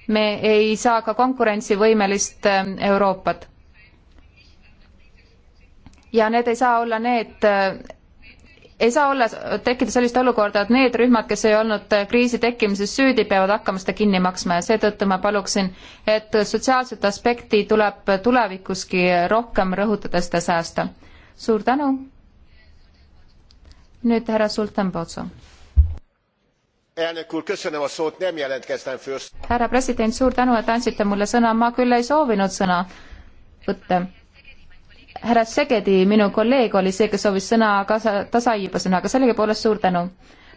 me ei saa ka konkurentsivõimelist ähm, Euroopat. ja need ei saa olla need, äh, ei saa olla, tekkida sellist olukorda, et need rühmad, kes ei olnud äh, kriisi tekkimises süüdi, peavad hakkama seda kinni maksma ja seetõttu ma paluksin, et sotsiaalset aspekti tuleb tulevikuski rohkem rõhutada, seda säästa. suur tänu. nüüd härra Sultan Potso nem jelentkeztem fős. härra president, suur tänu, et andsite mulle sõna, ma küll ei soovinud sõna võtta. härra Segedi, minu kolleeg oli see, kes soovis sõna, aga ta sai juba sõna, aga sellegipoolest suur tänu.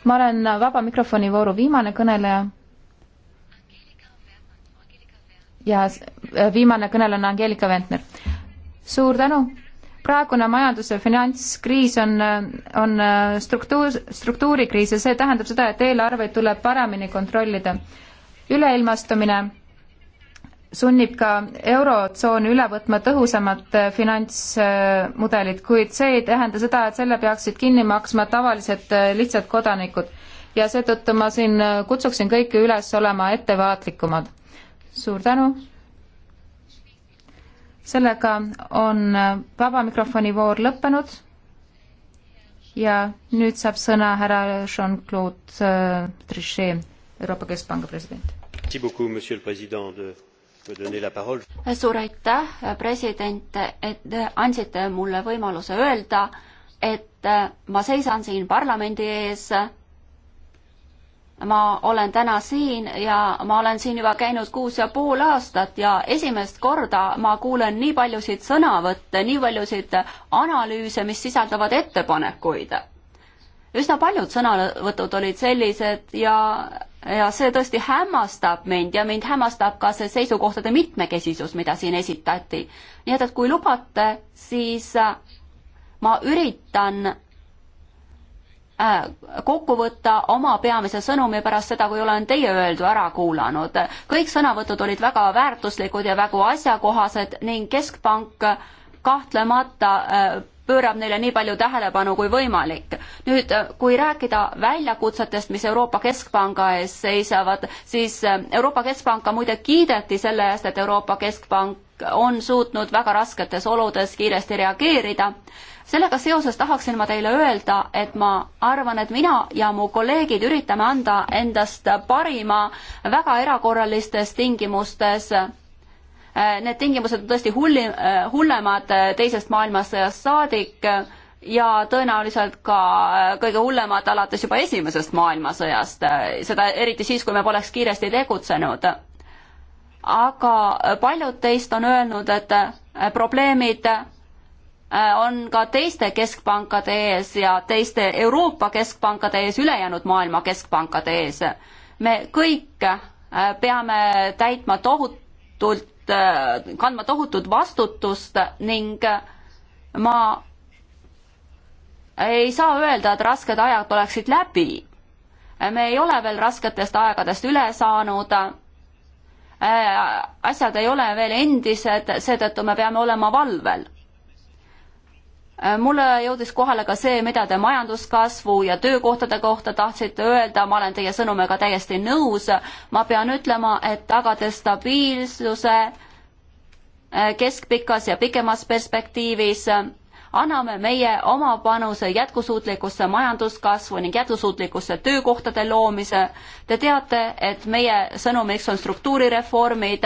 ma olen vaba mikrofoni vooru viimane kõneleja. ja viimane kõneleja on Angeelika Ventner. suur tänu praegune majandus- ja finantskriis on, on äh, struktuur, struktuurikriis ja see tähendab seda, et eelarveid tuleb paremini kontrollida. üleilmastumine sunnib ka Eurotsooni üle võtma tõhusamat äh, finantsmudelit, kuid see ei tähenda seda, et selle peaksid kinni maksma tavalised äh, lihtsad kodanikud. ja seetõttu ma siin kutsuksin kõiki üles olema ettevaatlikumad. suur tänu! sellega on äh, vaba mikrofoni voor lõppenud ja nüüd saab sõna härra Jean-Claude äh, Trichet, Euroopa Keskpanga president. suur aitäh, president, et andsite mulle võimaluse öelda, et äh, ma seisan siin parlamendi ees ma olen täna siin ja ma olen siin juba käinud kuus ja pool aastat ja esimest korda ma kuulen nii paljusid sõnavõtte, nii paljusid analüüse, mis sisaldavad ettepanekuid. üsna paljud sõnavõtud olid sellised ja, ja see tõesti hämmastab mind ja mind hämmastab ka see seisukohtade mitmekesisus, mida siin esitati. nii et, et kui lubate, siis ma üritan Äh, kokku võtta oma peamise sõnumi pärast seda, kui olen teie öeldu ära kuulanud. kõik sõnavõtud olid väga väärtuslikud ja väga asjakohased ning Keskpank kahtlemata äh, pöörab neile nii palju tähelepanu kui võimalik. nüüd, äh, kui rääkida väljakutsetest, mis Euroopa Keskpanga ees seisavad, siis Euroopa Keskpanka muide kiideti selle eest, et Euroopa Keskpank on suutnud väga rasketes oludes kiiresti reageerida. sellega seoses tahaksin ma teile öelda, et ma arvan, et mina ja mu kolleegid üritame anda endast parima väga erakorralistes tingimustes. Need tingimused on tõesti hulli, hullemad teisest maailmasõjast saadik ja tõenäoliselt ka kõige hullemad alates juba esimesest maailmasõjast, seda eriti siis, kui me poleks kiiresti tegutsenud aga paljud teist on öelnud, et äh, probleemid äh, on ka teiste keskpankade ees ja teiste Euroopa keskpankade ees, ülejäänud maailma keskpankade ees. me kõik äh, peame täitma tohutult, kandma tohutut vastutust ning ma ei saa öelda, et rasked ajad oleksid läbi. me ei ole veel rasketest aegadest üle saanud Äh, asjad ei ole veel endised, seetõttu me peame olema valvel. Äh, mulle jõudis kohale ka see, mida te majanduskasvu ja töökohtade kohta tahtsite öelda, ma olen teie sõnumiga täiesti nõus. ma pean ütlema, et tagada stabiilsuse äh, keskpikas ja pikemas perspektiivis anname meie oma panuse jätkusuutlikusse majanduskasvu ning jätkusuutlikusse töökohtade loomise. Te teate, et meie sõnumiks on struktuurireformid,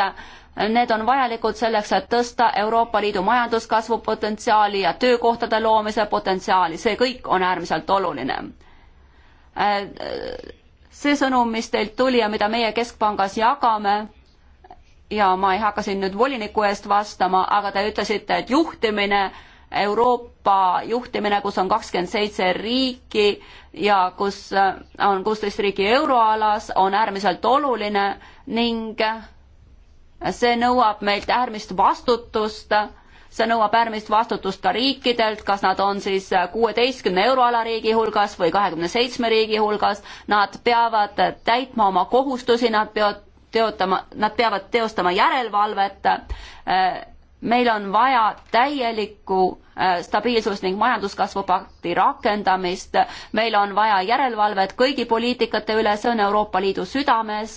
need on vajalikud selleks, et tõsta Euroopa Liidu majanduskasvu potentsiaali ja töökohtade loomise potentsiaali, see kõik on äärmiselt oluline see sõnum, mis teilt tuli ja mida meie Keskpangas jagame, ja ma ei hakka siin nüüd voliniku eest vastama, aga te ütlesite, et juhtimine äh, Euroopa juhtimine, kus on kakskümmend seitse riiki ja kus äh, on kuusteist riiki euroalas, on äärmiselt oluline ning see nõuab meilt äärmist vastutust, see nõuab äärmist vastutust ka riikidelt, kas nad on siis kuueteistkümne euroala riigi hulgas või kahekümne seitsme riigi hulgas, nad peavad täitma oma kohustusi, nad peavad teotama, nad peavad teostama järelevalvet äh, meil on vaja täielikku äh, stabiilsus- ning majanduskasvupakti rakendamist, meil on vaja järelevalvet kõigi poliitikate üle, see on Euroopa Liidu südames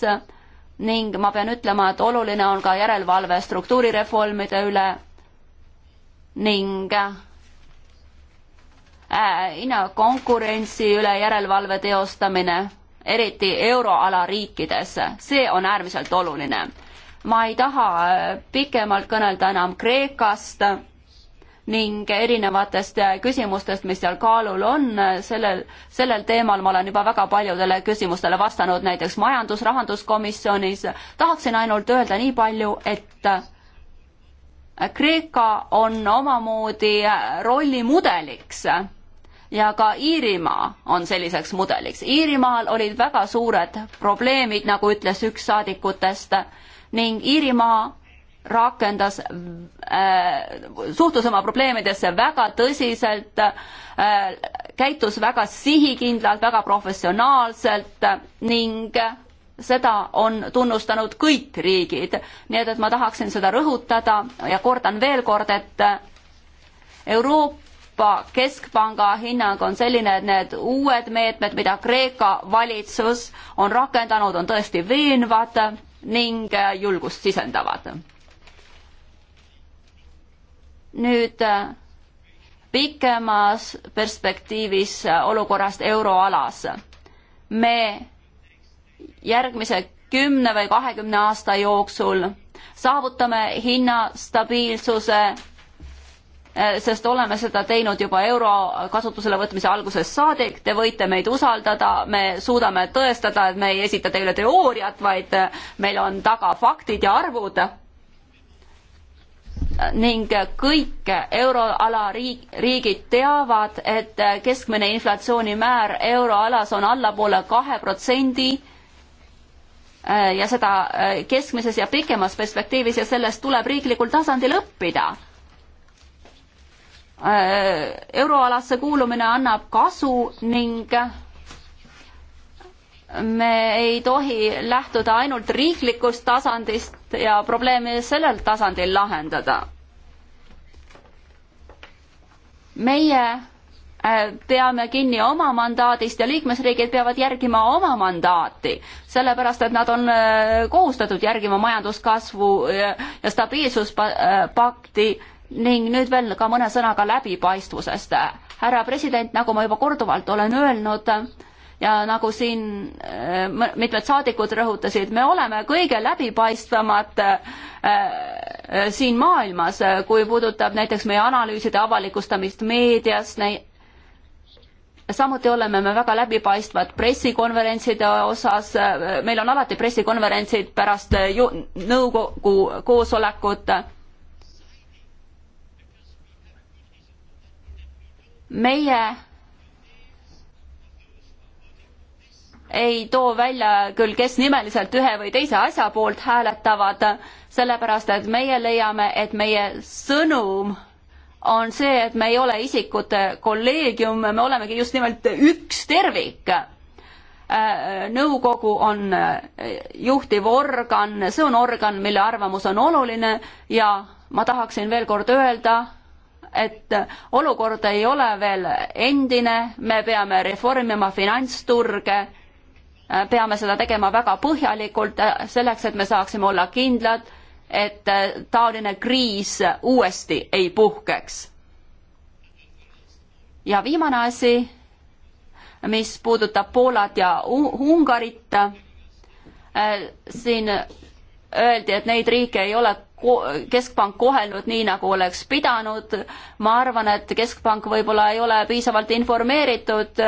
ning ma pean ütlema, et oluline on ka järelevalve struktuurireformide üle ning hinnakonkurentsi äh, üle järelevalve teostamine, eriti euroala riikides, see on äärmiselt oluline ma ei taha äh, pikemalt kõnelda enam Kreekast ning erinevatest äh, küsimustest, mis seal kaalul on, sellel, sellel teemal ma olen juba väga paljudele küsimustele vastanud, näiteks majandus, rahanduskomisjonis. tahaksin ainult öelda nii palju, et äh, Kreeka on omamoodi rollimudeliks ja ka Iirimaa on selliseks mudeliks. Iirimaal olid väga suured probleemid, nagu ütles üks saadikutest ning Iirimaa rakendas äh,, suhtus oma probleemidesse väga tõsiselt äh,, käitus väga sihikindlalt, väga professionaalselt ning seda on tunnustanud kõik riigid. nii et, et ma tahaksin seda rõhutada ja kordan veel kord, et Euroopa Keskpanga hinnang on selline, et need uued meetmed, mida Kreeka valitsus on rakendanud, on tõesti veenvad ning äh, julgust sisendavad. nüüd äh, pikemas perspektiivis äh, olukorrast euroalas. me järgmise kümne või kahekümne aasta jooksul saavutame hinnastabiilsuse Eh, sest oleme seda teinud juba euro kasutusele võtmise algusest saadik, te võite meid usaldada, me suudame tõestada, et me ei esita teile teooriat, vaid eh, meil on taga faktid ja arvud. ning kõik euroala riik, riigid teavad, et keskmine inflatsioonimäär euroalas on allapoole kahe protsendi eh, ja seda keskmises ja pikemas perspektiivis ja sellest tuleb riiklikul tasandil õppida Äh, euroalasse kuulumine annab kasu ning me ei tohi lähtuda ainult riiklikust tasandist ja probleemi sellel tasandil lahendada. meie äh, peame kinni oma mandaadist ja liikmesriigid peavad järgima oma mandaati, sellepärast et nad on äh, kohustatud järgima majanduskasvu ja stabiilsuspakti äh, ning nüüd veel ka mõne sõnaga läbipaistvusest. härra president, nagu ma juba korduvalt olen öelnud ja nagu siin äh, mitmed saadikud rõhutasid, me oleme kõige läbipaistvamad äh, äh, siin maailmas, kui puudutab näiteks meie analüüside avalikustamist meedias, samuti oleme me väga läbipaistvad pressikonverentside osas, meil on alati pressikonverentsid pärast ju-, nõukogu koosolekut meie ei too välja küll, kes nimeliselt ühe või teise asja poolt hääletavad, sellepärast et meie leiame, et meie sõnum on see, et me ei ole isikute kolleegium, me olemegi just nimelt üks tervik. Äh, nõukogu on äh, juhtiv organ, see on organ, mille arvamus on oluline ja ma tahaksin veel kord öelda, et olukord ei ole veel endine, me peame reformima finantsturge, peame seda tegema väga põhjalikult, selleks et me saaksime olla kindlad, et taoline kriis uuesti ei puhkeks. ja viimane asi, mis puudutab Poolat ja Ungarit, siin öeldi, et neid riike ei ole keskpank kohelnud nii, nagu oleks pidanud. ma arvan, et keskpank võib-olla ei ole piisavalt informeeritud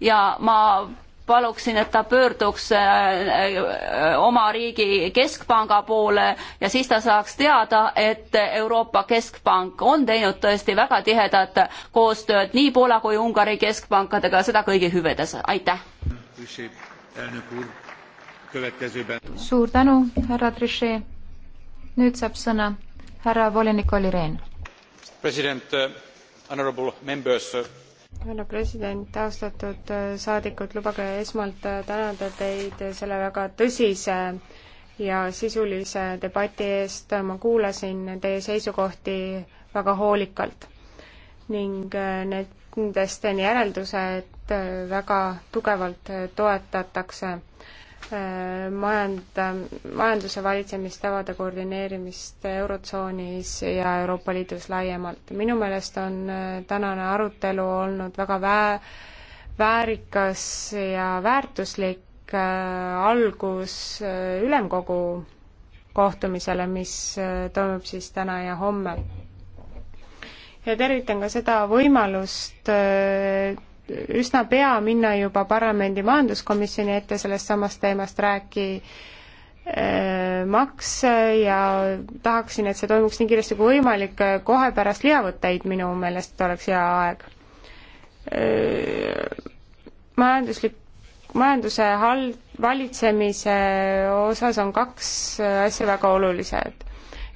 ja ma paluksin, et ta pöörduks äh, äh, oma riigi keskpanga poole ja siis ta saaks teada, et Euroopa Keskpank on teinud tõesti väga tihedat koostööd nii Poola kui Ungari keskpankadega, seda kõigi hüvedes, aitäh. suur tänu, härra Trichet nüüd saab sõna härra volinik Olli Rehn. president, uh, honorable members. Uh, härra president, austatud uh, saadikud, lubage esmalt tänada teid selle väga tõsise ja sisulise debati eest, ma kuulasin teie seisukohti väga hoolikalt ning nendest teen järelduse, et väga tugevalt toetatakse Äh, majanda, majanduse valitsemistavade koordineerimist Eurotsoonis ja Euroopa Liidus laiemalt. minu meelest on äh, tänane arutelu olnud väga vä-, väärikas ja väärtuslik äh, algus ülemkogu kohtumisele, mis toimub siis täna ja homme. ja tervitan ka seda võimalust üsna pea minna juba parlamendi majanduskomisjoni ette sellest samast teemast rääki- äh, maks ja tahaksin, et see toimuks nii kiiresti kui võimalik, äh, kohe pärast lihavõtteid minu meelest oleks hea aeg. Äh, majanduslik, majanduse hal-, valitsemise osas on kaks asja väga olulised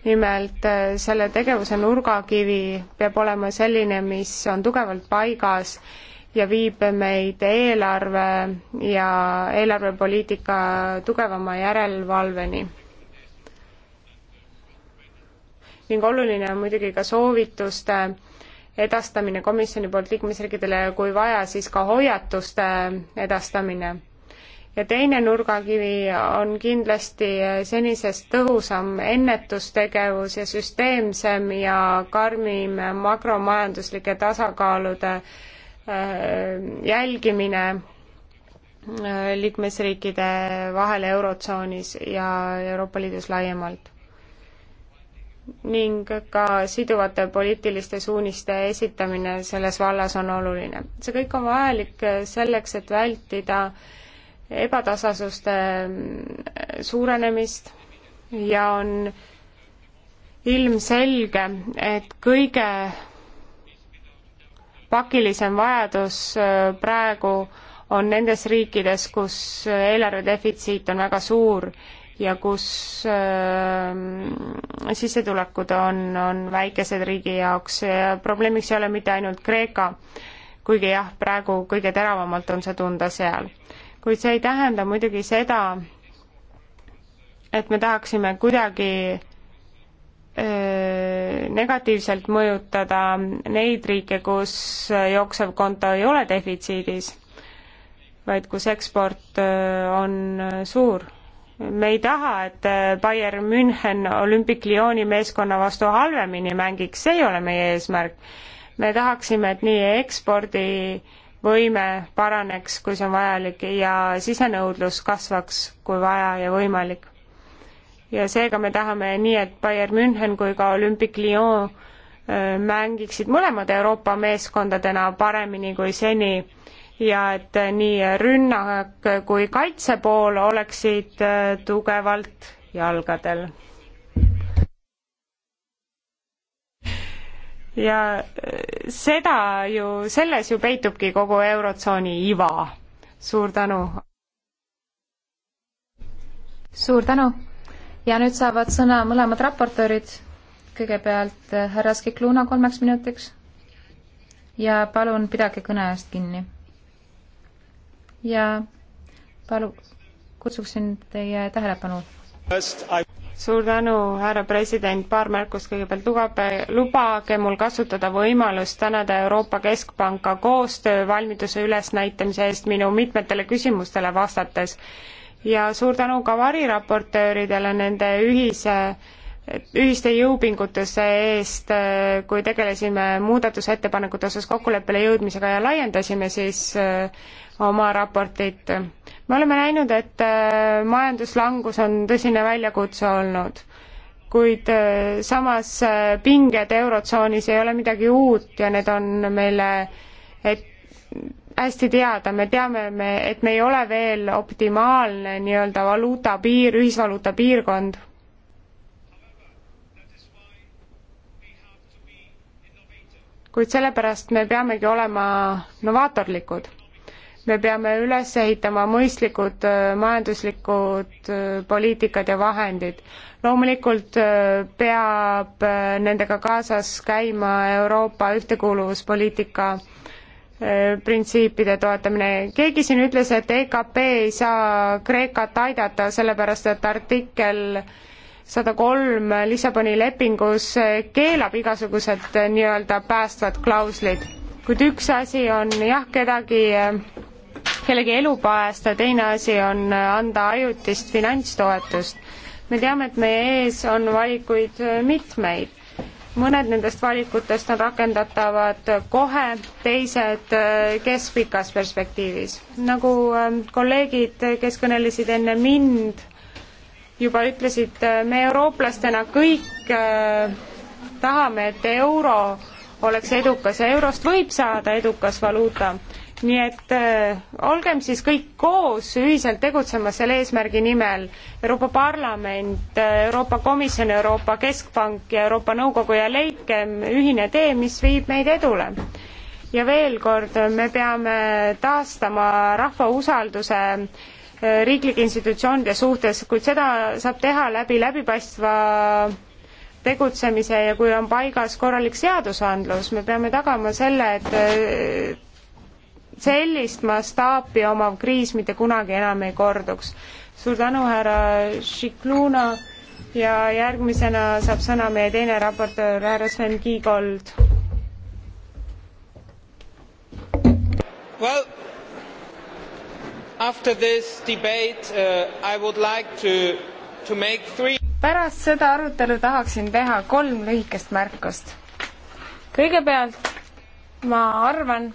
nimelt selle tegevuse nurgakivi peab olema selline, mis on tugevalt paigas ja viib meid eelarve ja eelarvepoliitika tugevama järelevalveni. ning oluline on muidugi ka soovituste edastamine komisjoni poolt liikmesriikidele ja kui vaja, siis ka hoiatuste edastamine. ja teine nurgakivi on kindlasti senisest tõhusam ennetustegevus ja süsteemsem ja karmim makromajanduslike tasakaalude äh, Äh, jälgimine äh, liikmesriikide vahel Eurotsoonis ja Euroopa Liidus laiemalt. ning ka siduvate poliitiliste suuniste esitamine selles vallas on oluline. see kõik on vajalik selleks, et vältida ebatasasuste äh, suurenemist ja on ilmselge, et kõige pakilisem vajadus äh, praegu on nendes riikides, kus äh, eelarve defitsiit on väga suur ja kus äh, sissetulekud on, on väikesed riigi jaoks ja probleemiks ei ole mitte ainult Kreeka, kuigi jah, praegu kõige teravamalt on see tunda seal. kuid see ei tähenda muidugi seda, et me tahaksime kuidagi äh, negatiivselt mõjutada neid riike, kus jooksev konto ei ole defitsiidis, vaid kus eksport äh, on äh, suur. me ei taha, et äh, Bayern München Olympic Lyoni meeskonna vastu halvemini mängiks, see ei ole meie eesmärk. me tahaksime, et nii ekspordivõime paraneks, kui see on vajalik, ja sisenõudlus kasvaks, kui vaja ja võimalik ja seega me tahame nii, et Bayern München kui ka Olympic Lyon äh, mängiksid mõlemad Euroopa meeskondadena paremini kui seni ja et nii rünnak kui kaitsepool oleksid äh, tugevalt jalgadel. ja äh, seda ju, selles ju peitubki kogu Eurotsooni iva. suur tänu! suur tänu! ja nüüd saavad sõna mõlemad raportöörid. kõigepealt eh, härra Skikluna kolmeks minutiks ja palun pidage kõne eest kinni. ja palu-, kutsuksin teie tähelepanu. suur tänu, härra president, paar märkust kõigepealt, lubage, lubage mul kasutada võimalust tänada Euroopa Keskpanka koostöövalmiduse ülesnäitamise eest minu mitmetele küsimustele vastates ja suur tänu ka variraportööridele nende ühise ühiste jõupingutuse eest, kui tegelesime muudatusettepanekute osas kokkuleppele jõudmisega ja laiendasime siis äh, oma raportit. me oleme näinud, et äh, majanduslangus on tõsine väljakutse olnud, kuid äh, samas pinged Eurotsoonis ei ole midagi uut ja need on meile et hästi teada, me teame, me, et me ei ole veel optimaalne nii-öelda valuuta piir, ühisvaluuta piirkond. kuid sellepärast me peamegi olema novaatorlikud. me peame üles ehitama mõistlikud äh, majanduslikud äh, poliitikad ja vahendid. loomulikult äh, peab nendega kaasas käima Euroopa ühtekuuluvuspoliitika printsiipide toetamine. keegi siin ütles, et EKP ei saa Kreekat aidata, sellepärast et artikkel sada kolm Lissaboni lepingus keelab igasugused nii-öelda päästvad klauslid. kuid üks asi on jah, kedagi, kellegi elu päästa, teine asi on anda ajutist finantstoetust. me teame, et meie ees on valikuid mitmeid mõned nendest valikutest on rakendatavad kohe, teised äh, keskpikas perspektiivis. nagu ähm, kolleegid, kes kõnelesid enne mind, juba ütlesid, äh, me eurooplastena kõik äh, tahame, et euro oleks edukas ja eurost võib saada edukas valuuta nii et äh, olgem siis kõik koos ühiselt tegutsemas selle eesmärgi nimel. Euroopa Parlament, äh, Euroopa Komisjon, Euroopa Keskpank ja Euroopa Nõukogu ja leikem ühine tee, mis viib meid edule. ja veel kord, me peame taastama rahva usalduse äh, riiklike institutsioonide suhtes, kuid seda saab teha läbi läbipaistva tegutsemise ja kui on paigas korralik seadusandlus, me peame tagama selle, et äh, sellist mastaapi omav kriis mitte kunagi enam ei korduks. suur tänu, härra Šikluna ja järgmisena saab sõna meie teine raportöör, härra Sven Kiigold. Well, after this debate uh, I would like to, to make three pärast seda arutelu tahaksin teha kolm lühikest märkust. kõigepealt ma arvan,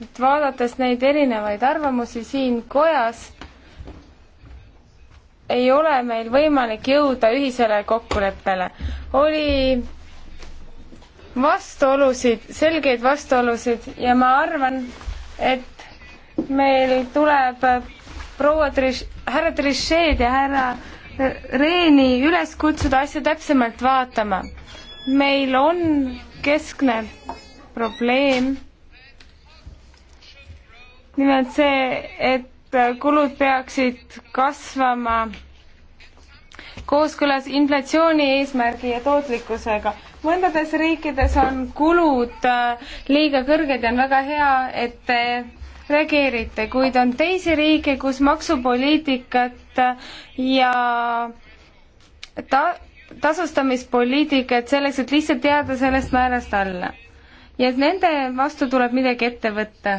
et vaadates neid erinevaid arvamusi siin kojas, ei ole meil võimalik jõuda ühisele kokkuleppele. oli vastuolusid, selgeid vastuolusid ja ma arvan, et meil tuleb proua Triš-, härra Trichet ja härra Reeni üles kutsuda asja täpsemalt vaatama. meil on keskne probleem nimelt see, et kulud peaksid kasvama kooskõlas inflatsiooni eesmärgi ja tootlikkusega. mõndades riikides on kulud äh, liiga kõrged ja on väga hea, et te reageerite, kuid on teisi riike, kus maksupoliitikat äh, ja ta-, tasustamispoliitikat selleks, et lihtsalt jääda sellest määrast alla. ja et nende vastu tuleb midagi ette võtta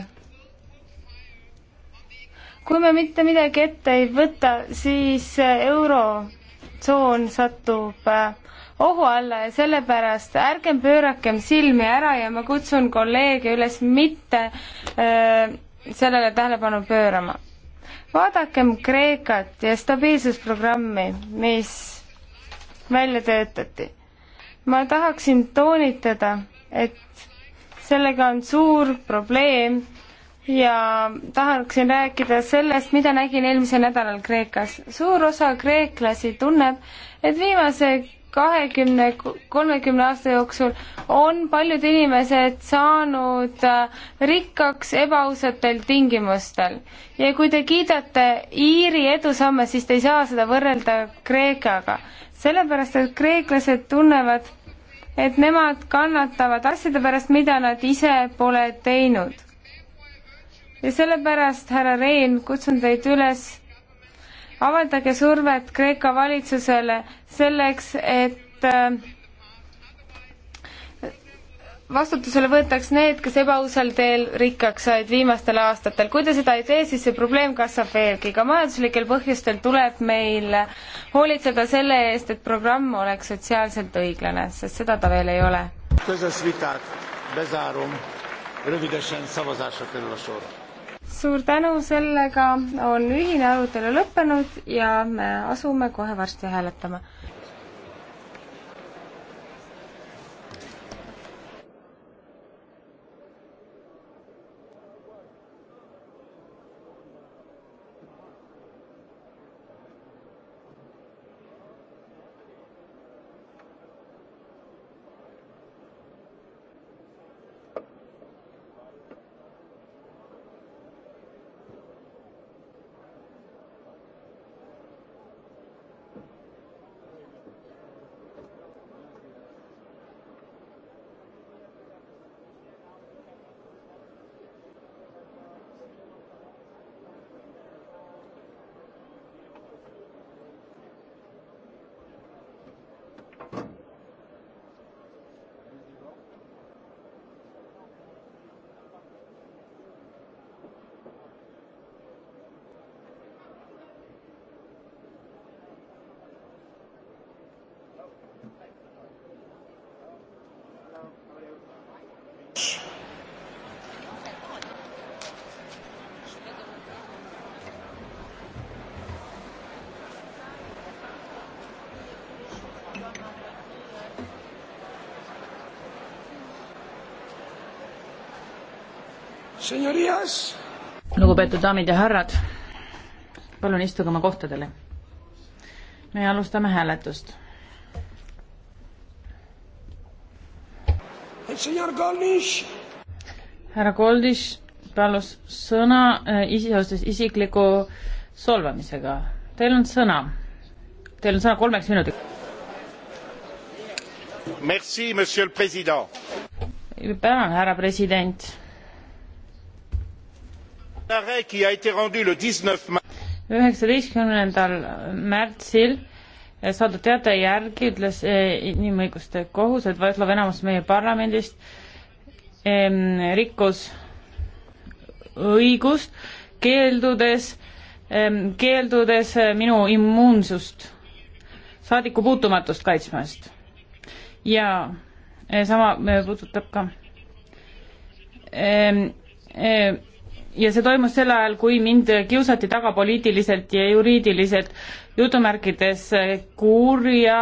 kui me mitte midagi ette ei võta, siis eurotsoon satub äh, ohu alla ja sellepärast ärgem pöörakem silmi ära ja ma kutsun kolleege üles mitte öö, äh, sellele tähelepanu pöörama. vaadakem Kreekat ja stabiilsusprogrammi, mis välja töötati. ma tahaksin toonitada, et sellega on suur probleem ja tahaksin rääkida sellest, mida nägin eelmisel nädalal Kreekas. suur osa kreeklasi tunneb, et viimase kahekümne, kolmekümne aasta jooksul on paljud inimesed saanud äh, rikkaks ebaausatel tingimustel. ja kui te kiidate Iiri edusamme, siis te ei saa seda võrrelda Kreekaga. sellepärast, et kreeklased tunnevad, et nemad kannatavad asjade pärast, mida nad ise pole teinud ja sellepärast, härra Rein, kutsun teid üles, avaldage survet Kreeka valitsusele selleks, et äh, vastutusele võetaks need, kes ebaausal teel rikkaks said viimastel aastatel. kui te seda ei tee, siis see probleem kasvab veelgi. ka majanduslikel põhjustel tuleb meil hoolitseda selle eest, et programm oleks sotsiaalselt õiglane, sest seda ta veel ei ole. közös vitát bezárom, rövidesen szavazásra kerül a sor suur tänu, sellega on ühine arutelu lõppenud ja me asume kohe varsti hääletama lugupeetud daamid ja härrad, palun istuge oma kohtadele. me alustame hääletust. härra Goldiš palus sõna eh, iseostes isikliku solvamisega. Teil on sõna. Teil on sõna kolmeks minutiks. Merci, monsieur le president. tänan, härra president üheksateistkümnendal märtsil eh, saadud teate järgi ütles eh, inimõiguste kohus, et Vaeslav enamus meie parlamendist rikkus õigust, keeldudes, keeldudes eh, minu immuunsust, saadikupuutumatust kaitsmast. ja sama puudutab ka ja see toimus sel ajal, kui mind kiusati taga poliitiliselt ja juriidiliselt jutumärkides kurja